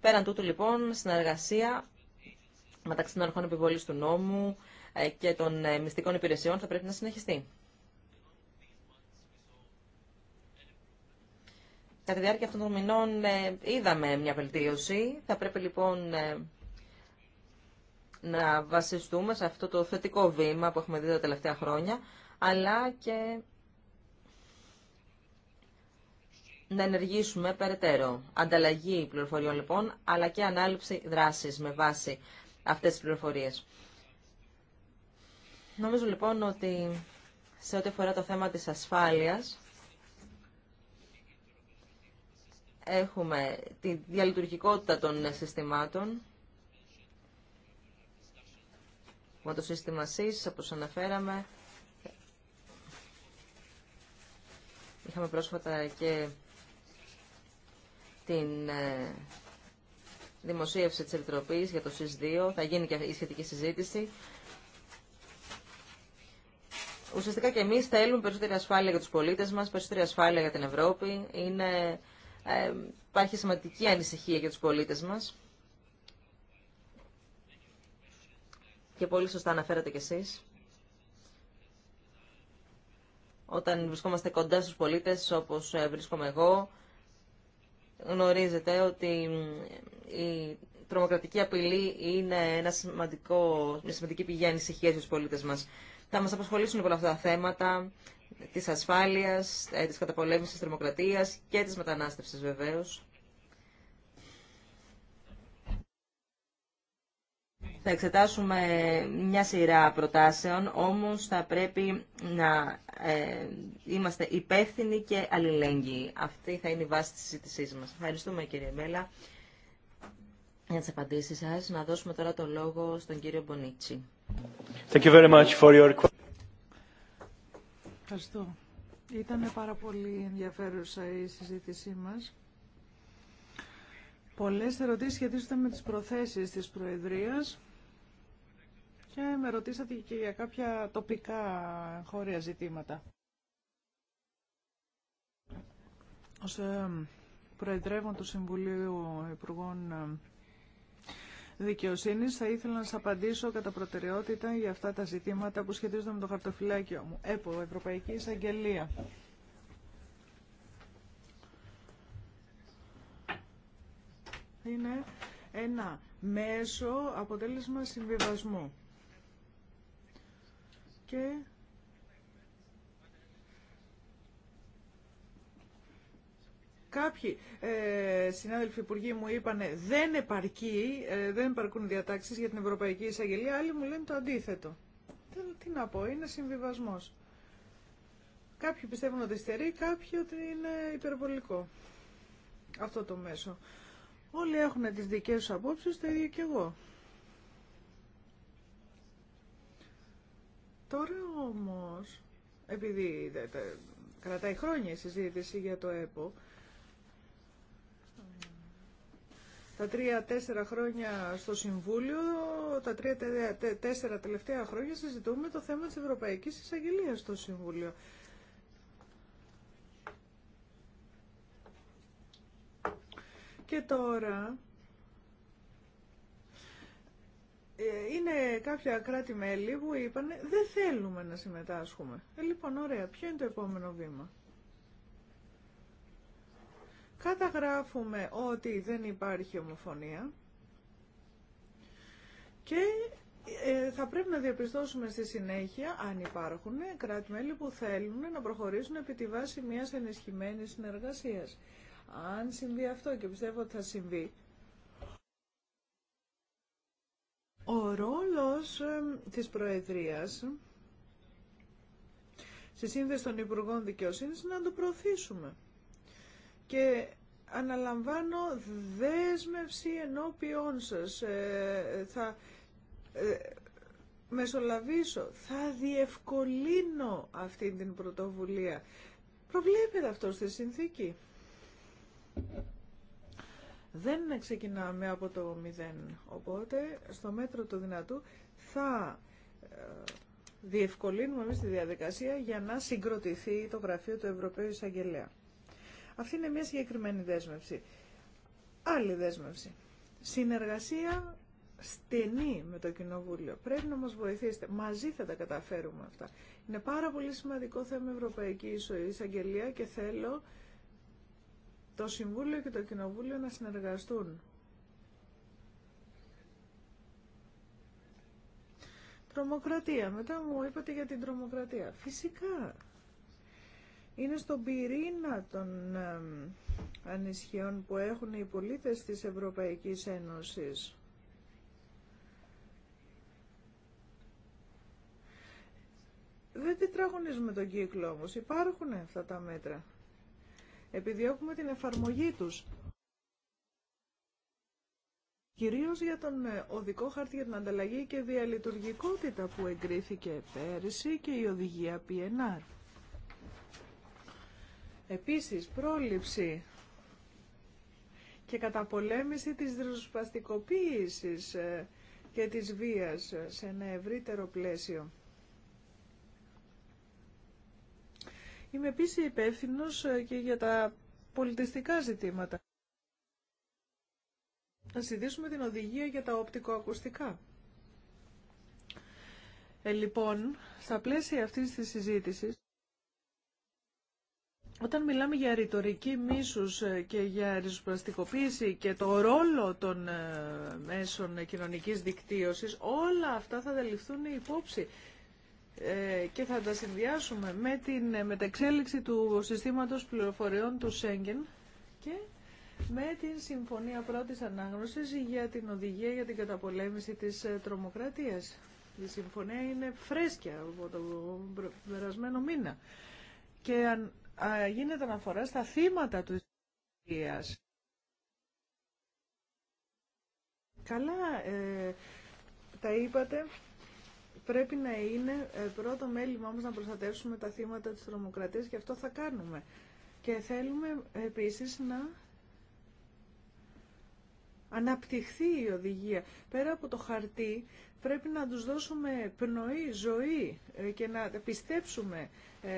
Speaker 4: Πέραν τούτου λοιπόν, συνεργασία μεταξύ των αρχών επιβολής του νόμου ε, και των ε, μυστικών υπηρεσιών θα πρέπει να συνεχιστεί. Κατά τη διάρκεια αυτών των μηνών ε, είδαμε μια βελτίωση. Θα πρέπει λοιπόν να βασιστούμε σε αυτό το θετικό βήμα που έχουμε δει τα τελευταία χρόνια, αλλά και να ενεργήσουμε περαιτέρω. Ανταλλαγή πληροφοριών λοιπόν, αλλά και ανάληψη δράσης με βάση αυτές τις πληροφορίες. Νομίζω λοιπόν ότι σε ό,τι αφορά το θέμα της ασφάλειας, έχουμε τη διαλειτουργικότητα των συστημάτων, με το σύστημα ΣΥΣ, όπως αναφέραμε, Είχαμε πρόσφατα και την ε, δημοσίευση της Επιτροπής για το ΣΥΣ2. Θα γίνει και η σχετική συζήτηση. Ουσιαστικά και εμείς θέλουμε περισσότερη ασφάλεια για τους πολίτες μας, περισσότερη ασφάλεια για την Ευρώπη. Είναι, ε, υπάρχει σημαντική ανησυχία για τους πολίτες μας. Και πολύ σωστά αναφέρατε κι εσείς. Όταν βρισκόμαστε κοντά στους πολίτες, όπως ε, βρίσκομαι εγώ, γνωρίζετε ότι η τρομοκρατική απειλή είναι ένα σημαντικό, μια σημαντική πηγή ανησυχία στους πολίτες μας. Θα μας απασχολήσουν πολλά αυτά τα θέματα της ασφάλειας, ε, της καταπολέμησης της τρομοκρατίας και της μετανάστευσης βεβαίως. Θα εξετάσουμε μια σειρά προτάσεων, όμως θα πρέπει να ε, είμαστε υπεύθυνοι και αλληλέγγυοι. Αυτή θα είναι η βάση της συζήτησής μας. Ευχαριστούμε κύριε Μέλα για τις απαντήσεις σας. Να δώσουμε τώρα το λόγο στον κύριο Μπονίτσι.
Speaker 1: Thank you very much for your...
Speaker 3: Ευχαριστώ. Ήταν πάρα πολύ ενδιαφέρουσα η συζήτησή μας. Πολλές ερωτήσεις σχετίζονται με τις προθέσεις της Προεδρίας και με ρωτήσατε και για κάποια τοπικά χώρια ζητήματα. Ως ε, Προεδρεύον του Συμβουλίου Υπουργών ε, Δικαιοσύνη, θα ήθελα να σα απαντήσω κατά προτεραιότητα για αυτά τα ζητήματα που σχετίζονται με το χαρτοφυλάκιο μου. ΕΠΟ, Ευρωπαϊκή Εισαγγελία. Είναι ένα μέσο αποτέλεσμα συμβιβασμού και Κάποιοι ε, συνάδελφοι υπουργοί μου είπαν δεν επαρκεί, ε, δεν επαρκούν διατάξεις για την Ευρωπαϊκή Εισαγγελία, άλλοι μου λένε το αντίθετο. τι να πω, είναι συμβιβασμός. Κάποιοι πιστεύουν ότι στερεί, κάποιοι ότι είναι υπερβολικό αυτό το μέσο. Όλοι έχουν τις δικές τους απόψεις, το ίδιο και εγώ. Τώρα όμως, επειδή κρατάει χρόνια η συζήτηση για το ΕΠΟ, τα τρία-τέσσερα χρόνια στο Συμβούλιο, τα τρία-τέσσερα τελευταία χρόνια συζητούμε το θέμα της Ευρωπαϊκής Εισαγγελίας στο Συμβούλιο. Και τώρα ε, είναι κάποια κράτη-μέλη που είπαν «Ε, δεν θέλουμε να συμμετάσχουμε. Ε, λοιπόν, ωραία, ποιο είναι το επόμενο βήμα. Καταγράφουμε ότι δεν υπάρχει ομοφωνία και ε, θα πρέπει να διαπιστώσουμε στη συνέχεια αν υπάρχουν κράτη-μέλη που θέλουν να προχωρήσουν επί τη βάση μιας ενισχυμένης συνεργασίας. Αν συμβεί αυτό και πιστεύω ότι θα συμβεί, Ο ρόλος της Προεδρίας στη σύνδεση των Υπουργών Δικαιοσύνης είναι να το προωθήσουμε. Και αναλαμβάνω δέσμευση ενώπιόν σας. Ε, θα ε, μεσολαβήσω, θα διευκολύνω αυτή την πρωτοβουλία. Προβλέπετε αυτό στη συνθήκη. Δεν ξεκινάμε από το μηδέν, οπότε στο μέτρο του δυνατού θα ε, διευκολύνουμε εμείς τη διαδικασία για να συγκροτηθεί το γραφείο του Ευρωπαίου Εισαγγελέα. Αυτή είναι μια συγκεκριμένη δέσμευση. Άλλη δέσμευση. Συνεργασία στενή με το Κοινοβούλιο. Πρέπει να μας βοηθήσετε. Μαζί θα τα καταφέρουμε αυτά. Είναι πάρα πολύ σημαντικό θέμα Ευρωπαϊκή Εισαγγελία και θέλω το Συμβούλιο και το Κοινοβούλιο να συνεργαστούν. Τρομοκρατία. Μετά μου είπατε για την τρομοκρατία. Φυσικά. Είναι στον πυρήνα των ανισχυών που έχουν οι πολίτες της Ευρωπαϊκής Ένωσης. Δεν με τον κύκλο όμως. Υπάρχουν αυτά τα μέτρα. Επιδιώκουμε την εφαρμογή τους. Κυρίως για τον ε, οδικό χάρτη για την ανταλλαγή και διαλειτουργικότητα που εγκρίθηκε πέρυσι και η οδηγία PNR. Επίσης, πρόληψη και καταπολέμηση της δροσπαστικοποίησης ε, και της βίας ε, σε ένα ευρύτερο πλαίσιο. Είμαι επίση υπεύθυνο ε, και για τα πολιτιστικά ζητήματα. Να συζητήσουμε την οδηγία για τα οπτικοακουστικά. Ε, λοιπόν, στα πλαίσια αυτής της συζήτησης, όταν μιλάμε για ρητορική μίσους ε, και για ριζοσπαστικοποίηση και το ρόλο των ε, μέσων κοινωνικής δικτύωσης, όλα αυτά θα δεληφθούν υπόψη ε, και θα τα συνδυάσουμε με την ε, μεταξέλιξη του συστήματος πληροφοριών του Σέγγεν και με την Συμφωνία Πρώτης Ανάγνωσης για την Οδηγία για την Καταπολέμηση της ε, Τρομοκρατίας. Η Συμφωνία είναι φρέσκια από τον περασμένο μήνα και αν, γίνεται αναφορά στα θύματα του Ισραήλ. Καλά τα είπατε Πρέπει να είναι ε, πρώτο μέλημά μας να προστατεύσουμε τα θύματα της τρομοκρατίας και αυτό θα κάνουμε. Και θέλουμε ε, επίσης να αναπτυχθεί η οδηγία. Πέρα από το χαρτί πρέπει να τους δώσουμε πνοή, ζωή ε, και να πιστέψουμε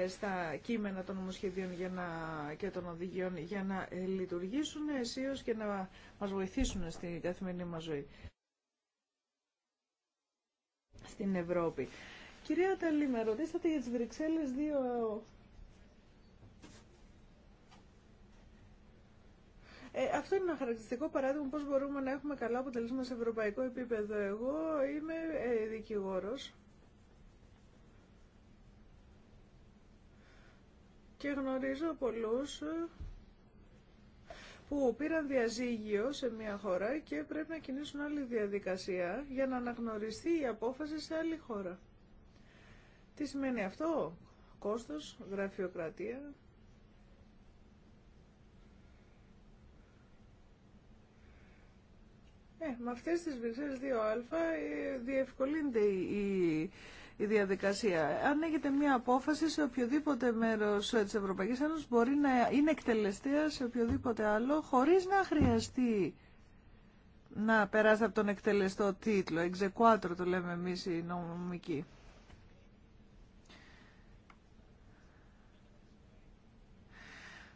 Speaker 3: στα κείμενα των νομοσχεδίων για να, και των οδηγιών για να λειτουργήσουν αισίως και να μας βοηθήσουν στην καθημερινή μας ζωή στην Ευρώπη. Κυρία Ταλή, με ρωτήσατε για τις Βρυξέλλες 2 Ε, αυτό είναι ένα χαρακτηριστικό παράδειγμα πώς μπορούμε να έχουμε καλά αποτελέσματα σε ευρωπαϊκό επίπεδο. Εγώ είμαι ε, δικηγόρος και γνωρίζω πολλούς ε, που πήραν διαζύγιο σε μια χώρα και πρέπει να κινήσουν άλλη διαδικασία για να αναγνωριστεί η απόφαση σε άλλη χώρα. Τι σημαίνει αυτό? Κόστος, γραφειοκρατία, Ε, με αυτές τις Βρυξέλλες 2α η ε, η διαδικασία. Αν έχετε μία απόφαση σε οποιοδήποτε μέρος της Ευρωπαϊκής Ένωσης μπορεί να είναι εκτελεστέα σε οποιοδήποτε άλλο χωρίς να χρειαστεί να περάσει από τον εκτελεστό τίτλο. Εξεκουάτρο το λέμε εμείς οι νομικοί.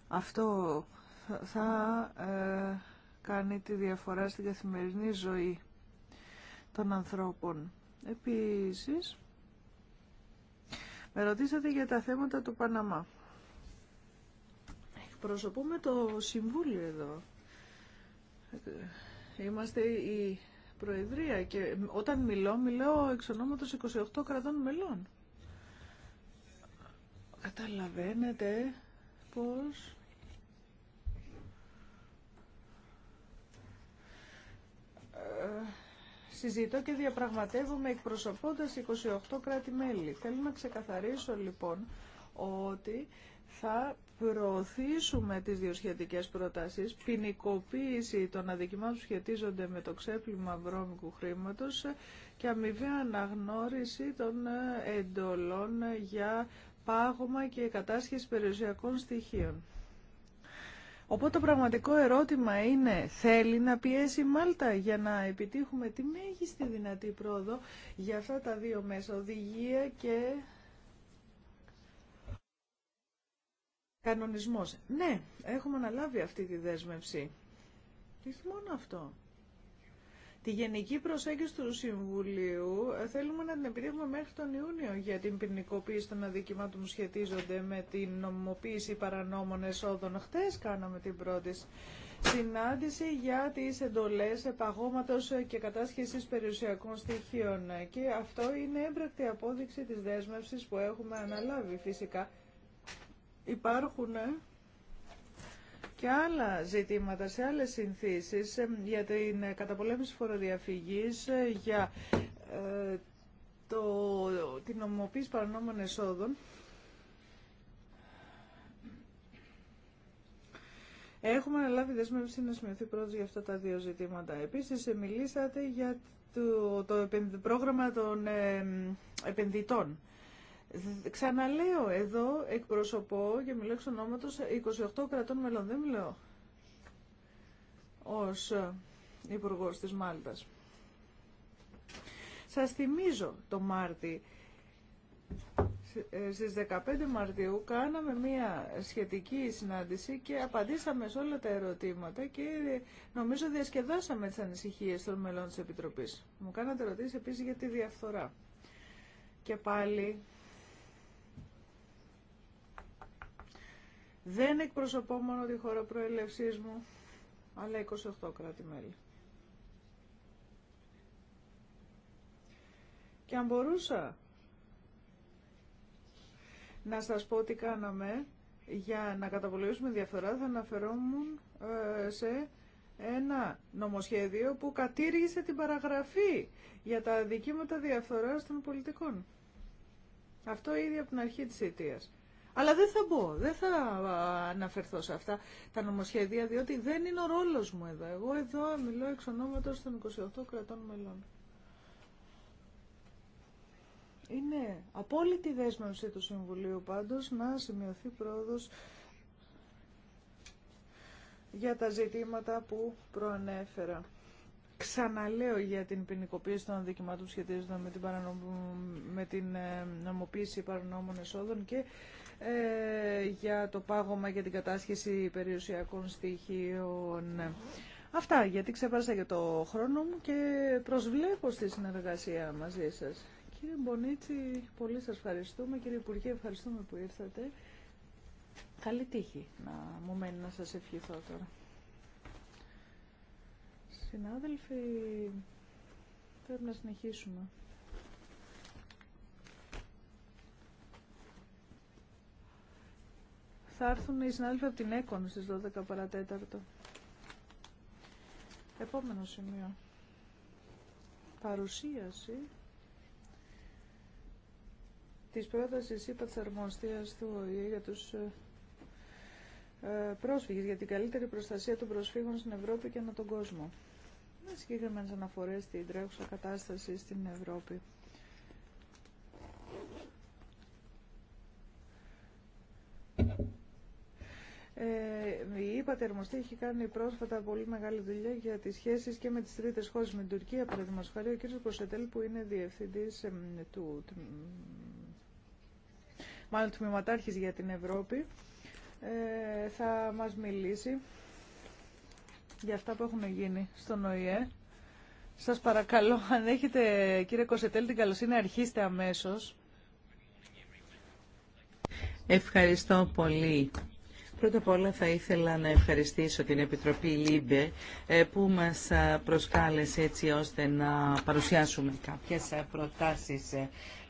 Speaker 3: Αυτό θα ε, κάνει τη διαφορά στην καθημερινή ζωή των ανθρώπων. Επίσης, με ρωτήσατε για τα θέματα του Παναμά. Εκπροσωπούμε το Συμβούλιο εδώ. Είμαστε η Προεδρία και όταν μιλώ, μιλώ εξ ονόματος 28 κρατών μελών. Καταλαβαίνετε πώς συζητώ και διαπραγματεύομαι εκπροσωπώντας 28 κράτη-μέλη. Θέλω να ξεκαθαρίσω λοιπόν ότι θα προωθήσουμε τις δύο σχετικές προτάσεις, ποινικοποίηση των αδικημάτων που σχετίζονται με το ξέπλυμα βρώμικου χρήματος και αμοιβαία αναγνώριση των εντολών για πάγωμα και κατάσχεση περιουσιακών στοιχείων. Οπότε το πραγματικό ερώτημα είναι, θέλει να πιέσει η Μάλτα για να επιτύχουμε τη μέγιστη δυνατή πρόοδο για αυτά τα δύο μέσα, οδηγία και κανονισμός. Ναι, έχουμε αναλάβει αυτή τη δέσμευση. Τι μόνο αυτό. Τη γενική προσέγγιση του Συμβουλίου ε, θέλουμε να την επιτύχουμε μέχρι τον Ιούνιο για την ποινικοποίηση των αδικημάτων που σχετίζονται με την νομιμοποίηση παρανόμων εσόδων. χθε κάναμε την πρώτη συνάντηση για τι εντολέ επαγώματο και κατάσχεσης περιουσιακών στοιχείων και αυτό είναι έμπρακτη απόδειξη της δέσμευση που έχουμε αναλάβει φυσικά. Υπάρχουν και άλλα ζητήματα σε άλλες συνθήσεις ε, για την καταπολέμηση φοροδιαφυγής, ε, για ε, το, την νομοποίηση παρανόμων εσόδων. Έχουμε αναλάβει δεσμεύση να σημειωθεί πρώτος για αυτά τα δύο ζητήματα. Επίσης, μιλήσατε για το, το, πρόγραμμα των επενδυτών. Ξαναλέω, εδώ εκπροσωπώ και μιλώ εξ ονόματος 28 κρατών μελών. Δεν μιλώ ως ε, υπουργό της Μάλτας. Σας θυμίζω το Μάρτι. Ε, στις 15 Μαρτίου κάναμε μία σχετική συνάντηση και απαντήσαμε σε όλα τα ερωτήματα και ε, νομίζω διασκεδάσαμε τις ανησυχίες των μελών της Επιτροπής. Μου κάνατε ερωτήσεις επίσης για τη διαφθορά. Και πάλι Δεν εκπροσωπώ μόνο τη χώρα προελευσής μου, αλλά 28 κράτη-μέλη. Και αν μπορούσα να σας πω τι κάναμε για να καταπολεμήσουμε διαφθορά, θα αναφερόμουν ε, σε ένα νομοσχέδιο που κατήργησε την παραγραφή για τα αδικήματα διαφθοράς των πολιτικών. Αυτό ήδη από την αρχή της αιτίας. Αλλά δεν θα μπω, δεν θα αναφερθώ σε αυτά τα νομοσχέδια, διότι δεν είναι ο ρόλος μου εδώ. Εγώ εδώ μιλώ εξ ονόματος των 28 κρατών μελών. Είναι απόλυτη δέσμευση του Συμβουλίου πάντως να σημειωθεί πρόοδος για τα ζητήματα που προανέφερα. Ξαναλέω για την ποινικοποίηση των αδικημάτων σχετίζοντα με την, παρανομ... με την ε, νομοποίηση παρανόμων εσόδων και ε, για το πάγωμα και την κατάσχεση περιουσιακών στοιχείων. Αυτά, γιατί ξεπέρασα για το χρόνο μου και προσβλέπω στη συνεργασία μαζί σας. Κύριε Μπονίτσι, πολύ σας ευχαριστούμε. Κύριε Υπουργέ, ευχαριστούμε που ήρθατε. Καλή τύχη να μου μένει να σας ευχηθώ τώρα. Συνάδελφοι, πρέπει να συνεχίσουμε. θα έρθουν οι συνάδελφοι από την ΕΚΟΝ στις 12 παρατέταρτο. Επόμενο σημείο. Παρουσίαση της πρότασης είπα της του ΟΗΕ για τους ε, ε, πρόσφυγες, για την καλύτερη προστασία των προσφύγων στην Ευρώπη και ανά τον κόσμο. Με συγκεκριμένες αναφορές στην τρέχουσα κατάσταση στην Ευρώπη. Ε, η ΥΠΑ έχει κάνει πρόσφατα πολύ μεγάλη δουλειά για τις σχέσεις και με τις τρίτες χώρες, με την Τουρκία, παραδείγματο χάρη, ο κ. Κοσετέλ που είναι διευθυντής ε, του, του, μάλλον για την Ευρώπη, ε, θα μας μιλήσει για αυτά που έχουν γίνει στον ΟΗΕ. Σας παρακαλώ, αν έχετε κύριε Κοσετέλ την καλοσύνη, αρχίστε αμέσως.
Speaker 2: Ευχαριστώ πολύ. Πρώτα απ' όλα θα ήθελα να ευχαριστήσω την Επιτροπή ΛΥΜΠΕ ε, που μας ε, προσκάλεσε έτσι ώστε να παρουσιάσουμε κάποιες ε, προτάσεις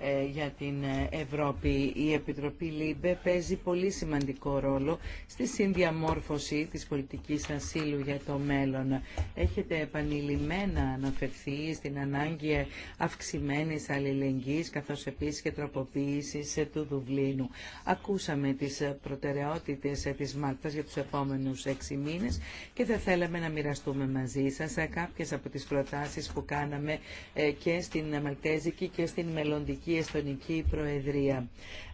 Speaker 2: ε, για την ε, Ευρώπη. Η Επιτροπή ΛΥΜΠΕ παίζει πολύ σημαντικό ρόλο στη συνδιαμόρφωση της πολιτικής ασύλου για το μέλλον. Έχετε επανειλημμένα αναφερθεί στην ανάγκη αυξημένης αλληλεγγύης καθώς επίσης και τροποποίησης του Δουβλίνου. Ακούσαμε τις προτεραιότητες της Μάλτας για τους επόμενους έξι μήνες και θα θέλαμε να μοιραστούμε μαζί σας κάποιες από τις προτάσεις που κάναμε ε, και στην Μαλτέζικη και στην μελλοντική η Εστονική Προεδρία.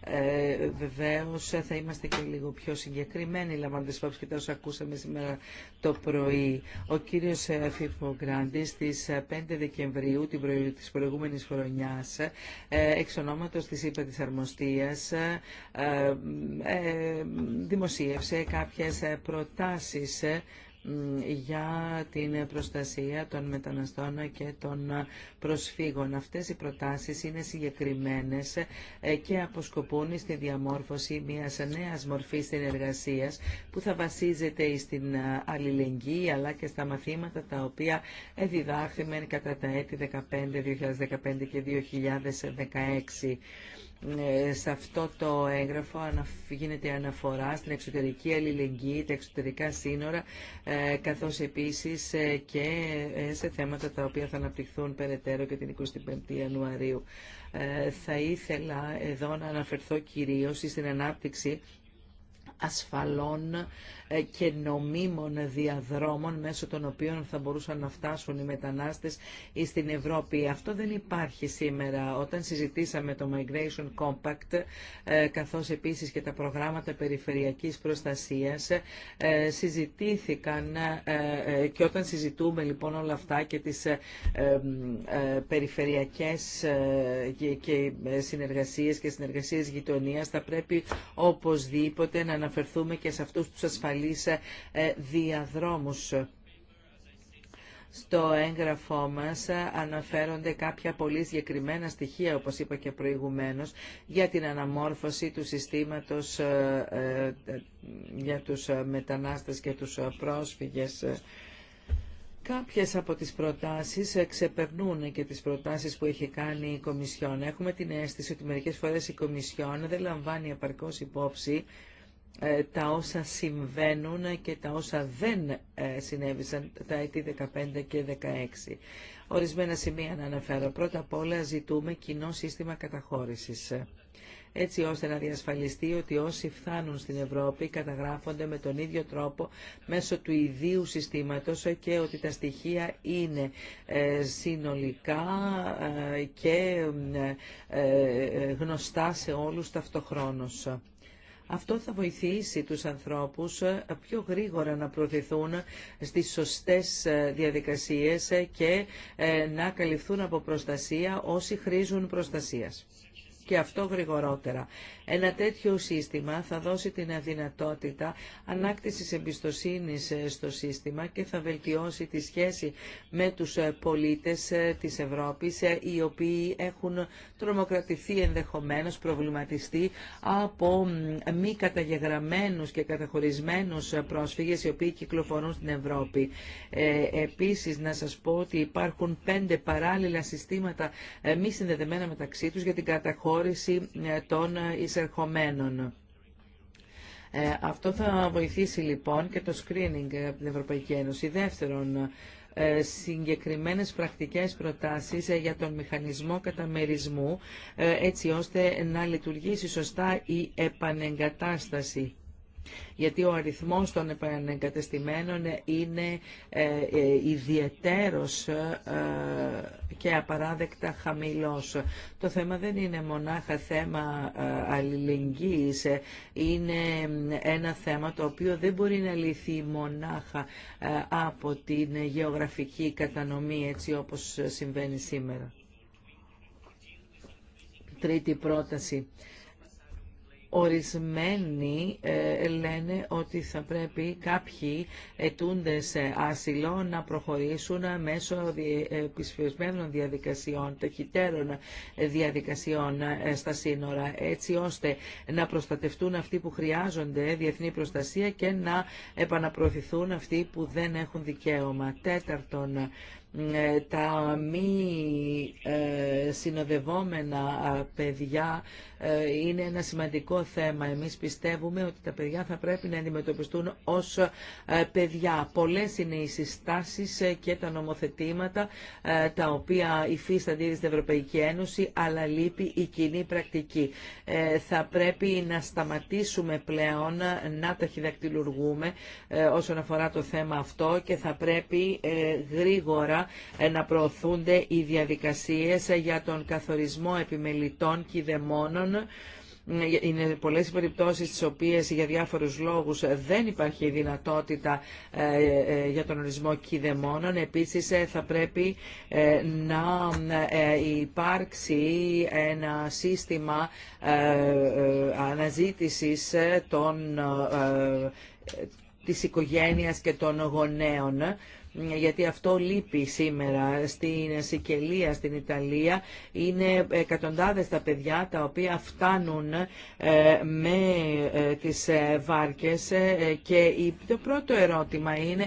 Speaker 2: Ε, Βεβαίω θα είμαστε και λίγο πιο συγκεκριμένοι, λαμβάνοντα υπόψη και τα όσα ακούσαμε σήμερα το πρωί. Ο κύριο ε, Φίφο Γκράντι στι 5 ε, Δεκεμβρίου τη προηγούμενη χρονιά, ε, εξ ονόματο τη ΥΠΑ τη Αρμοστία, δημοσίευσε κάποιε προτάσει για την προστασία των μεταναστών και των προσφύγων. Αυτές οι προτάσεις είναι συγκεκριμένες και αποσκοπούν στη διαμόρφωση μιας νέας μορφής συνεργασίας που θα βασίζεται στην αλληλεγγύη αλλά και στα μαθήματα τα οποία διδάχθημεν κατά τα έτη 2015, 2015 και 2016. Ε, σε αυτό το έγγραφο γίνεται αναφορά στην εξωτερική αλληλεγγύη, τα εξωτερικά σύνορα, ε, καθώς επίσης ε, και σε θέματα τα οποία θα αναπτυχθούν περαιτέρω και την 25η Ιανουαρίου. Θα ήθελα εδώ να αναφερθώ κυρίως στην ανάπτυξη ασφαλών ε, και νομίμων διαδρόμων μέσω των οποίων θα μπορούσαν να φτάσουν οι μετανάστες στην Ευρώπη. Αυτό δεν υπάρχει σήμερα. Όταν συζητήσαμε το Migration Compact, ε, καθώς επίσης και τα προγράμματα περιφερειακής προστασίας, ε, συζητήθηκαν και όταν συζητούμε λοιπόν όλα αυτά και τις περιφερειακές και συνεργασίες και συνεργασίες γειτονίας, θα πρέπει οπωσδήποτε να αναφερθούμε και σε αυτούς τους ασφαλείς ε, διαδρόμους. Στο έγγραφό μας ε, αναφέρονται κάποια πολύ συγκεκριμένα στοιχεία, όπως είπα και προηγουμένως, για την αναμόρφωση του συστήματος ε, για τους μετανάστες και τους πρόσφυγες. Κάποιες από τις προτάσεις ξεπερνούν και τις προτάσεις που έχει κάνει η Κομισιόν. Έχουμε την αίσθηση ότι μερικές φορές η Κομισιόν δεν λαμβάνει επαρκώς υπόψη ε, τα όσα συμβαίνουν και τα όσα δεν ε, συνέβησαν τα έτη 15 και 16. Ορισμένα σημεία να αναφέρω. Πρώτα απ' όλα ζητούμε κοινό σύστημα καταχώρησης έτσι ώστε να διασφαλιστεί ότι όσοι φτάνουν στην Ευρώπη καταγράφονται με τον ίδιο τρόπο μέσω του ιδίου συστήματος και ότι τα στοιχεία είναι ε, συνολικά και γνωστά σε όλους ταυτοχρόνως. Αυτό θα βοηθήσει τους ανθρώπους ε, πιο γρήγορα να προωθηθούν στις σωστές ε, διαδικασίες ε, και να καλυφθούν από προστασία όσοι χρήζουν προστασίας και αυτό γρηγορότερα. Ένα τέτοιο σύστημα θα δώσει την αδυνατότητα ανάκτησης εμπιστοσύνης ε, στο σύστημα και θα βελτιώσει τη σχέση με τους ε, πολίτες ε, της Ευρώπης οι οποίοι έχουν τρομοκρατηθεί ενδεχομένως, προβληματιστεί από μη καταγεγραμμένους και καταχωρισμένους πρόσφυγες οι οποίοι κυκλοφορούν στην Ευρώπη. Ε, επίσης να σας πω ότι υπάρχουν πέντε παράλληλα συστήματα μη συνδεδεμένα μεταξύ τους για την καταχώρηση ε, των εισερχομένων. Ε, αυτό θα βοηθήσει λοιπόν και το screening από την Ευρωπαϊκή Ένωση. Δεύτερον, ε, συγκεκριμένες πρακτικές προτάσεις για τον μηχανισμό καταμερισμού έτσι ώστε να λειτουργήσει σωστά η επανεγκατάσταση γιατί ο αριθμός των επανεγκατεστημένων είναι ε, ε, ιδιαιτέρως ε, και απαράδεκτα χαμηλός. Το θέμα δεν είναι μονάχα θέμα αλληλεγγύης, είναι ένα θέμα το οποίο δεν μπορεί να λυθεί μονάχα από την γεωγραφική κατανομή έτσι όπως συμβαίνει σήμερα. Τρίτη πρόταση Ορισμένοι ε, λένε ότι θα πρέπει κάποιοι ετούντες άσυλο να προχωρήσουν μέσω επισφυρισμένων διαδικασιών, τοχυτέρων διαδικασιών ε, στα σύνορα, έτσι ώστε να προστατευτούν αυτοί που χρειάζονται διεθνή προστασία και να επαναπροωθηθούν αυτοί που δεν έχουν δικαίωμα. Τέταρτον, ε, τα μη ε, συνοδευόμενα παιδιά ε, είναι ένα σημαντικό θέμα. Εμείς πιστεύουμε ότι τα παιδιά θα πρέπει να αντιμετωπιστούν ως παιδιά. Πολλές είναι οι συστάσεις και τα νομοθετήματα τα οποία υφίστανται στην Ευρωπαϊκή Ένωση, αλλά λείπει η κοινή πρακτική. Θα πρέπει να σταματήσουμε πλέον να ταχυδακτηλουργούμε όσον αφορά το θέμα αυτό και θα πρέπει γρήγορα να προωθούνται οι διαδικασίες για τον καθορισμό επιμελητών κηδεμόνων είναι πολλές οι περιπτώσεις στις οποίες για διάφορους λόγους δεν υπάρχει δυνατότητα ε, ε, ε, για τον ορισμό κηδεμόνων. Επίσης θα πρέπει να υπάρξει ένα σύστημα αναζήτησης των της οικογένειας και των γονέων γιατί αυτό λείπει σήμερα στην Σικελία, στην Ιταλία. Είναι εκατοντάδες τα παιδιά τα οποία φτάνουν ε, με ε, τις ε, βάρκες και το πρώτο ερώτημα είναι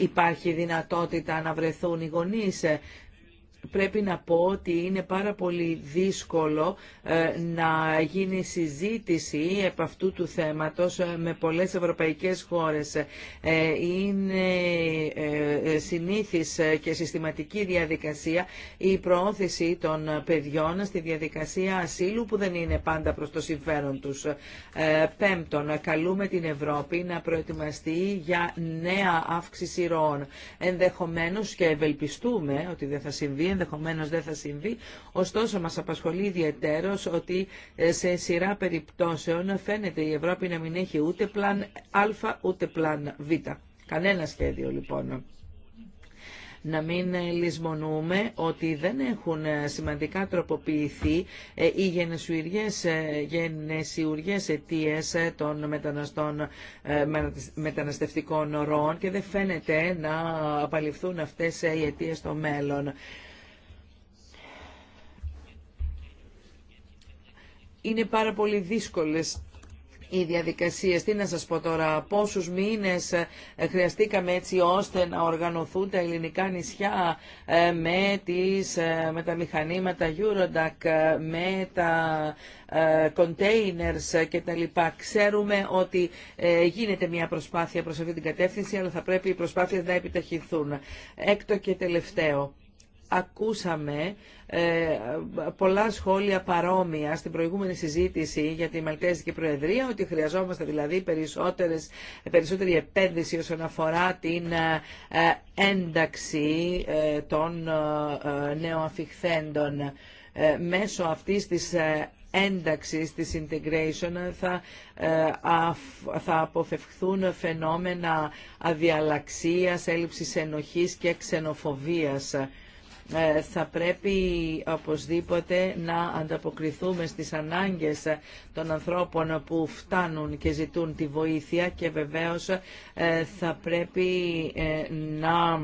Speaker 2: υπάρχει δυνατότητα να βρεθούν οι γονείς πρέπει να πω ότι είναι πάρα πολύ δύσκολο ε, να γίνει συζήτηση επ' αυτού του θέματος ε, με πολλές ευρωπαϊκές χώρες. Ε, είναι συνήθις και συστηματική διαδικασία η προώθηση των παιδιών στη διαδικασία ασύλου που δεν είναι πάντα προς το συμφέρον τους. Πέμπτον, καλούμε την Ευρώπη να προετοιμαστεί για νέα αύξηση ροών. Ενδεχομένως και ευελπιστούμε ότι δεν θα συμβεί ενδεχομένως δεν θα συμβεί, ωστόσο μας απασχολεί ιδιαίτερος ότι ε, σε σειρά περιπτώσεων φαίνεται η Ευρώπη να μην έχει ούτε πλάν Α ούτε πλάν Β. Κανένα σχέδιο λοιπόν να μην ε, λησμονούμε ότι δεν έχουν ε, σημαντικά τροποποιηθεί οι γενεσιουργές, γενεσιουργές αιτίες των μεταναστών μεταναστευτικών ροών και δεν φαίνεται να απαλληφθούν αυτές οι αιτίες στο μέλλον. είναι πάρα πολύ δύσκολες οι διαδικασίες. Τι να σας πω τώρα, πόσους μήνες ε, χρειαστήκαμε έτσι ώστε να οργανωθούν τα ελληνικά νησιά ε, με, τις, ε, με τα μηχανήματα Eurodac, με τα containers και τα λοιπά. Ξέρουμε ότι γίνεται μια προσπάθεια προς αυτή την κατεύθυνση, αλλά θα πρέπει οι προσπάθειες να επιταχυνθούν. Έκτο και τελευταίο ακούσαμε ε, πολλά σχόλια παρόμοια στην προηγούμενη συζήτηση για τη Μαλτέζικη Προεδρία, ότι χρειαζόμαστε δηλαδή περισσότερες, περισσότερη επένδυση όσον αφορά την ε, ένταξη ε, των νεοαφιχθέντων. Μέσω αυτής της ένταξης της integration θα, θα αποφευχθούν φαινόμενα αδιαλαξίας, έλλειψης ενοχής και ξενοφοβίας. Ε, θα πρέπει οπωσδήποτε να ανταποκριθούμε στις ανάγκες των ανθρώπων που φτάνουν και ζητούν τη βοήθεια και βεβαίως ε, θα πρέπει ε, να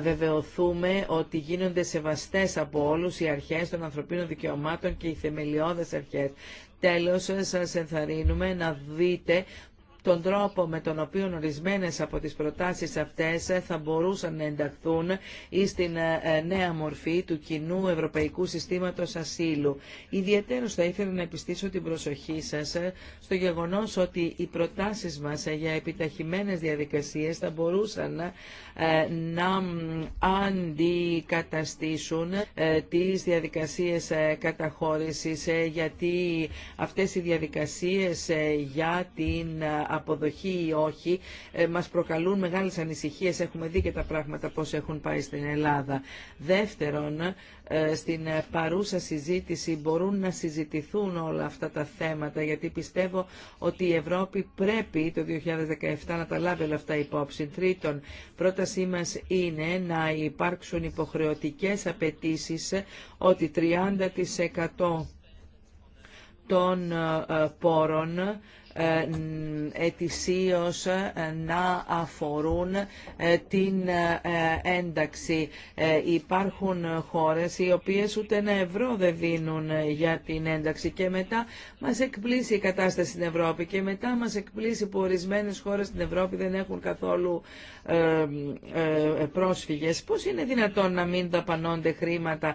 Speaker 2: βεβαιωθούμε ότι γίνονται σεβαστές από όλους οι αρχές των ανθρωπίνων δικαιωμάτων και οι θεμελιώδες αρχές. Τέλος, σας ενθαρρύνουμε να δείτε τον τρόπο με τον οποίο ορισμένες από τις προτάσεις αυτές θα μπορούσαν να ενταχθούν ή στην ε, ε, νέα μορφή του κοινού Ευρωπαϊκού Συστήματος Ασύλου. Ιδιαίτερως θα ήθελα να επιστήσω την προσοχή σας ε, στο γεγονός ότι οι προτάσεις μας για επιταχυμένες διαδικασίες θα μπορούσαν να αντικαταστήσουν τις διαδικασίες καταχώρησης γιατί αυτές οι διαδικασίες για την αποδοχή ή όχι, ε, μας προκαλούν μεγάλες ανησυχίες. Έχουμε δει και τα πράγματα πώς έχουν πάει στην Ελλάδα. Δεύτερον, ε, στην παρούσα συζήτηση μπορούν να συζητηθούν όλα αυτά τα θέματα, γιατί πιστεύω ότι η Ευρώπη πρέπει το 2017 να τα λάβει όλα αυτά υπόψη. Τρίτον, πρότασή μας είναι να υπάρξουν υποχρεωτικές απαιτήσει ότι 30% των ε, πόρων ε, ε, ετησίως ε, να αφορούν την ένταξη. Υπάρχουν χώρες οι οποίες ούτε ένα ευρώ δεν δίνουν για την ένταξη και μετά μας εκπλήσει η κατάσταση στην Ευρώπη και μετά μας εκπλήσει που ορισμένες χώρες στην Ευρώπη δεν έχουν καθόλου πρόσφυγες. Πώς είναι δυνατόν να μην ταπανώνται χρήματα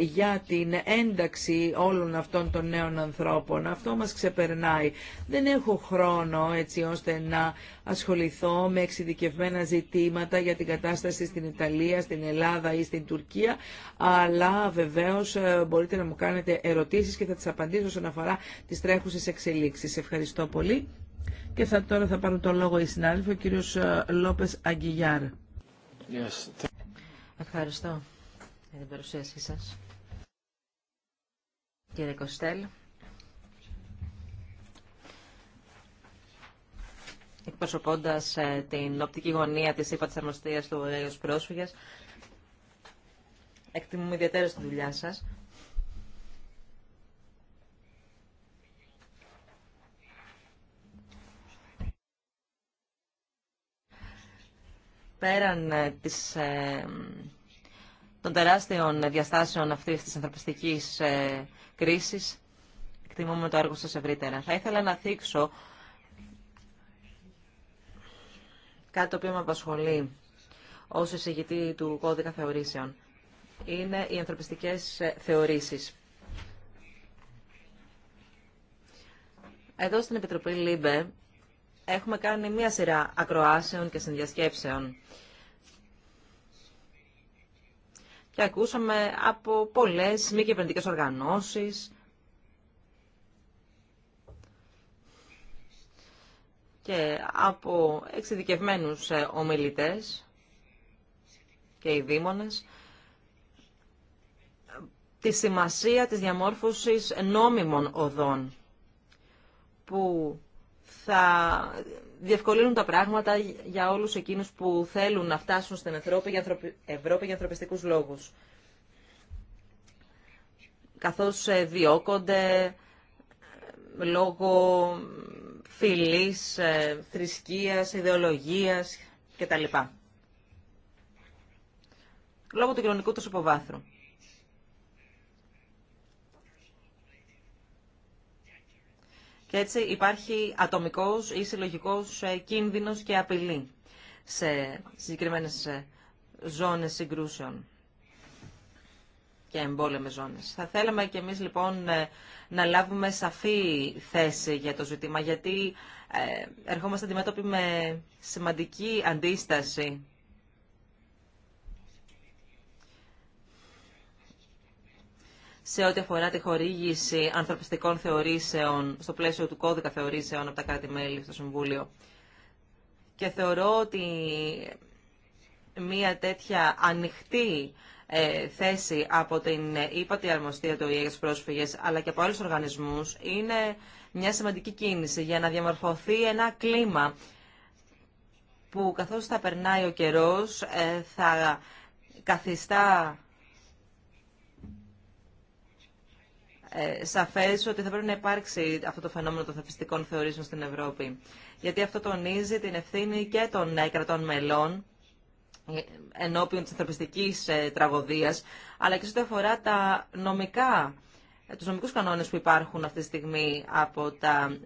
Speaker 2: για την ένταξη όλων αυτών των νέων ανθρώπων. Αυτό μας ξεπερνάει έχω χρόνο έτσι ώστε να ασχοληθώ με εξειδικευμένα ζητήματα για την κατάσταση στην Ιταλία, στην Ελλάδα ή στην Τουρκία, αλλά βεβαίως ε, μπορείτε να μου κάνετε ερωτήσεις και θα τις απαντήσω όσον αφορά τις τρέχουσες εξελίξεις. Ευχαριστώ πολύ. Και θα, τώρα θα πάρουν τον λόγο η συνάδελφοι, ο κύριος ε, Λόπες Αγγιγιάρ.
Speaker 3: Yes.
Speaker 2: Ευχαριστώ για την παρουσίασή σας. Κύριε Κοστέλ,
Speaker 4: εκπροσωπώντας ε, την οπτική γωνία της ΥΠΑ τη Αρμοστίας του Ρέιος Πρόσφυγε. Εκτιμούμε ιδιαίτερα τη δουλειά σα. Πέραν ε, ε, των τεράστιων διαστάσεων αυτής της ανθρωπιστικής κρίσης, εκτιμούμε το έργο σας ευρύτερα. Θα ήθελα να θίξω κάτι το οποίο με απασχολεί ως εισηγητή του κώδικα θεωρήσεων. Είναι οι ανθρωπιστικές ε, θεωρήσεις. Εδώ στην Επιτροπή ΛΥΜΠΕ έχουμε κάνει μία σειρά ακροάσεων και συνδιασκέψεων. Και ακούσαμε από πολλές μη κυβερνητικέ οργανώσεις, και από εξειδικευμένους ε, ομιλητές και οι δήμονες τη σημασία της διαμόρφωσης νόμιμων οδών που θα διευκολύνουν τα πράγματα για όλους εκείνους που θέλουν να φτάσουν στην Ευρώπη για, ανθρωπιστικούς λόγους. Καθώς ε, διώκονται ε, λόγω ε, θρησκείας, ιδεολογίας κτλ. Λόγω του κοινωνικού του υποβάθρου. Και έτσι υπάρχει ατομικός ή συλλογικός ε, κίνδυνος και απειλή σε συγκεκριμένες ε, ζώνες συγκρούσεων και εμπόλεμες ζώνες. Θα θέλαμε και εμείς λοιπόν ε, να λάβουμε σαφή θέση για το ζήτημα, γιατί ε, ερχόμαστε αντιμέτωποι με σημαντική αντίσταση σε ό,τι αφορά τη χορήγηση ανθρωπιστικών θεωρήσεων στο πλαίσιο του κώδικα θεωρήσεων από τα κράτη-μέλη στο Συμβούλιο. Και θεωρώ ότι μία τέτοια ανοιχτή ε, θέση από την ύπατη ε, αρμοστία του ΙΕ για αλλά και από άλλους οργανισμούς, είναι μια σημαντική κίνηση για να διαμορφωθεί ένα κλίμα που καθώς θα περνάει ο καιρός ε, θα καθιστά σαφές ότι θα πρέπει να υπάρξει αυτό το φαινόμενο των θαυπιστικών θεωρήσεων στην Ευρώπη. Γιατί αυτό τονίζει την ευθύνη και των κρατών μελών ε, ενώπιον της ανθρωπιστικής ε, τραγωδίας, αλλά και σε αφορά τα νομικά, ε, τους νομικούς κανόνες που υπάρχουν αυτή τη στιγμή από τα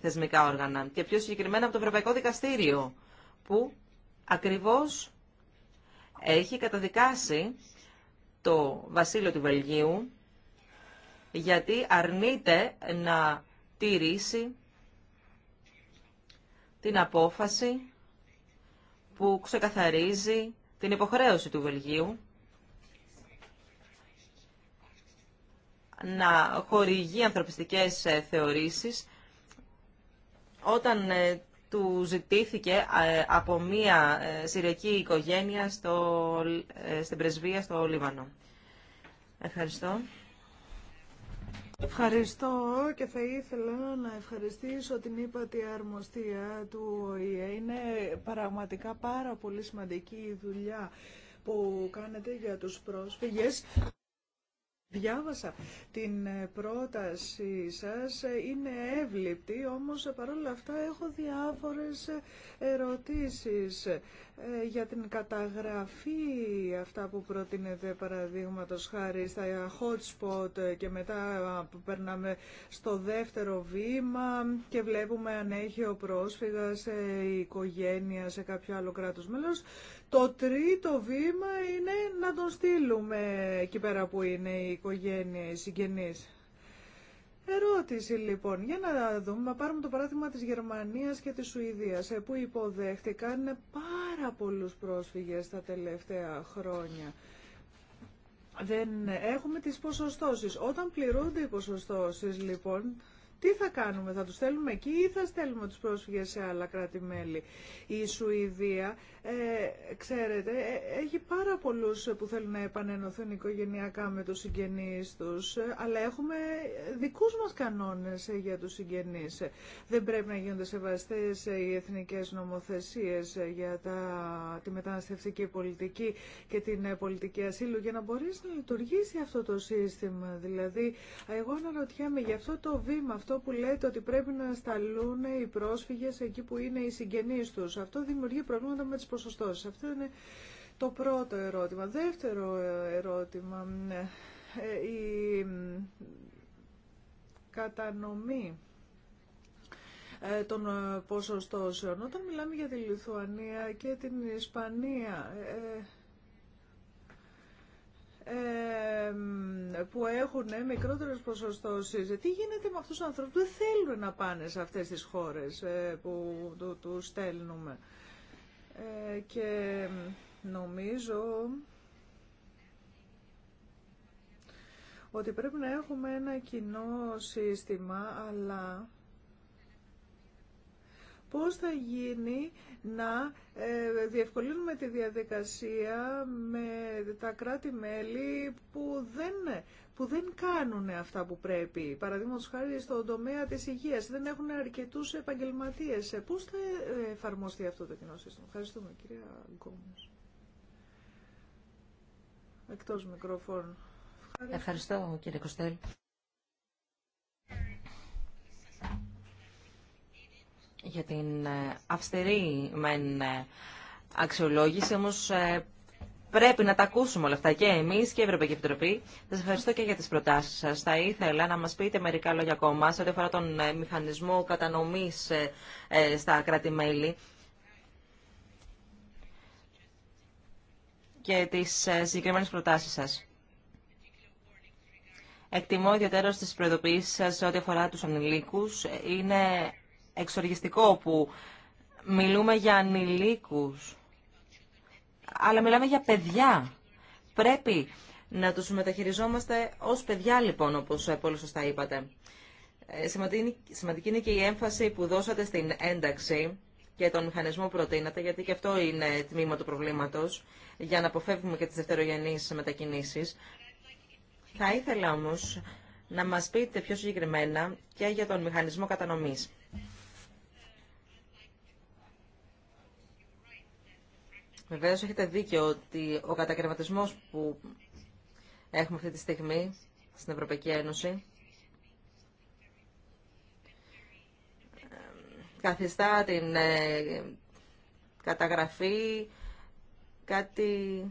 Speaker 4: θεσμικά όργανα και πιο συγκεκριμένα από το Ευρωπαϊκό Δικαστήριο, που ακριβώς έχει καταδικάσει το βασίλειο του Βελγίου γιατί αρνείται να τηρήσει την απόφαση που ξεκαθαρίζει την υποχρέωση του Βελγίου να χορηγεί ανθρωπιστικές ε, θεωρήσεις όταν ε, του ζητήθηκε ε, από μία συριακή οικογένεια στο, στην πρεσβεία στο Λίβανο. Ευχαριστώ.
Speaker 3: Ευχαριστώ και θα ήθελα να ευχαριστήσω την ύπατη αρμοστία του ΟΗΕ. Είναι πραγματικά πάρα πολύ σημαντική η δουλειά που κάνετε για τους πρόσφυγες. Διάβασα την ε, πρότασή σας, ε, είναι εύληπτη, όμως ε, παρόλα αυτά έχω διάφορες ερωτήσεις για την καταγραφή αυτά που προτείνεται παραδείγματο χάρη στα hot spot και μετά που περνάμε στο δεύτερο βήμα και βλέπουμε αν έχει ο πρόσφυγας η οικογένεια σε κάποιο άλλο κράτος μέλος το τρίτο βήμα είναι να τον στείλουμε εκεί πέρα που είναι η οικογένεια, οι συγγενείς. Ερώτηση λοιπόν, για να δούμε, να πάρουμε το παράδειγμα της Γερμανίας και της Σουηδίας, ε, που υποδέχτηκαν πάρα πολλούς πρόσφυγες τα τελευταία χρόνια. Δεν έχουμε τις ποσοστώσεις. Όταν πληρούνται οι ποσοστώσεις λοιπόν, τι θα κάνουμε, θα τους στέλνουμε εκεί ή θα στέλνουμε τους πρόσφυγες σε άλλα κράτη-μέλη. Η Σουηδία ε, ξέρετε, ε, έχει πάρα πολλούς που θέλουν να επανενωθούν οικογενειακά με τους συγγενείς τους, ε, αλλά έχουμε δικούς μας κανόνες ε, για τους συγγενείς. Δεν πρέπει να γίνονται σεβαστές οι εθνικές νομοθεσίες για τα, τη μεταναστευτική πολιτική και την πολιτική ασύλου για να μπορείς να λειτουργήσει αυτό το σύστημα. Δηλαδή, εγώ αναρωτιέμαι για αυτό το βήμα, αυτό που λέτε ότι πρέπει να σταλούν οι πρόσφυγες εκεί που είναι οι συγγενείς τους. Αυτό δημιουργεί προβλήματα με τις ποσοστό. Αυτό είναι το πρώτο ερώτημα. Δεύτερο ερώτημα, ναι. ε, η κατανομή ε, των ε, ποσοστώσεων. Όταν μιλάμε για τη Λιθουανία και την Ισπανία, που έχουν μικρότερες ποσοστώσεις. Τι γίνεται με αυτούς τους ανθρώπους που δεν θέλουν να πάνε σε αυτές τις χώρες που τους στέλνουμε. Ε, και νομίζω ότι πρέπει να έχουμε ένα κοινό σύστημα, αλλά πώς θα γίνει να ε, διευκολύνουμε τη διαδικασία με τα κράτη-μέλη που δεν που δεν κάνουν αυτά που πρέπει. Παραδείγματο χάρη στον τομέα της υγείας, δεν έχουν αρκετούς επαγγελματίες. Ε, πώς θα εφαρμοστεί αυτό το κοινό σύστημα. Ευχαριστούμε κυρία Γκόμες. Εκτός μικροφώνου.
Speaker 4: Ευχαριστώ. κύριε Κοστέλ. για την ε, αυστηρή μεν ε, αξιολόγηση, όμως Πρέπει να τα ακούσουμε όλα αυτά και εμεί και η Ευρωπαϊκή Επιτροπή. Σα ευχαριστώ και για τι προτάσει σα. Θα ήθελα να μα πείτε μερικά λόγια ακόμα σε ό,τι αφορά τον ε, μηχανισμό κατανομή ε, ε, στα κράτη-μέλη και τι συγκεκριμένε προτάσει σα. Εκτιμώ ιδιαίτερα στις προειδοποιήσεις σας σε ό,τι αφορά τους ανηλίκους. Είναι εξοργιστικό που μιλούμε για ανηλίκους αλλά μιλάμε για παιδιά. Πρέπει να τους μεταχειριζόμαστε ως παιδιά λοιπόν, όπως πολύ σωστά είπατε. Ε, σημαντική είναι και η έμφαση που δώσατε στην ένταξη και τον μηχανισμό που προτείνατε, γιατί και αυτό είναι τμήμα του προβλήματος, για να αποφεύγουμε και τις δευτερογενείς μετακινήσεις. Θα ήθελα όμως να μας πείτε πιο συγκεκριμένα και για τον μηχανισμό κατανομής. Βεβαίω έχετε δίκιο ότι ο κατακαιρματισμό που έχουμε αυτή τη στιγμή στην Ευρωπαϊκή Ένωση καθιστά την ε, καταγραφή κάτι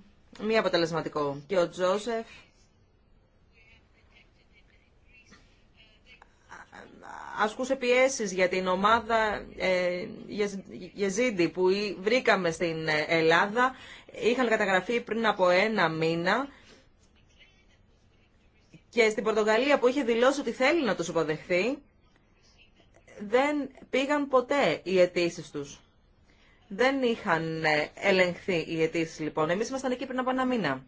Speaker 4: μη αποτελεσματικό. Και ο Τζόσεφ ασκούσε πιέσεις για την ομάδα ε, Γεζίντη που βρήκαμε στην ε, Ελλάδα. Είχαν καταγραφεί πριν από ένα μήνα και στην Πορτογαλία που είχε δηλώσει ότι θέλει να τους υποδεχθεί, δεν πήγαν ποτέ οι αιτήσει τους. Δεν είχαν ε, ελεγχθεί οι αιτήσει λοιπόν. Εμείς ήμασταν εκεί πριν από ένα μήνα.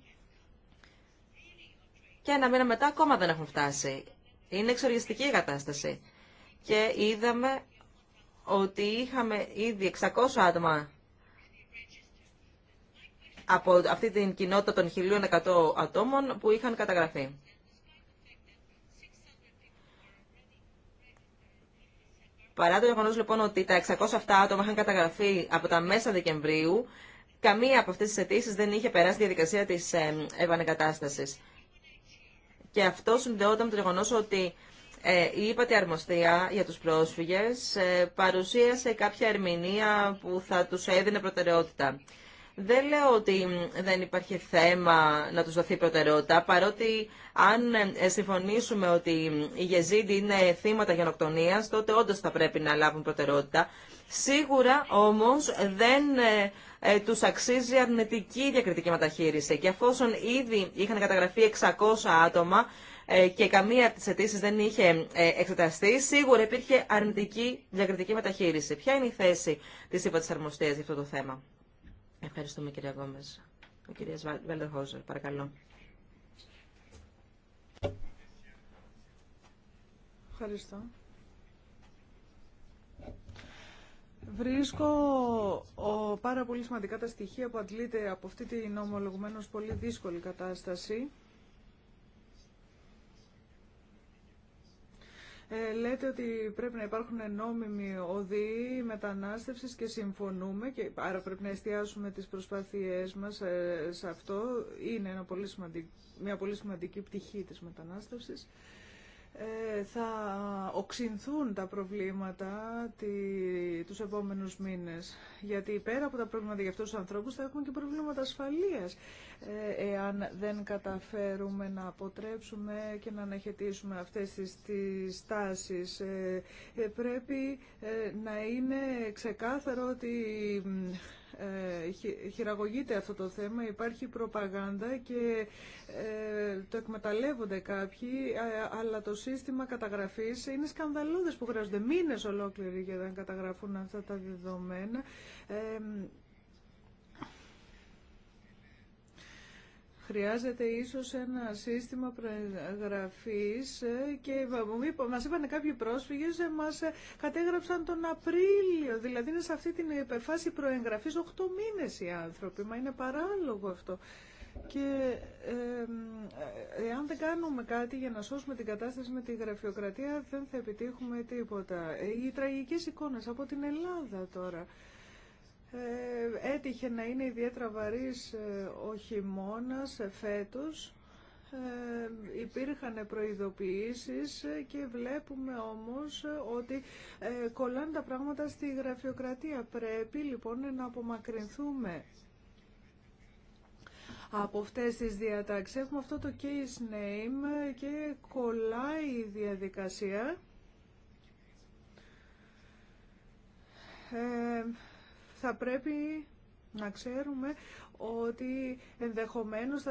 Speaker 4: Και ένα μήνα μετά ακόμα δεν έχουν φτάσει. Είναι εξοργιστική η κατάσταση και είδαμε ότι είχαμε ήδη 600 άτομα από αυτή την κοινότητα των 1.100 ατόμων που είχαν καταγραφεί. Παρά το γεγονό λοιπόν ότι τα 600 αυτά άτομα είχαν καταγραφεί από τα μέσα Δεκεμβρίου, καμία από αυτές τις αιτήσει δεν είχε περάσει τη διαδικασία της ε, επανεκατάσταση. Και αυτό συνδεόταν με το γεγονό ότι η ε, ύπατη αρμοστία για τους πρόσφυγες ε, παρουσίασε κάποια ερμηνεία που θα τους έδινε προτεραιότητα. Δεν λέω ότι δεν υπάρχει θέμα να τους δοθεί προτεραιότητα, παρότι αν ε, συμφωνήσουμε ότι οι γεζίδι είναι θύματα γενοκτονίας, τότε όντως θα πρέπει να λάβουν προτεραιότητα. Σίγουρα όμως δεν τους αξίζει αρνητική διακριτική μεταχείριση. Και αφόσον ήδη είχαν καταγραφεί 600 άτομα, ε, και καμία από τι αιτήσει δεν είχε ε, εξεταστεί, σίγουρα υπήρχε αρνητική διακριτική μεταχείριση. Ποια είναι η θέση τη ΥΠΑ τη Αρμοστία για αυτό το θέμα. Ευχαριστούμε κυρία Γκόμε. Ο κυρίας Βέλτερ παρακαλώ.
Speaker 3: Ευχαριστώ. Βρίσκω ο, πάρα πολύ σημαντικά τα στοιχεία που αντλείται από αυτή την ομολογουμένως πολύ δύσκολη κατάσταση. Ε, λέτε ότι πρέπει να υπάρχουν νόμιμοι οδοί μετανάστευσης και συμφωνούμε και άρα πρέπει να εστιάσουμε τις προσπάθειές μας ε, σε αυτό. Είναι μια πολύ σημαντική πτυχή της μετανάστευσης. Ε, θα οξυνθούν τα προβλήματα τη, τους επόμενους μήνες. Γιατί πέρα από τα προβλήματα για αυτούς τους ανθρώπους θα έχουμε και προβλήματα ασφαλείας ε, εάν δεν καταφέρουμε να αποτρέψουμε και να αναχαιτήσουμε αυτές τις, τις τάσεις. Ε, ε πρέπει να είναι ξεκάθαρο ότι ε, χειραγωγείται αυτό το θέμα, υπάρχει προπαγάνδα και ε, το εκμεταλλεύονται κάποιοι, ε, αλλά το σύστημα καταγραφής είναι σκανδαλώδες που χρειάζονται μήνες ολόκληροι για να καταγραφούν αυτά τα δεδομένα. Χρειάζεται ίσως ένα σύστημα προεγγραφής ε, και μας είπαν κάποιοι πρόσφυγες, ε, μας ε, κατέγραψαν τον Απρίλιο, δηλαδή είναι σε αυτή την φάση προεγγραφής 8 μήνες οι άνθρωποι, μα είναι παράλογο αυτό. Και αν δεν κάνουμε κάτι για να σώσουμε την κατάσταση με τη γραφειοκρατία δεν θα επιτύχουμε τίποτα. Οι τραγικές εικόνες από την Ελλάδα τώρα. Ε, έτυχε να είναι ιδιαίτερα βαρύς ε, ο χειμώνας ε, φέτος. Ε, υπήρχαν προειδοποιήσεις και βλέπουμε όμως ότι ε, κολλάνε τα πράγματα στη γραφειοκρατία. Πρέπει λοιπόν να απομακρυνθούμε από αυτές τις διατάξεις. Έχουμε αυτό το case name και κολλάει η διαδικασία. Ε, θα πρέπει να ξέρουμε ότι ενδεχομένως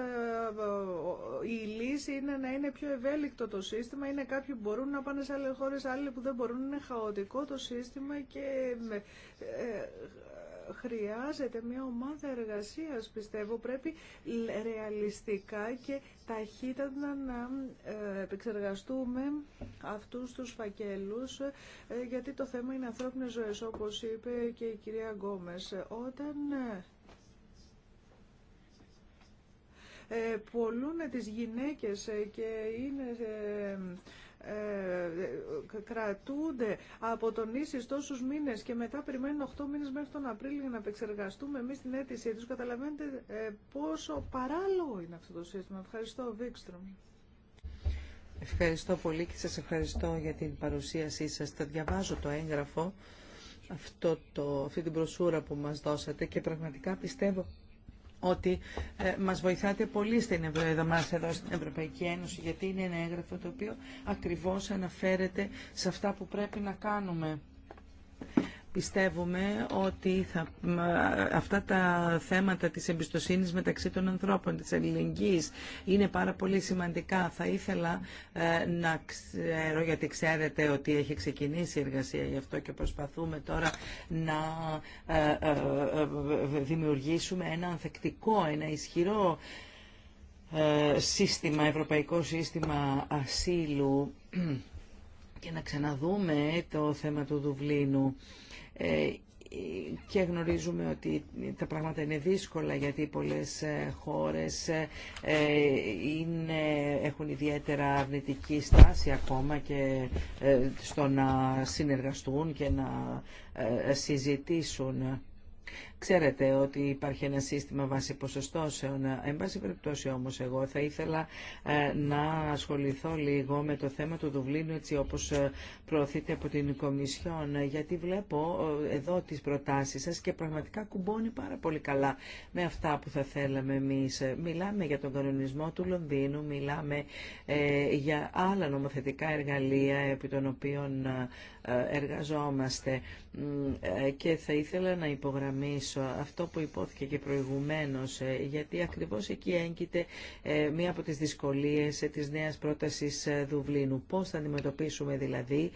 Speaker 3: η λύση είναι να είναι πιο ευέλικτο το σύστημα, είναι κάποιοι που μπορούν να πάνε σε άλλες χώρες, άλλοι που δεν μπορούν, είναι χαοτικό το σύστημα και ε, χρειάζεται μια ομάδα εργασίας, πιστεύω. Πρέπει ρεαλιστικά και ταχύτατα να ε, επεξεργαστούμε αυτούς τους φακέλους, ε, γιατί το θέμα είναι ανθρώπινες ζωές, όπως είπε και η κυρία Γκόμες. Όταν ε, πολλούν τις γυναίκες και είναι ε, ε, κρατούνται από τον ίσης τόσους μήνες και μετά περιμένουν 8 μήνες μέχρι τον Απρίλιο για να επεξεργαστούμε εμείς την αίτησή του. καταλαβαίνετε ε, πόσο παράλογο είναι αυτό το σύστημα. Ευχαριστώ, Βίξτρομ.
Speaker 2: Ευχαριστώ πολύ και σας ευχαριστώ για την παρουσίασή σας. Θα διαβάζω το έγγραφο, αυτό το, αυτή την προσούρα που μας δώσατε και πραγματικά πιστεύω ότι ε, μας βοηθάτε πολύ στην μας εδώ στην Ευρωπαϊκή Ένωση, γιατί είναι ένα έγγραφο το οποίο ακριβώς αναφέρεται σε αυτά που πρέπει να κάνουμε πιστεύουμε ότι θα, αυτά τα θέματα της εμπιστοσύνης μεταξύ των ανθρώπων, της αλληλεγγύης είναι πάρα πολύ σημαντικά. Θα ήθελα ε, να ξέρω, γιατί ξέρετε ότι έχει ξεκινήσει η εργασία γι' αυτό και προσπαθούμε τώρα να ε, ε, δημιουργήσουμε ένα ανθεκτικό, ένα ισχυρό σύστημα, ευρωπαϊκό σύστημα ασύλου και να ξαναδούμε το θέμα του Δουβλίνου. Ε, και γνωρίζουμε ότι τα πράγματα είναι δύσκολα γιατί πολλές ε, χώρες ε, έχουν ιδιαίτερα αρνητική στάση ακόμα και στο να συνεργαστούν και να συζητήσουν. Ξέρετε ότι υπάρχει ένα σύστημα βάση ποσοστώσεων. Εν πάση περιπτώσει όμως εγώ θα ήθελα ε, να ασχοληθώ λίγο με το θέμα του Δουβλίνου έτσι όπως ε, προωθείται από την Κομισιόν γιατί βλέπω ε, εδώ τις προτάσεις σας και πραγματικά κουμπώνει πάρα πολύ καλά με αυτά που θα θέλαμε εμείς. Μιλάμε για τον κανονισμό του Λονδίνου, μιλάμε για άλλα νομοθετικά εργαλεία επί των οποίων εργαζόμαστε και θα ήθελα να υπογραμμίσω αυτό που υπόθηκε και προηγουμένως, ε, γιατί ακριβώς εκεί έγκυται ε, μία από τις δυσκολίες ε, της νέας πρότασης Δουβλίνου. Πώς θα αντιμετωπίσουμε δηλαδή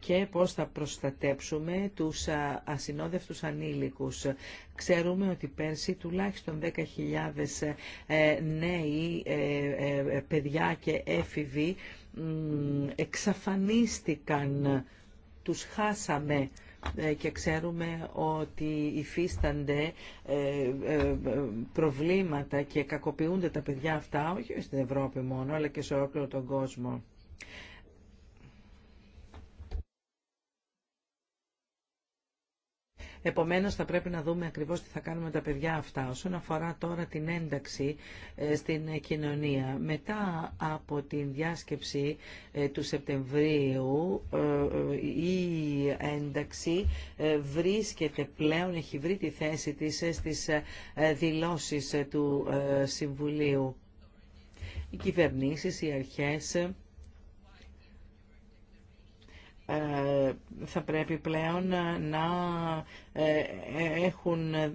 Speaker 2: και πώς θα προστατέψουμε τους ασυνόδευτους ανήλικους. Ξέρουμε ότι πέρσι τουλάχιστον 10.000 νέοι παιδιά και έφηβοι εξαφανίστηκαν, τους χάσαμε. Ε, και ξέρουμε ότι υφίστανται ε, ε, προβλήματα και κακοποιούνται τα παιδιά αυτά όχι στην Ευρώπη μόνο αλλά και σε όλο τον κόσμο. Επομένω θα πρέπει να δούμε ακριβώς τι θα κάνουμε τα παιδιά αυτά. Όσον αφορά τώρα την ένταξη ε, στην κοινωνία. Μετά από την διάσκεψη ε, του Σεπτεμβρίου ε, η ένταξη βρίσκεται πλέον, έχει βρει τη θέση της στις δηλώσεις του Συμβουλίου. Οι κυβερνήσεις, οι αρχές θα πρέπει πλέον να ε, ε, έχουν ε,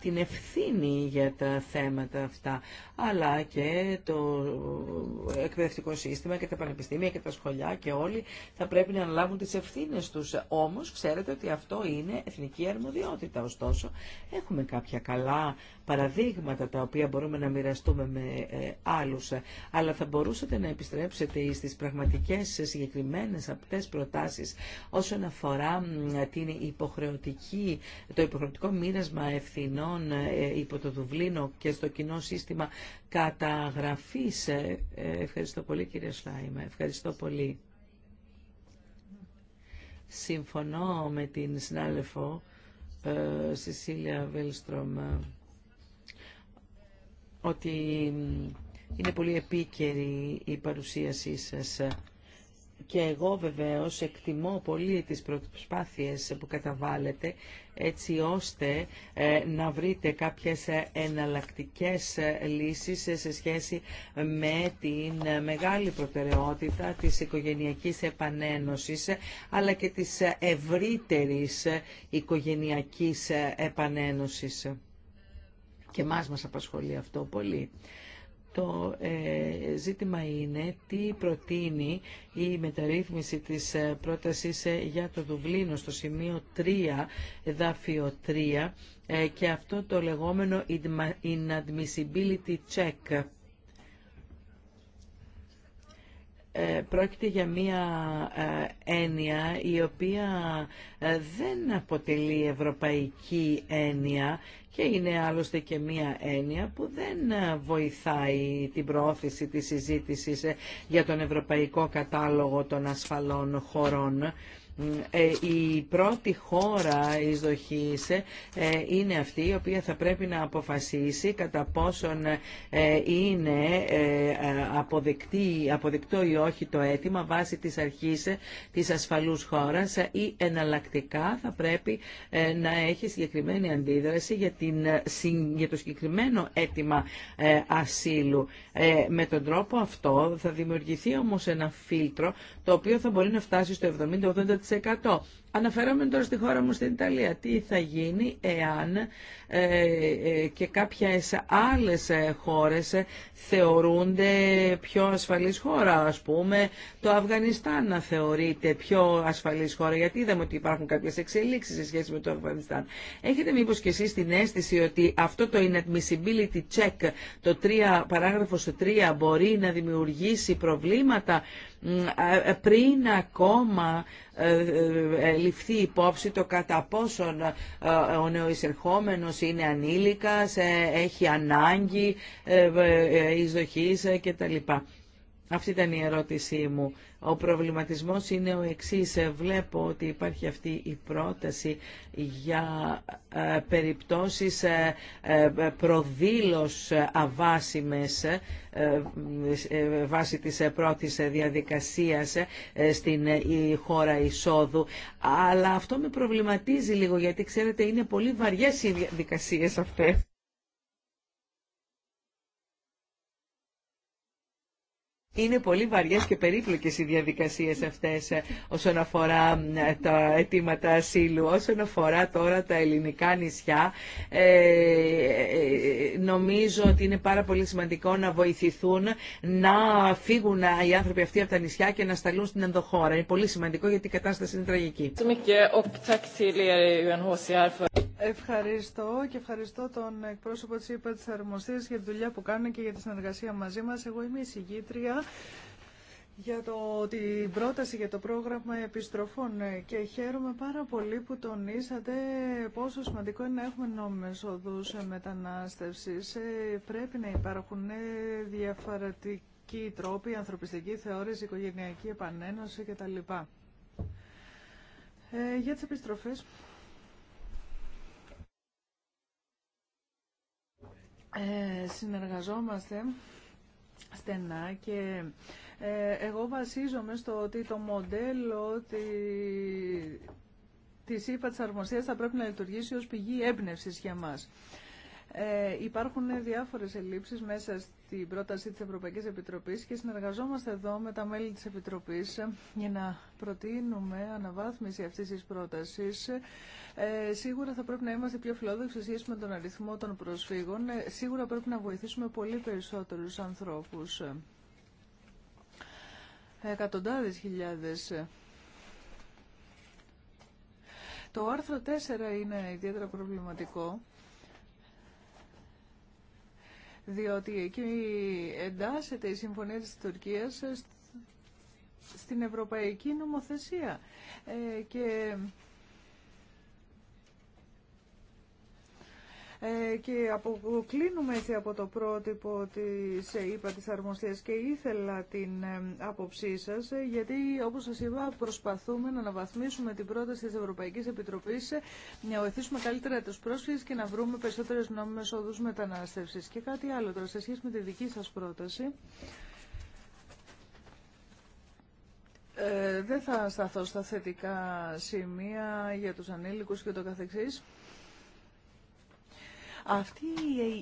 Speaker 2: την ευθύνη για τα θέματα αυτά, αλλά και το εκπαιδευτικό σύστημα και τα πανεπιστήμια και τα σχολιά και όλοι θα πρέπει να αναλάβουν τις ευθύνες τους. Όμως ξέρετε ότι αυτό είναι εθνική αρμοδιότητα. Ωστόσο έχουμε κάποια καλά παραδείγματα τα οποία μπορούμε να μοιραστούμε με άλλους, αλλά θα μπορούσατε να επιστρέψετε στις πραγματικές συγκεκριμένες απτές προτάσεις όσον αφορά την υποχρεωτική το υποχρεωτικό μοίρασμα ευθυνών ε, υπό το Δουβλίνο και στο κοινό σύστημα καταγραφής. Ε, ε, ευχαριστώ πολύ κύριε Σλάιμα. Ευχαριστώ πολύ. Συμφωνώ με την συνάδελφο Σισίλια Βέλστρομ ότι είναι πολύ επίκαιρη η παρουσίασή σας και εγώ βεβαίως εκτιμώ πολύ τις προσπάθειες που καταβάλλετε έτσι ώστε ε, να βρείτε κάποιες ε, εναλλακτικές ε, λύσεις σε σχέση με την μεγάλη προτεραιότητα της οικογενειακής επανένωσης αλλά και της ευρύτερης οικογενειακής επανένωσης. Και μας μας απασχολεί αυτό πολύ. Το ε, ζήτημα είναι τι προτείνει η μεταρρύθμιση της ε, πρότασης ε, για το Δουβλίνο στο σημείο 3, δάφιο 3 και αυτό το λεγόμενο inadmissibility check Ε, πρόκειται για μία ε, έννοια η οποία ε, δεν αποτελεί ευρωπαϊκή έννοια και είναι άλλωστε και μία έννοια που δεν βοηθάει την προώθηση της συζήτησης για τον ευρωπαϊκό κατάλογο των ασφαλών χωρών ε, η πρώτη χώρα εισδοχής ε, είναι αυτή η οποία θα πρέπει να αποφασίσει κατά πόσον ε, είναι αποδεκτή, αποδεκτό ή όχι το αίτημα βάσει της αρχής της ασφαλούς χώρας ή εναλλακτικά θα πρέπει να έχει συγκεκριμένη αντίδραση για, την, για το συγκεκριμένο αίτημα ασύλου. Με τον τρόπο αυτό θα δημιουργηθεί όμως ένα φίλτρο το οποίο θα μπορεί να φτάσει στο 70-80% Αναφέρομαι τώρα στη χώρα μου στην Ιταλία. Τι θα γίνει εάν ε, ε, και κάποιες άλλες ε, χώρες θεωρούνται πιο ασφαλής χώρα. Ας πούμε το Αφγανιστάν να θεωρείται πιο ασφαλής χώρα γιατί είδαμε ότι υπάρχουν κάποιες εξελίξεις σε σχέση με το Αφγανιστάν. Έχετε μήπως και εσείς την αίσθηση ότι αυτό το inadmissibility check, το 3, παράγραφος 3 μπορεί να δημιουργήσει προβλήματα ε, πριν ακόμα ε, ε, ληφθεί υπόψη το κατά πόσον ο νεοεισερχόμενος είναι ανήλικας, έχει ανάγκη τα κτλ. Αυτή ήταν η ερώτησή μου. Ο προβληματισμός είναι ο εξής. Βλέπω ότι υπάρχει αυτή η πρόταση για ε, περιπτώσεις ε, ε, προδήλως αβάσιμες βάσει της πρώτης διαδικασίας στην χώρα εισόδου. Αλλά αυτό με προβληματίζει λίγο γιατί ξέρετε είναι πολύ βαριές οι διαδικασίες αυτές. Είναι πολύ βαριέ και περίπλοκες οι διαδικασίες αυτές ε, όσον αφορά ε, τα αιτήματα ασύλου. Όσον αφορά τώρα τα ελληνικά νησιά, ε, νομίζω ότι είναι πάρα πολύ σημαντικό να βοηθηθούν να φύγουν οι άνθρωποι αυτοί από τα νησιά και να σταλούν στην ενδοχώρα. Είναι πολύ σημαντικό γιατί η κατάσταση είναι τραγική.
Speaker 3: Ευχαριστώ και ευχαριστώ τον εκπρόσωπο τη ΥΠΑ τη για τη δουλειά που κάνουν και για τη συνεργασία μαζί μα Εγώ είμαι η για την πρόταση για το πρόγραμμα επιστροφών ναι, και χαίρομαι πάρα πολύ που τονίσατε πόσο σημαντικό είναι να έχουμε νόμιμες οδούς μετανάστευσης. Ε, πρέπει να υπάρχουν ε, διαφορετικοί τρόποι, ανθρωπιστική θεώρηση, οικογενειακή επανένωση κτλ. Ε, για τις επιστροφές, ε, συνεργαζόμαστε στενά και ε, εγώ βασίζομαι στο ότι το μοντέλο τη, της ΥΠΑ της θα πρέπει να λειτουργήσει ως πηγή έμπνευσης για μας. Ε, υπάρχουν διάφορες ελλείψεις μέσα στην πρόταση της Ευρωπαϊκής Επιτροπής και συνεργαζόμαστε εδώ με τα μέλη της Επιτροπής για να προτείνουμε αναβάθμιση αυτής της πρότασης. Ε, σίγουρα θα πρέπει να είμαστε πιο φιλόδοξοι σχέση με τον αριθμό των προσφύγων. Ε, σίγουρα πρέπει να βοηθήσουμε πολύ περισσότερους ανθρώπου. Εκατοντάδε χιλιάδε. το άρθρο 4 είναι ιδιαίτερα προβληματικό διότι εκεί εντάσσεται η Συμφωνία της Τουρκίας στην Ευρωπαϊκή Νομοθεσία. Ε, και Ε, και αποκλίνουμε έτσι από το πρότυπο της ε, είπα τις αρμοστίας και ήθελα την ε, άποψή σας γιατί όπως σας είπα προσπαθούμε να αναβαθμίσουμε την πρόταση της Ευρωπαϊκής Επιτροπής να βοηθήσουμε καλύτερα τους πρόσφυγες και να βρούμε περισσότερες νόμιμες οδούς μετανάστευσης και κάτι άλλο τώρα σε σχέση με τη δική σας πρόταση ε, δεν θα σταθώ στα θετικά σημεία για τους ανήλικους και το καθεξής. Αυτή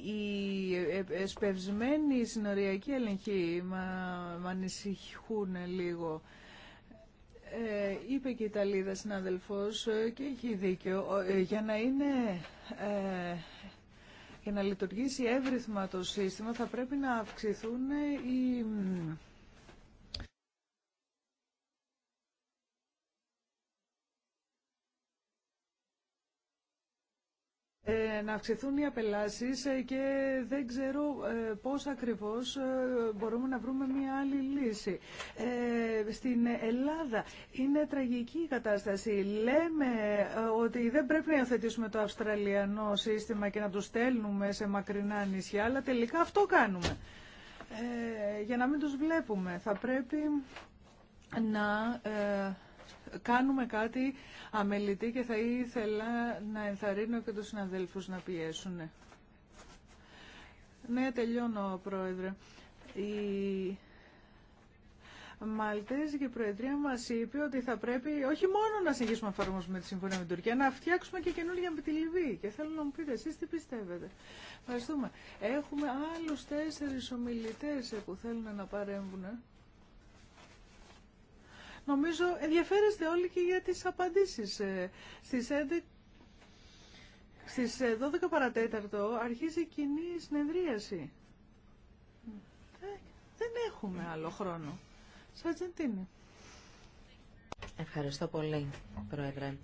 Speaker 3: οι ε, ε, σπευσμένη συνοριακή έλεγχη μα ανησυχούν λίγο. Ε, είπε και η Ιταλίδα συνάδελφος και έχει δίκιο για να είναι για να λειτουργήσει εύρυθμα το σύστημα θα πρέπει να αυξηθούν οι Ε, να αυξηθούν οι απελάσεις ε, και δεν ξέρω ε, πώς ακριβώς μπορούμε να βρούμε μια άλλη λύση. Στην Ελλάδα είναι τραγική η κατάσταση. Λέμε ότι δεν πρέπει να υιοθετήσουμε το αυστραλιανό σύστημα και να το στέλνουμε σε μακρινά νησιά, αλλά τελικά αυτό κάνουμε. Για να μην τους βλέπουμε θα πρέπει να κάνουμε κάτι αμελητή και θα ήθελα να ενθαρρύνω και τους συναδέλφους να πιέσουν. Ναι, τελειώνω, Πρόεδρε. Η Μαλτέζικη Προεδρία μας είπε ότι θα πρέπει όχι μόνο να συνεχίσουμε να εφαρμόσουμε τη συμφωνία με την Τουρκία, να φτιάξουμε και καινούργια με τη Λιβύη. Και θέλω να μου πείτε εσείς τι πιστεύετε. Ευχαριστούμε. Έχουμε άλλους τέσσερις ομιλητές που θέλουν να παρέμβουν. Ε. Νομίζω ενδιαφέρεστε όλοι και για τις απαντήσεις. Ε, στις 11 στις 12 ε, παρατέταρτο αρχίζει η κοινή συνεδρίαση. Ε, δεν έχουμε άλλο χρόνο. Σας
Speaker 4: Ευχαριστώ πολύ, Πρόεδρε.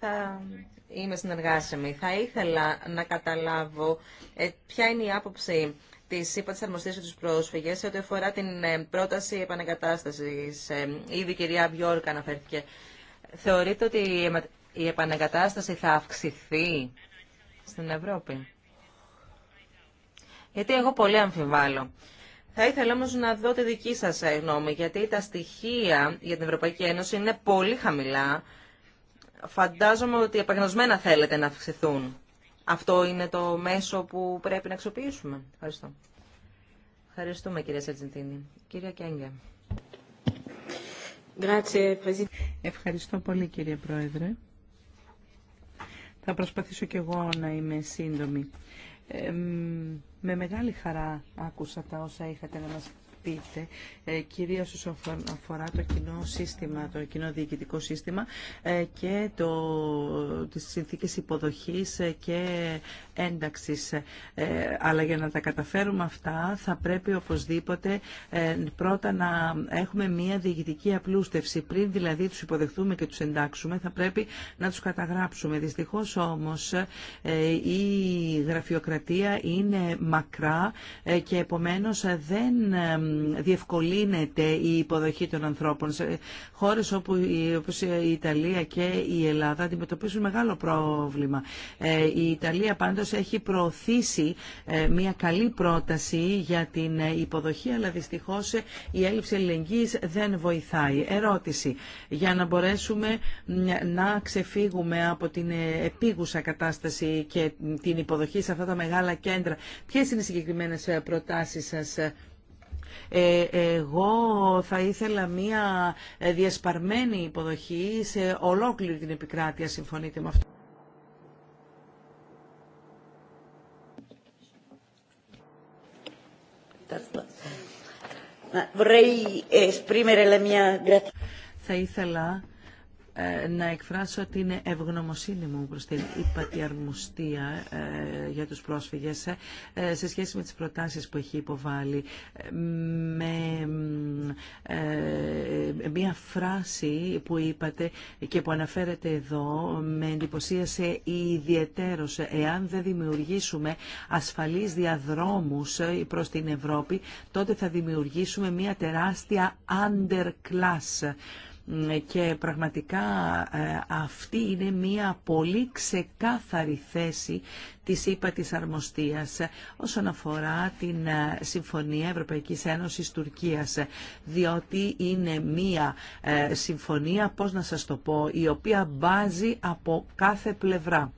Speaker 4: Θα είμαι συνεργάσιμη. Θα ήθελα να καταλάβω ποια είναι η άποψη τη ΥΠΑ τη Αρμοστία και του πρόσφυγε, σε ό,τι αφορά την ε, πρόταση επανεγκατάσταση. Ε, ήδη η κυρία Βιόρκα αναφέρθηκε. Θεωρείτε ότι η επανεγκατάσταση θα αυξηθεί στην Ευρώπη. Γιατί εγώ πολύ αμφιβάλλω. Θα ήθελα όμως να δω τη δική σας ε, γνώμη, γιατί τα στοιχεία για την Ευρωπαϊκή Ένωση είναι πολύ χαμηλά. Φαντάζομαι ότι επαγνωσμένα θέλετε να αυξηθούν αυτό είναι το μέσο που πρέπει να αξιοποιήσουμε. Ευχαριστώ. Ευχαριστούμε κυρία Σαρτζεντίνη. Κυρία Κέγγε.
Speaker 2: Ευχαριστώ πολύ κύριε Πρόεδρε. Θα προσπαθήσω κι εγώ να είμαι σύντομη. με μεγάλη χαρά άκουσα τα όσα είχατε να μας πείτε, ε, κυρίως όσον αφορά το κοινό σύστημα, το κοινό διοικητικό σύστημα ε, και το, συνθήκε συνθήκες υποδοχής ε, και ένταξης. Ε, αλλά για να τα καταφέρουμε αυτά θα πρέπει οπωσδήποτε ε, πρώτα να έχουμε μία διοικητική απλούστευση. Πριν δηλαδή τους υποδεχθούμε και τους εντάξουμε θα πρέπει να τους καταγράψουμε. Δυστυχώς όμως ε, η γραφειοκρατία είναι μακρά και επομένως δεν διευκολύνεται η υποδοχή των ανθρώπων. Σε χώρες όπου, όπως η Ιταλία και η Ελλάδα αντιμετωπίζουν μεγάλο πρόβλημα. Η Ιταλία πάντως έχει προωθήσει ε, μια καλή πρόταση για την ε, υποδοχή, αλλά δυστυχώς ε, η έλλειψη ελληνικής δεν βοηθάει. Ερώτηση. Για να μπορέσουμε να ξεφύγουμε από την επίγουσα κατάσταση και την υποδοχή σε αυτά τα μεγάλα κέντρα, ποιες είναι οι συγκεκριμένες προτάσεις σας εγώ θα ήθελα μία διασπαρμένη υποδοχή σε ολόκληρη την επικράτεια. Συμφωνείτε με αυτό. Ma Vorrei esprimere la mia gratitudine. Θα ήθελα ε, να εκφράσω την ευγνωμοσύνη μου προς την ύπατη ε, για τους πρόσφυγες ε, σε σχέση με τις προτάσεις που έχει υποβάλει με μία φράση που είπατε και που αναφέρεται εδώ με εντυπωσίασε ιδιαιτέρως εάν δεν δημιουργήσουμε ασφαλείς διαδρόμους προς την Ευρώπη τότε θα δημιουργήσουμε μία τεράστια underclass και πραγματικά ε, αυτή είναι μια πολύ ξεκάθαρη θέση της ΥΠΑ της Αρμοστίας όσον αφορά την ε, Συμφωνία Ευρωπαϊκής Ένωσης Τουρκίας διότι είναι μια ε, συμφωνία, πώς να σας το πω, η οποία μπάζει από κάθε πλευρά.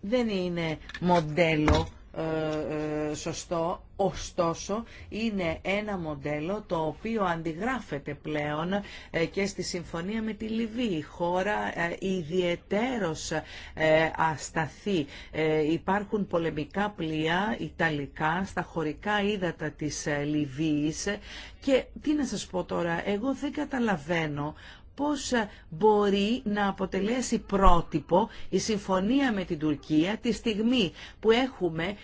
Speaker 2: Δεν είναι μοντέλο ε, ε, σωστό, ωστόσο είναι ένα μοντέλο το οποίο αντιγράφεται πλέον ε, και στη συμφωνία με τη Λιβύη, χώρα ιδιαιτέρως ασταθεί Υπάρχουν πολεμικά πλοία Ιταλικά στα χωρικά ύδατα της Λιβύης και τι να σας πω τώρα, εγώ δεν καταλαβαίνω πώς ε, μπορεί να αποτελέσει πρότυπο η συμφωνία με την Τουρκία τη στιγμή που έχουμε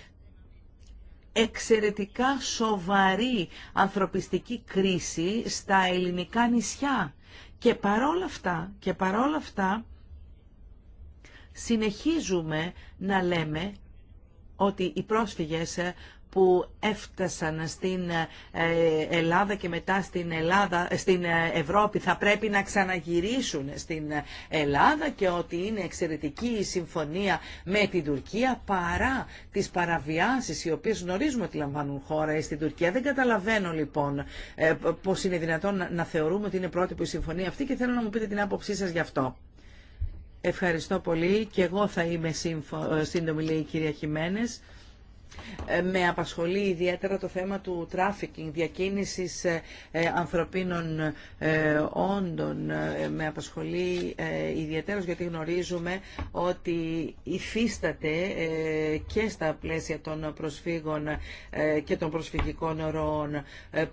Speaker 2: εξαιρετικά σοβαρή ανθρωπιστική κρίση στα ελληνικά νησιά. Και παρόλα αυτά, και παρόλα αυτά συνεχίζουμε να λέμε ότι οι πρόσφυγες ε, που έφτασαν στην ε, Ελλάδα και μετά στην, Ελλάδα, στην ε, Ευρώπη θα πρέπει να ξαναγυρίσουν στην ε, Ελλάδα και ότι είναι εξαιρετική η συμφωνία με την Τουρκία παρά τις παραβιάσεις οι οποίες γνωρίζουμε ότι λαμβάνουν χώρα στην Τουρκία. Δεν καταλαβαίνω λοιπόν πώς είναι δυνατόν να θεωρούμε ότι είναι πρότυπο η συμφωνία αυτή και θέλω να μου πείτε την άποψή σας γι' αυτό. Ευχαριστώ πολύ και εγώ θα είμαι σύντομη λέει η κυρία Χιμένες. Ε, με απασχολεί ιδιαίτερα το θέμα του τράφικινγκ, διακίνησης ε, ε, ανθρωπίνων όντων. Με απασχολεί ιδιαίτερα, γιατί γνωρίζουμε ότι υφίσταται και στα πλαίσια των προσφύγων και των προσφυγικών ροών.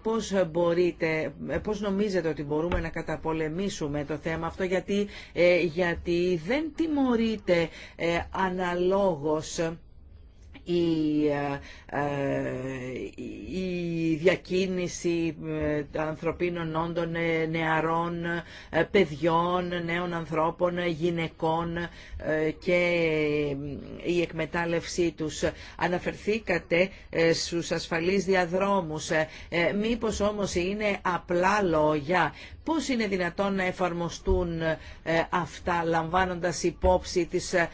Speaker 2: Πώς, μπορείτε, πώς νομίζετε ότι μπορούμε να καταπολεμήσουμε το θέμα αυτό γιατί, γιατί δεν τιμωρείται αναλόγως ε, ε, η διακίνηση ε, ανθρωπίνων όντων, νεαρών, παιδιών, νέων ανθρώπων, γυναικών και η εκμετάλλευσή τους. Αναφερθήκατε στους ασφαλείς διαδρόμους. Μήπως όμως είναι απλά λόγια, Πώς είναι δυνατόν να εφαρμοστούν ε, αυτά λαμβάνοντας υπόψη τις ε,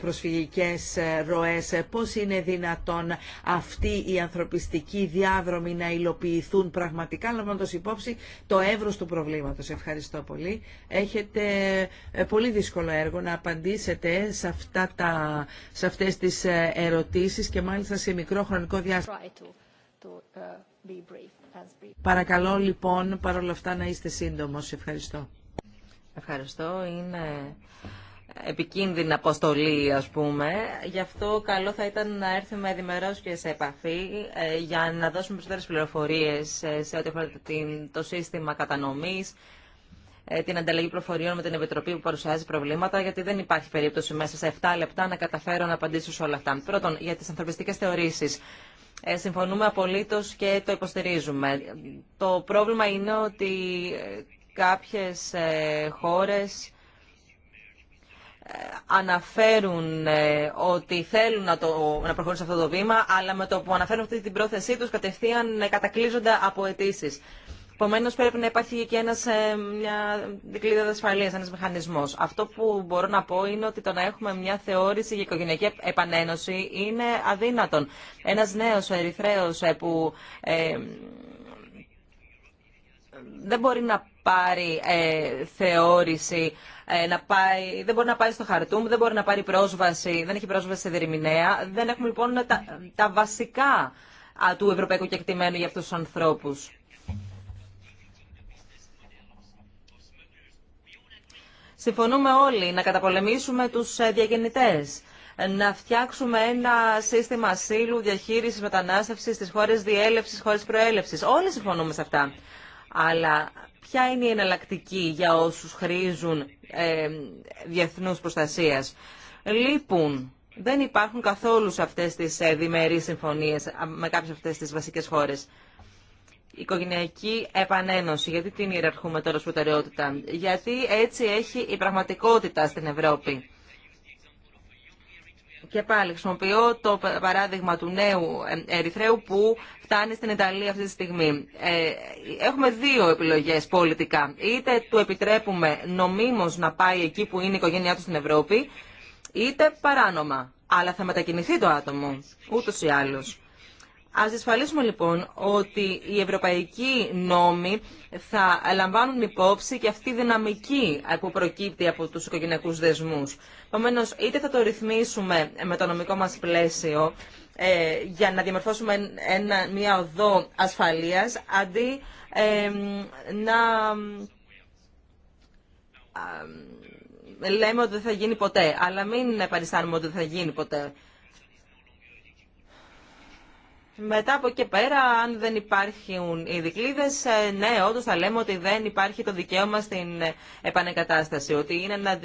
Speaker 2: προσφυγικές ε, ροές, πώς είναι δυνατόν αυτοί οι ανθρωπιστικοί διάδρομοι να υλοποιηθούν πραγματικά λαμβάνοντας υπόψη το εύρος του προβλήματος. Ευχαριστώ πολύ. Έχετε πολύ δύσκολο έργο να απαντήσετε σε, αυτά τα, σε αυτές τις ερωτήσεις και μάλιστα σε μικρό χρονικό διάστημα. Παρακαλώ λοιπόν παρόλα αυτά να είστε σύντομος. Ευχαριστώ. Ευχαριστώ. Είναι
Speaker 4: επικίνδυνη αποστολή ας πούμε. Γι' αυτό καλό θα ήταν να έρθουμε διμερώς και σε επαφή ε, για να δώσουμε περισσότερες πληροφορίες ε, σε ό,τι αφορά το σύστημα κατανομής, ε, την ανταλλαγή προφοριών με την Επιτροπή που παρουσιάζει προβλήματα, γιατί δεν υπάρχει περίπτωση μέσα σε 7 λεπτά να καταφέρω να απαντήσω σε όλα αυτά. Πρώτον, για τι ανθρωπιστικέ θεωρήσει. Ε, συμφωνούμε απολύτως και το υποστηρίζουμε. Το πρόβλημα είναι ότι ε, κάποιες ε, χώρες αναφέρουν ότι θέλουν να, το, να προχωρήσουν σε αυτό το βήμα, αλλά με το που αναφέρουν αυτή την πρόθεσή τους κατευθείαν κατακλείζονται από αιτήσει. Επομένω, πρέπει να υπάρχει και ένας, ε, μια δικλείδα ασφαλεία, ένα μηχανισμό. Αυτό που μπορώ να πω είναι ότι το να έχουμε μια θεώρηση για οικογενειακή επανένωση είναι αδύνατον. Ένα νέο Ερυθρέο ε, που ε, δεν μπορεί να πάρει ε, θεώρηση, να πάει, δεν μπορεί να πάει στο χαρτούμ, δεν μπορεί να πάρει πρόσβαση, δεν έχει πρόσβαση σε διερμηνέα. Δεν έχουμε λοιπόν τα, τα βασικά του ευρωπαϊκού κεκτημένου για αυτούς τους ανθρώπους. Συμφωνούμε όλοι να καταπολεμήσουμε τους ε, διακινητές, να φτιάξουμε ένα σύστημα ασύλου, διαχείρισης, μετανάστευσης στις χώρες διέλευσης, χώρες προέλευσης. Όλοι συμφωνούμε σε αυτά. Αλλά ποια είναι η εναλλακτική για όσους χρήζουν ε, διεθνούς προστασίας. Λείπουν. Δεν υπάρχουν καθόλου σε αυτές τις ε, διμερείς συμφωνίες με κάποιες αυτές τις βασικές χώρες οικογενειακή επανένωση. Γιατί την ιεραρχούμε τώρα ως Γιατί έτσι έχει η πραγματικότητα στην Ευρώπη. Και πάλι χρησιμοποιώ το παράδειγμα του νέου Ερυθρέου που φτάνει στην Ιταλία αυτή τη στιγμή. Ε, έχουμε δύο επιλογές πολιτικά. Είτε του επιτρέπουμε νομίμως να πάει εκεί που είναι η οικογένειά του στην Ευρώπη, είτε παράνομα. Αλλά θα μετακινηθεί το άτομο, ούτως ή άλλως. Ας ασφαλίσουμε, λοιπόν ότι οι ευρωπαϊκοί νόμοι θα λαμβάνουν υπόψη και αυτή η δυναμική που προκύπτει από τους οικογενειακούς δεσμούς. Επομένω, είτε θα το ρυθμίσουμε με το νομικό μας πλαίσιο ε, για να διαμορφώσουμε ένα, μια οδό ασφαλείας, αντί ε, να λέμε ότι δεν θα γίνει ποτέ. Αλλά μην παριστάνουμε ότι δεν θα γίνει ποτέ. Μετά από εκεί πέρα, αν δεν υπάρχουν οι δικλείδες, ε, ναι, όντω θα λέμε ότι δεν υπάρχει το δικαίωμα στην ε, επανεκατάσταση, ότι είναι ένα,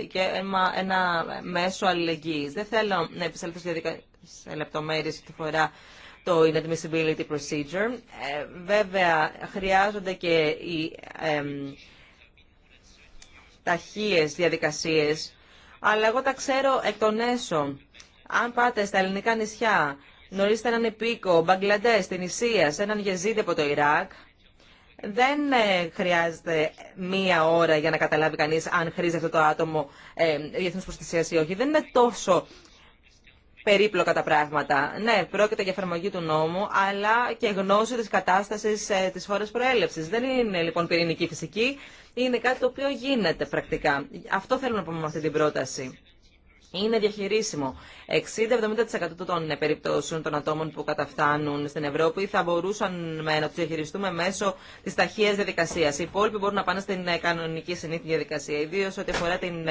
Speaker 4: ένα μέσο αλληλεγγύης. Δεν θέλω να επισέλθω σε λεπτομέρειες τη φορά το inadmissibility procedure. Ε, βέβαια, χρειάζονται και οι ε, διαδικασίες, αλλά εγώ τα ξέρω εκ των έσω. Αν πάτε στα ελληνικά νησιά, γνωρίζετε έναν επίκο, Μπαγκλαντέ, την Ισία, έναν γεζίδι από το Ιράκ, δεν ε, χρειάζεται μία ώρα για να καταλάβει κανείς αν χρήζει αυτό το άτομο ε, διεθνούς προστασίας ή όχι. Δεν είναι τόσο περίπλοκα τα πράγματα. Ναι, πρόκειται για εφαρμογή του νόμου, αλλά και γνώση της κατάστασης ε, της χώρας προέλευσης. Δεν είναι λοιπόν πυρηνική φυσική, είναι κάτι το οποίο γίνεται πρακτικά. Αυτό θέλουμε να πούμε με αυτή την πρόταση είναι διαχειρίσιμο. 60-70% των ε, περιπτώσεων των ατόμων που καταφτάνουν στην Ευρώπη θα μπορούσαν ε, να του διαχειριστούμε μέσω τη ταχεία διαδικασία. Οι υπόλοιποι μπορούν να πάνε στην ε, κανονική συνήθεια διαδικασία, ιδίω ό,τι αφορά την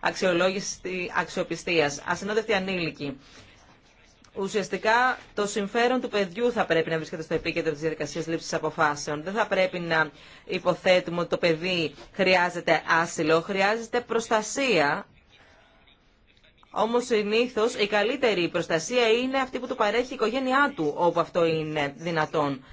Speaker 4: αξιολόγηση αξιοπιστία. Ασυνόδευτοι ανήλικοι. Ουσιαστικά το συμφέρον του παιδιού θα πρέπει να βρίσκεται στο επίκεντρο τη διαδικασία λήψη αποφάσεων. Δεν θα πρέπει να υποθέτουμε ότι το παιδί χρειάζεται άσυλο, χρειάζεται προστασία Όμω συνήθω η καλύτερη προστασία είναι αυτή που του παρέχει η οικογένειά του, όπου αυτό είναι δυνατόν.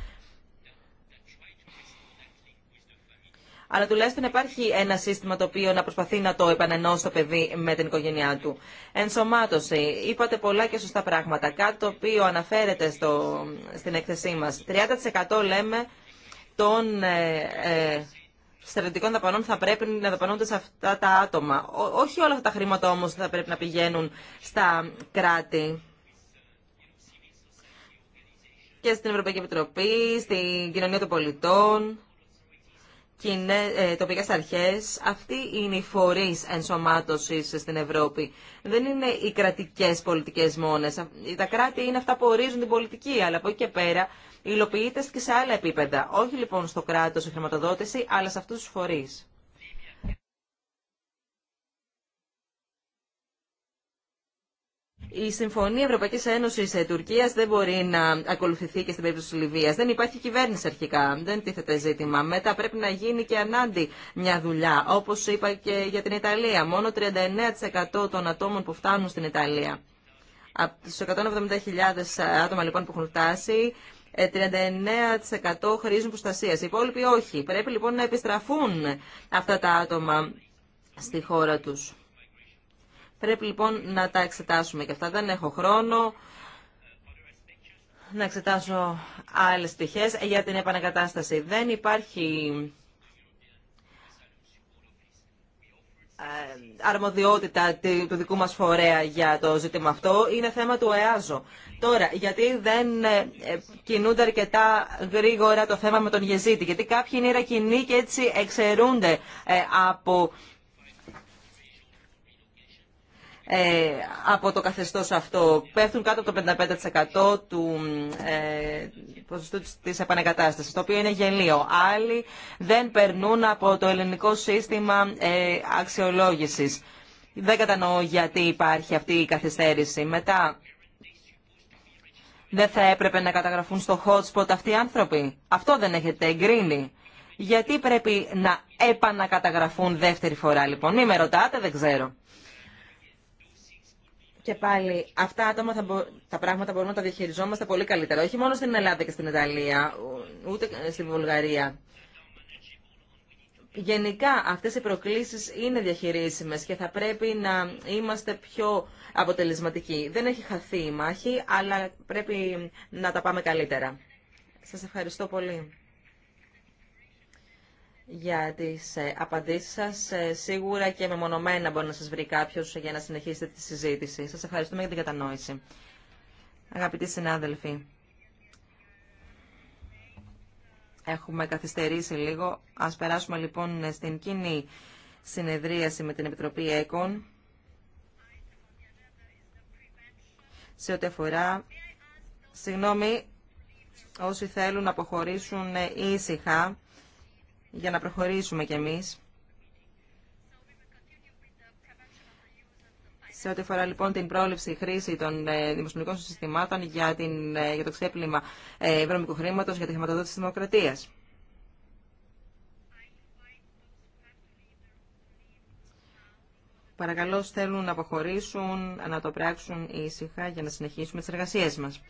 Speaker 4: αλλά τουλάχιστον υπάρχει ένα σύστημα το οποίο να προσπαθεί να το επανενώσει το παιδί με την οικογένειά του. Ενσωμάτωση. Είπατε πολλά και σωστά πράγματα. Κάτι το οποίο αναφέρεται στο, στην έκθεσή μας. 30% λέμε των ε, ε, στρατιωτικών δαπανών θα πρέπει να δαπανώνται σε αυτά τα άτομα. όχι όλα αυτά τα χρήματα όμως θα πρέπει να πηγαίνουν στα κράτη και στην Ευρωπαϊκή Επιτροπή, στην κοινωνία των πολιτών, κοινέ, ε, τοπικές αρχές. Αυτοί είναι οι φορείς ενσωμάτωσης στην Ευρώπη. Δεν είναι οι κρατικές πολιτικές μόνες. Τα κράτη είναι αυτά που ορίζουν την πολιτική, αλλά από εκεί και πέρα υλοποιείται και σε άλλα επίπεδα. Όχι λοιπόν στο κράτος η χρηματοδότηση, αλλά σε αυτούς τους φορείς. Η Συμφωνία Ευρωπαϊκή Ένωση Τουρκία δεν μπορεί να ακολουθηθεί και στην περίπτωση τη Λιβύα. Δεν υπάρχει κυβέρνηση αρχικά. Δεν τίθεται ζήτημα. Μετά πρέπει να γίνει και ανάντι μια δουλειά. Όπω είπα και για την Ιταλία. Μόνο 39% των ατόμων που φτάνουν στην Ιταλία. Από του 170.000 άτομα λοιπόν που έχουν φτάσει, 39% ε, χρήζουν προστασία. Οι υπόλοιποι όχι. Πρέπει λοιπόν να επιστραφούν αυτά τα άτομα στη χώρα τους. Πρέπει λοιπόν να τα εξετάσουμε και αυτά. Δεν έχω χρόνο να εξετάσω άλλες στοιχές για την επανακατάσταση. Δεν υπάρχει Ε, αρμοδιότητα του δικού μας φορέα για το ζήτημα αυτό. Είναι θέμα του ΕΑΖΟ. Τώρα, γιατί δεν ε, κινούνται αρκετά γρήγορα το θέμα με τον Γεζίτη. Γιατί κάποιοι είναι ρακινοί και έτσι εξαιρούνται ε, από ε, από το καθεστώς αυτό. Πέφτουν κάτω από το 55% του ε, ποσοστού της το οποίο είναι γελίο. Άλλοι δεν περνούν από το ελληνικό σύστημα ε, αξιολόγησης. Δεν κατανοώ γιατί υπάρχει αυτή η καθυστέρηση. Μετά, δεν θα έπρεπε να καταγραφούν στο hotspot αυτοί οι άνθρωποι. Αυτό δεν έχετε εγκρίνει. Γιατί πρέπει να επανακαταγραφούν δεύτερη φορά λοιπόν. Ή με ρωτάτε, δεν ξέρω. Και πάλι, αυτά άτομα θα τα πράγματα μπορούμε να τα διαχειριζόμαστε πολύ καλύτερα. Όχι μόνο στην Ελλάδα και στην Ιταλία, ούτε στη Βουλγαρία. Γενικά, αυτές οι προκλήσεις είναι διαχειρίσιμες και θα πρέπει να είμαστε πιο αποτελεσματικοί. Δεν έχει χαθεί η μάχη, αλλά πρέπει να τα πάμε καλύτερα. Σας ευχαριστώ πολύ για τις ε, απαντήσεις σας. Ε, σίγουρα και μεμονωμένα μπορεί να σας βρει κάποιος για να συνεχίσετε τη συζήτηση. Σας ευχαριστούμε για την κατανόηση. Αγαπητοί συνάδελφοι, έχουμε καθυστερήσει λίγο. Ας περάσουμε λοιπόν στην κοινή συνεδρίαση με την Επιτροπή ΕΚΟΝ σε ό,τι αφορά... Συγγνώμη, όσοι θέλουν να αποχωρήσουν ήσυχα για να προχωρήσουμε κι εμείς. Σε ό,τι αφορά λοιπόν την πρόληψη χρήση των ε, δημοσιονομικών συστημάτων για, την, ε, για το ξέπλυμα ε, χρήματο για τη χρηματοδότηση τη δημοκρατία. Παρακαλώ, θέλουν να αποχωρήσουν, να το πράξουν ήσυχα για να συνεχίσουμε τις εργασίες μας.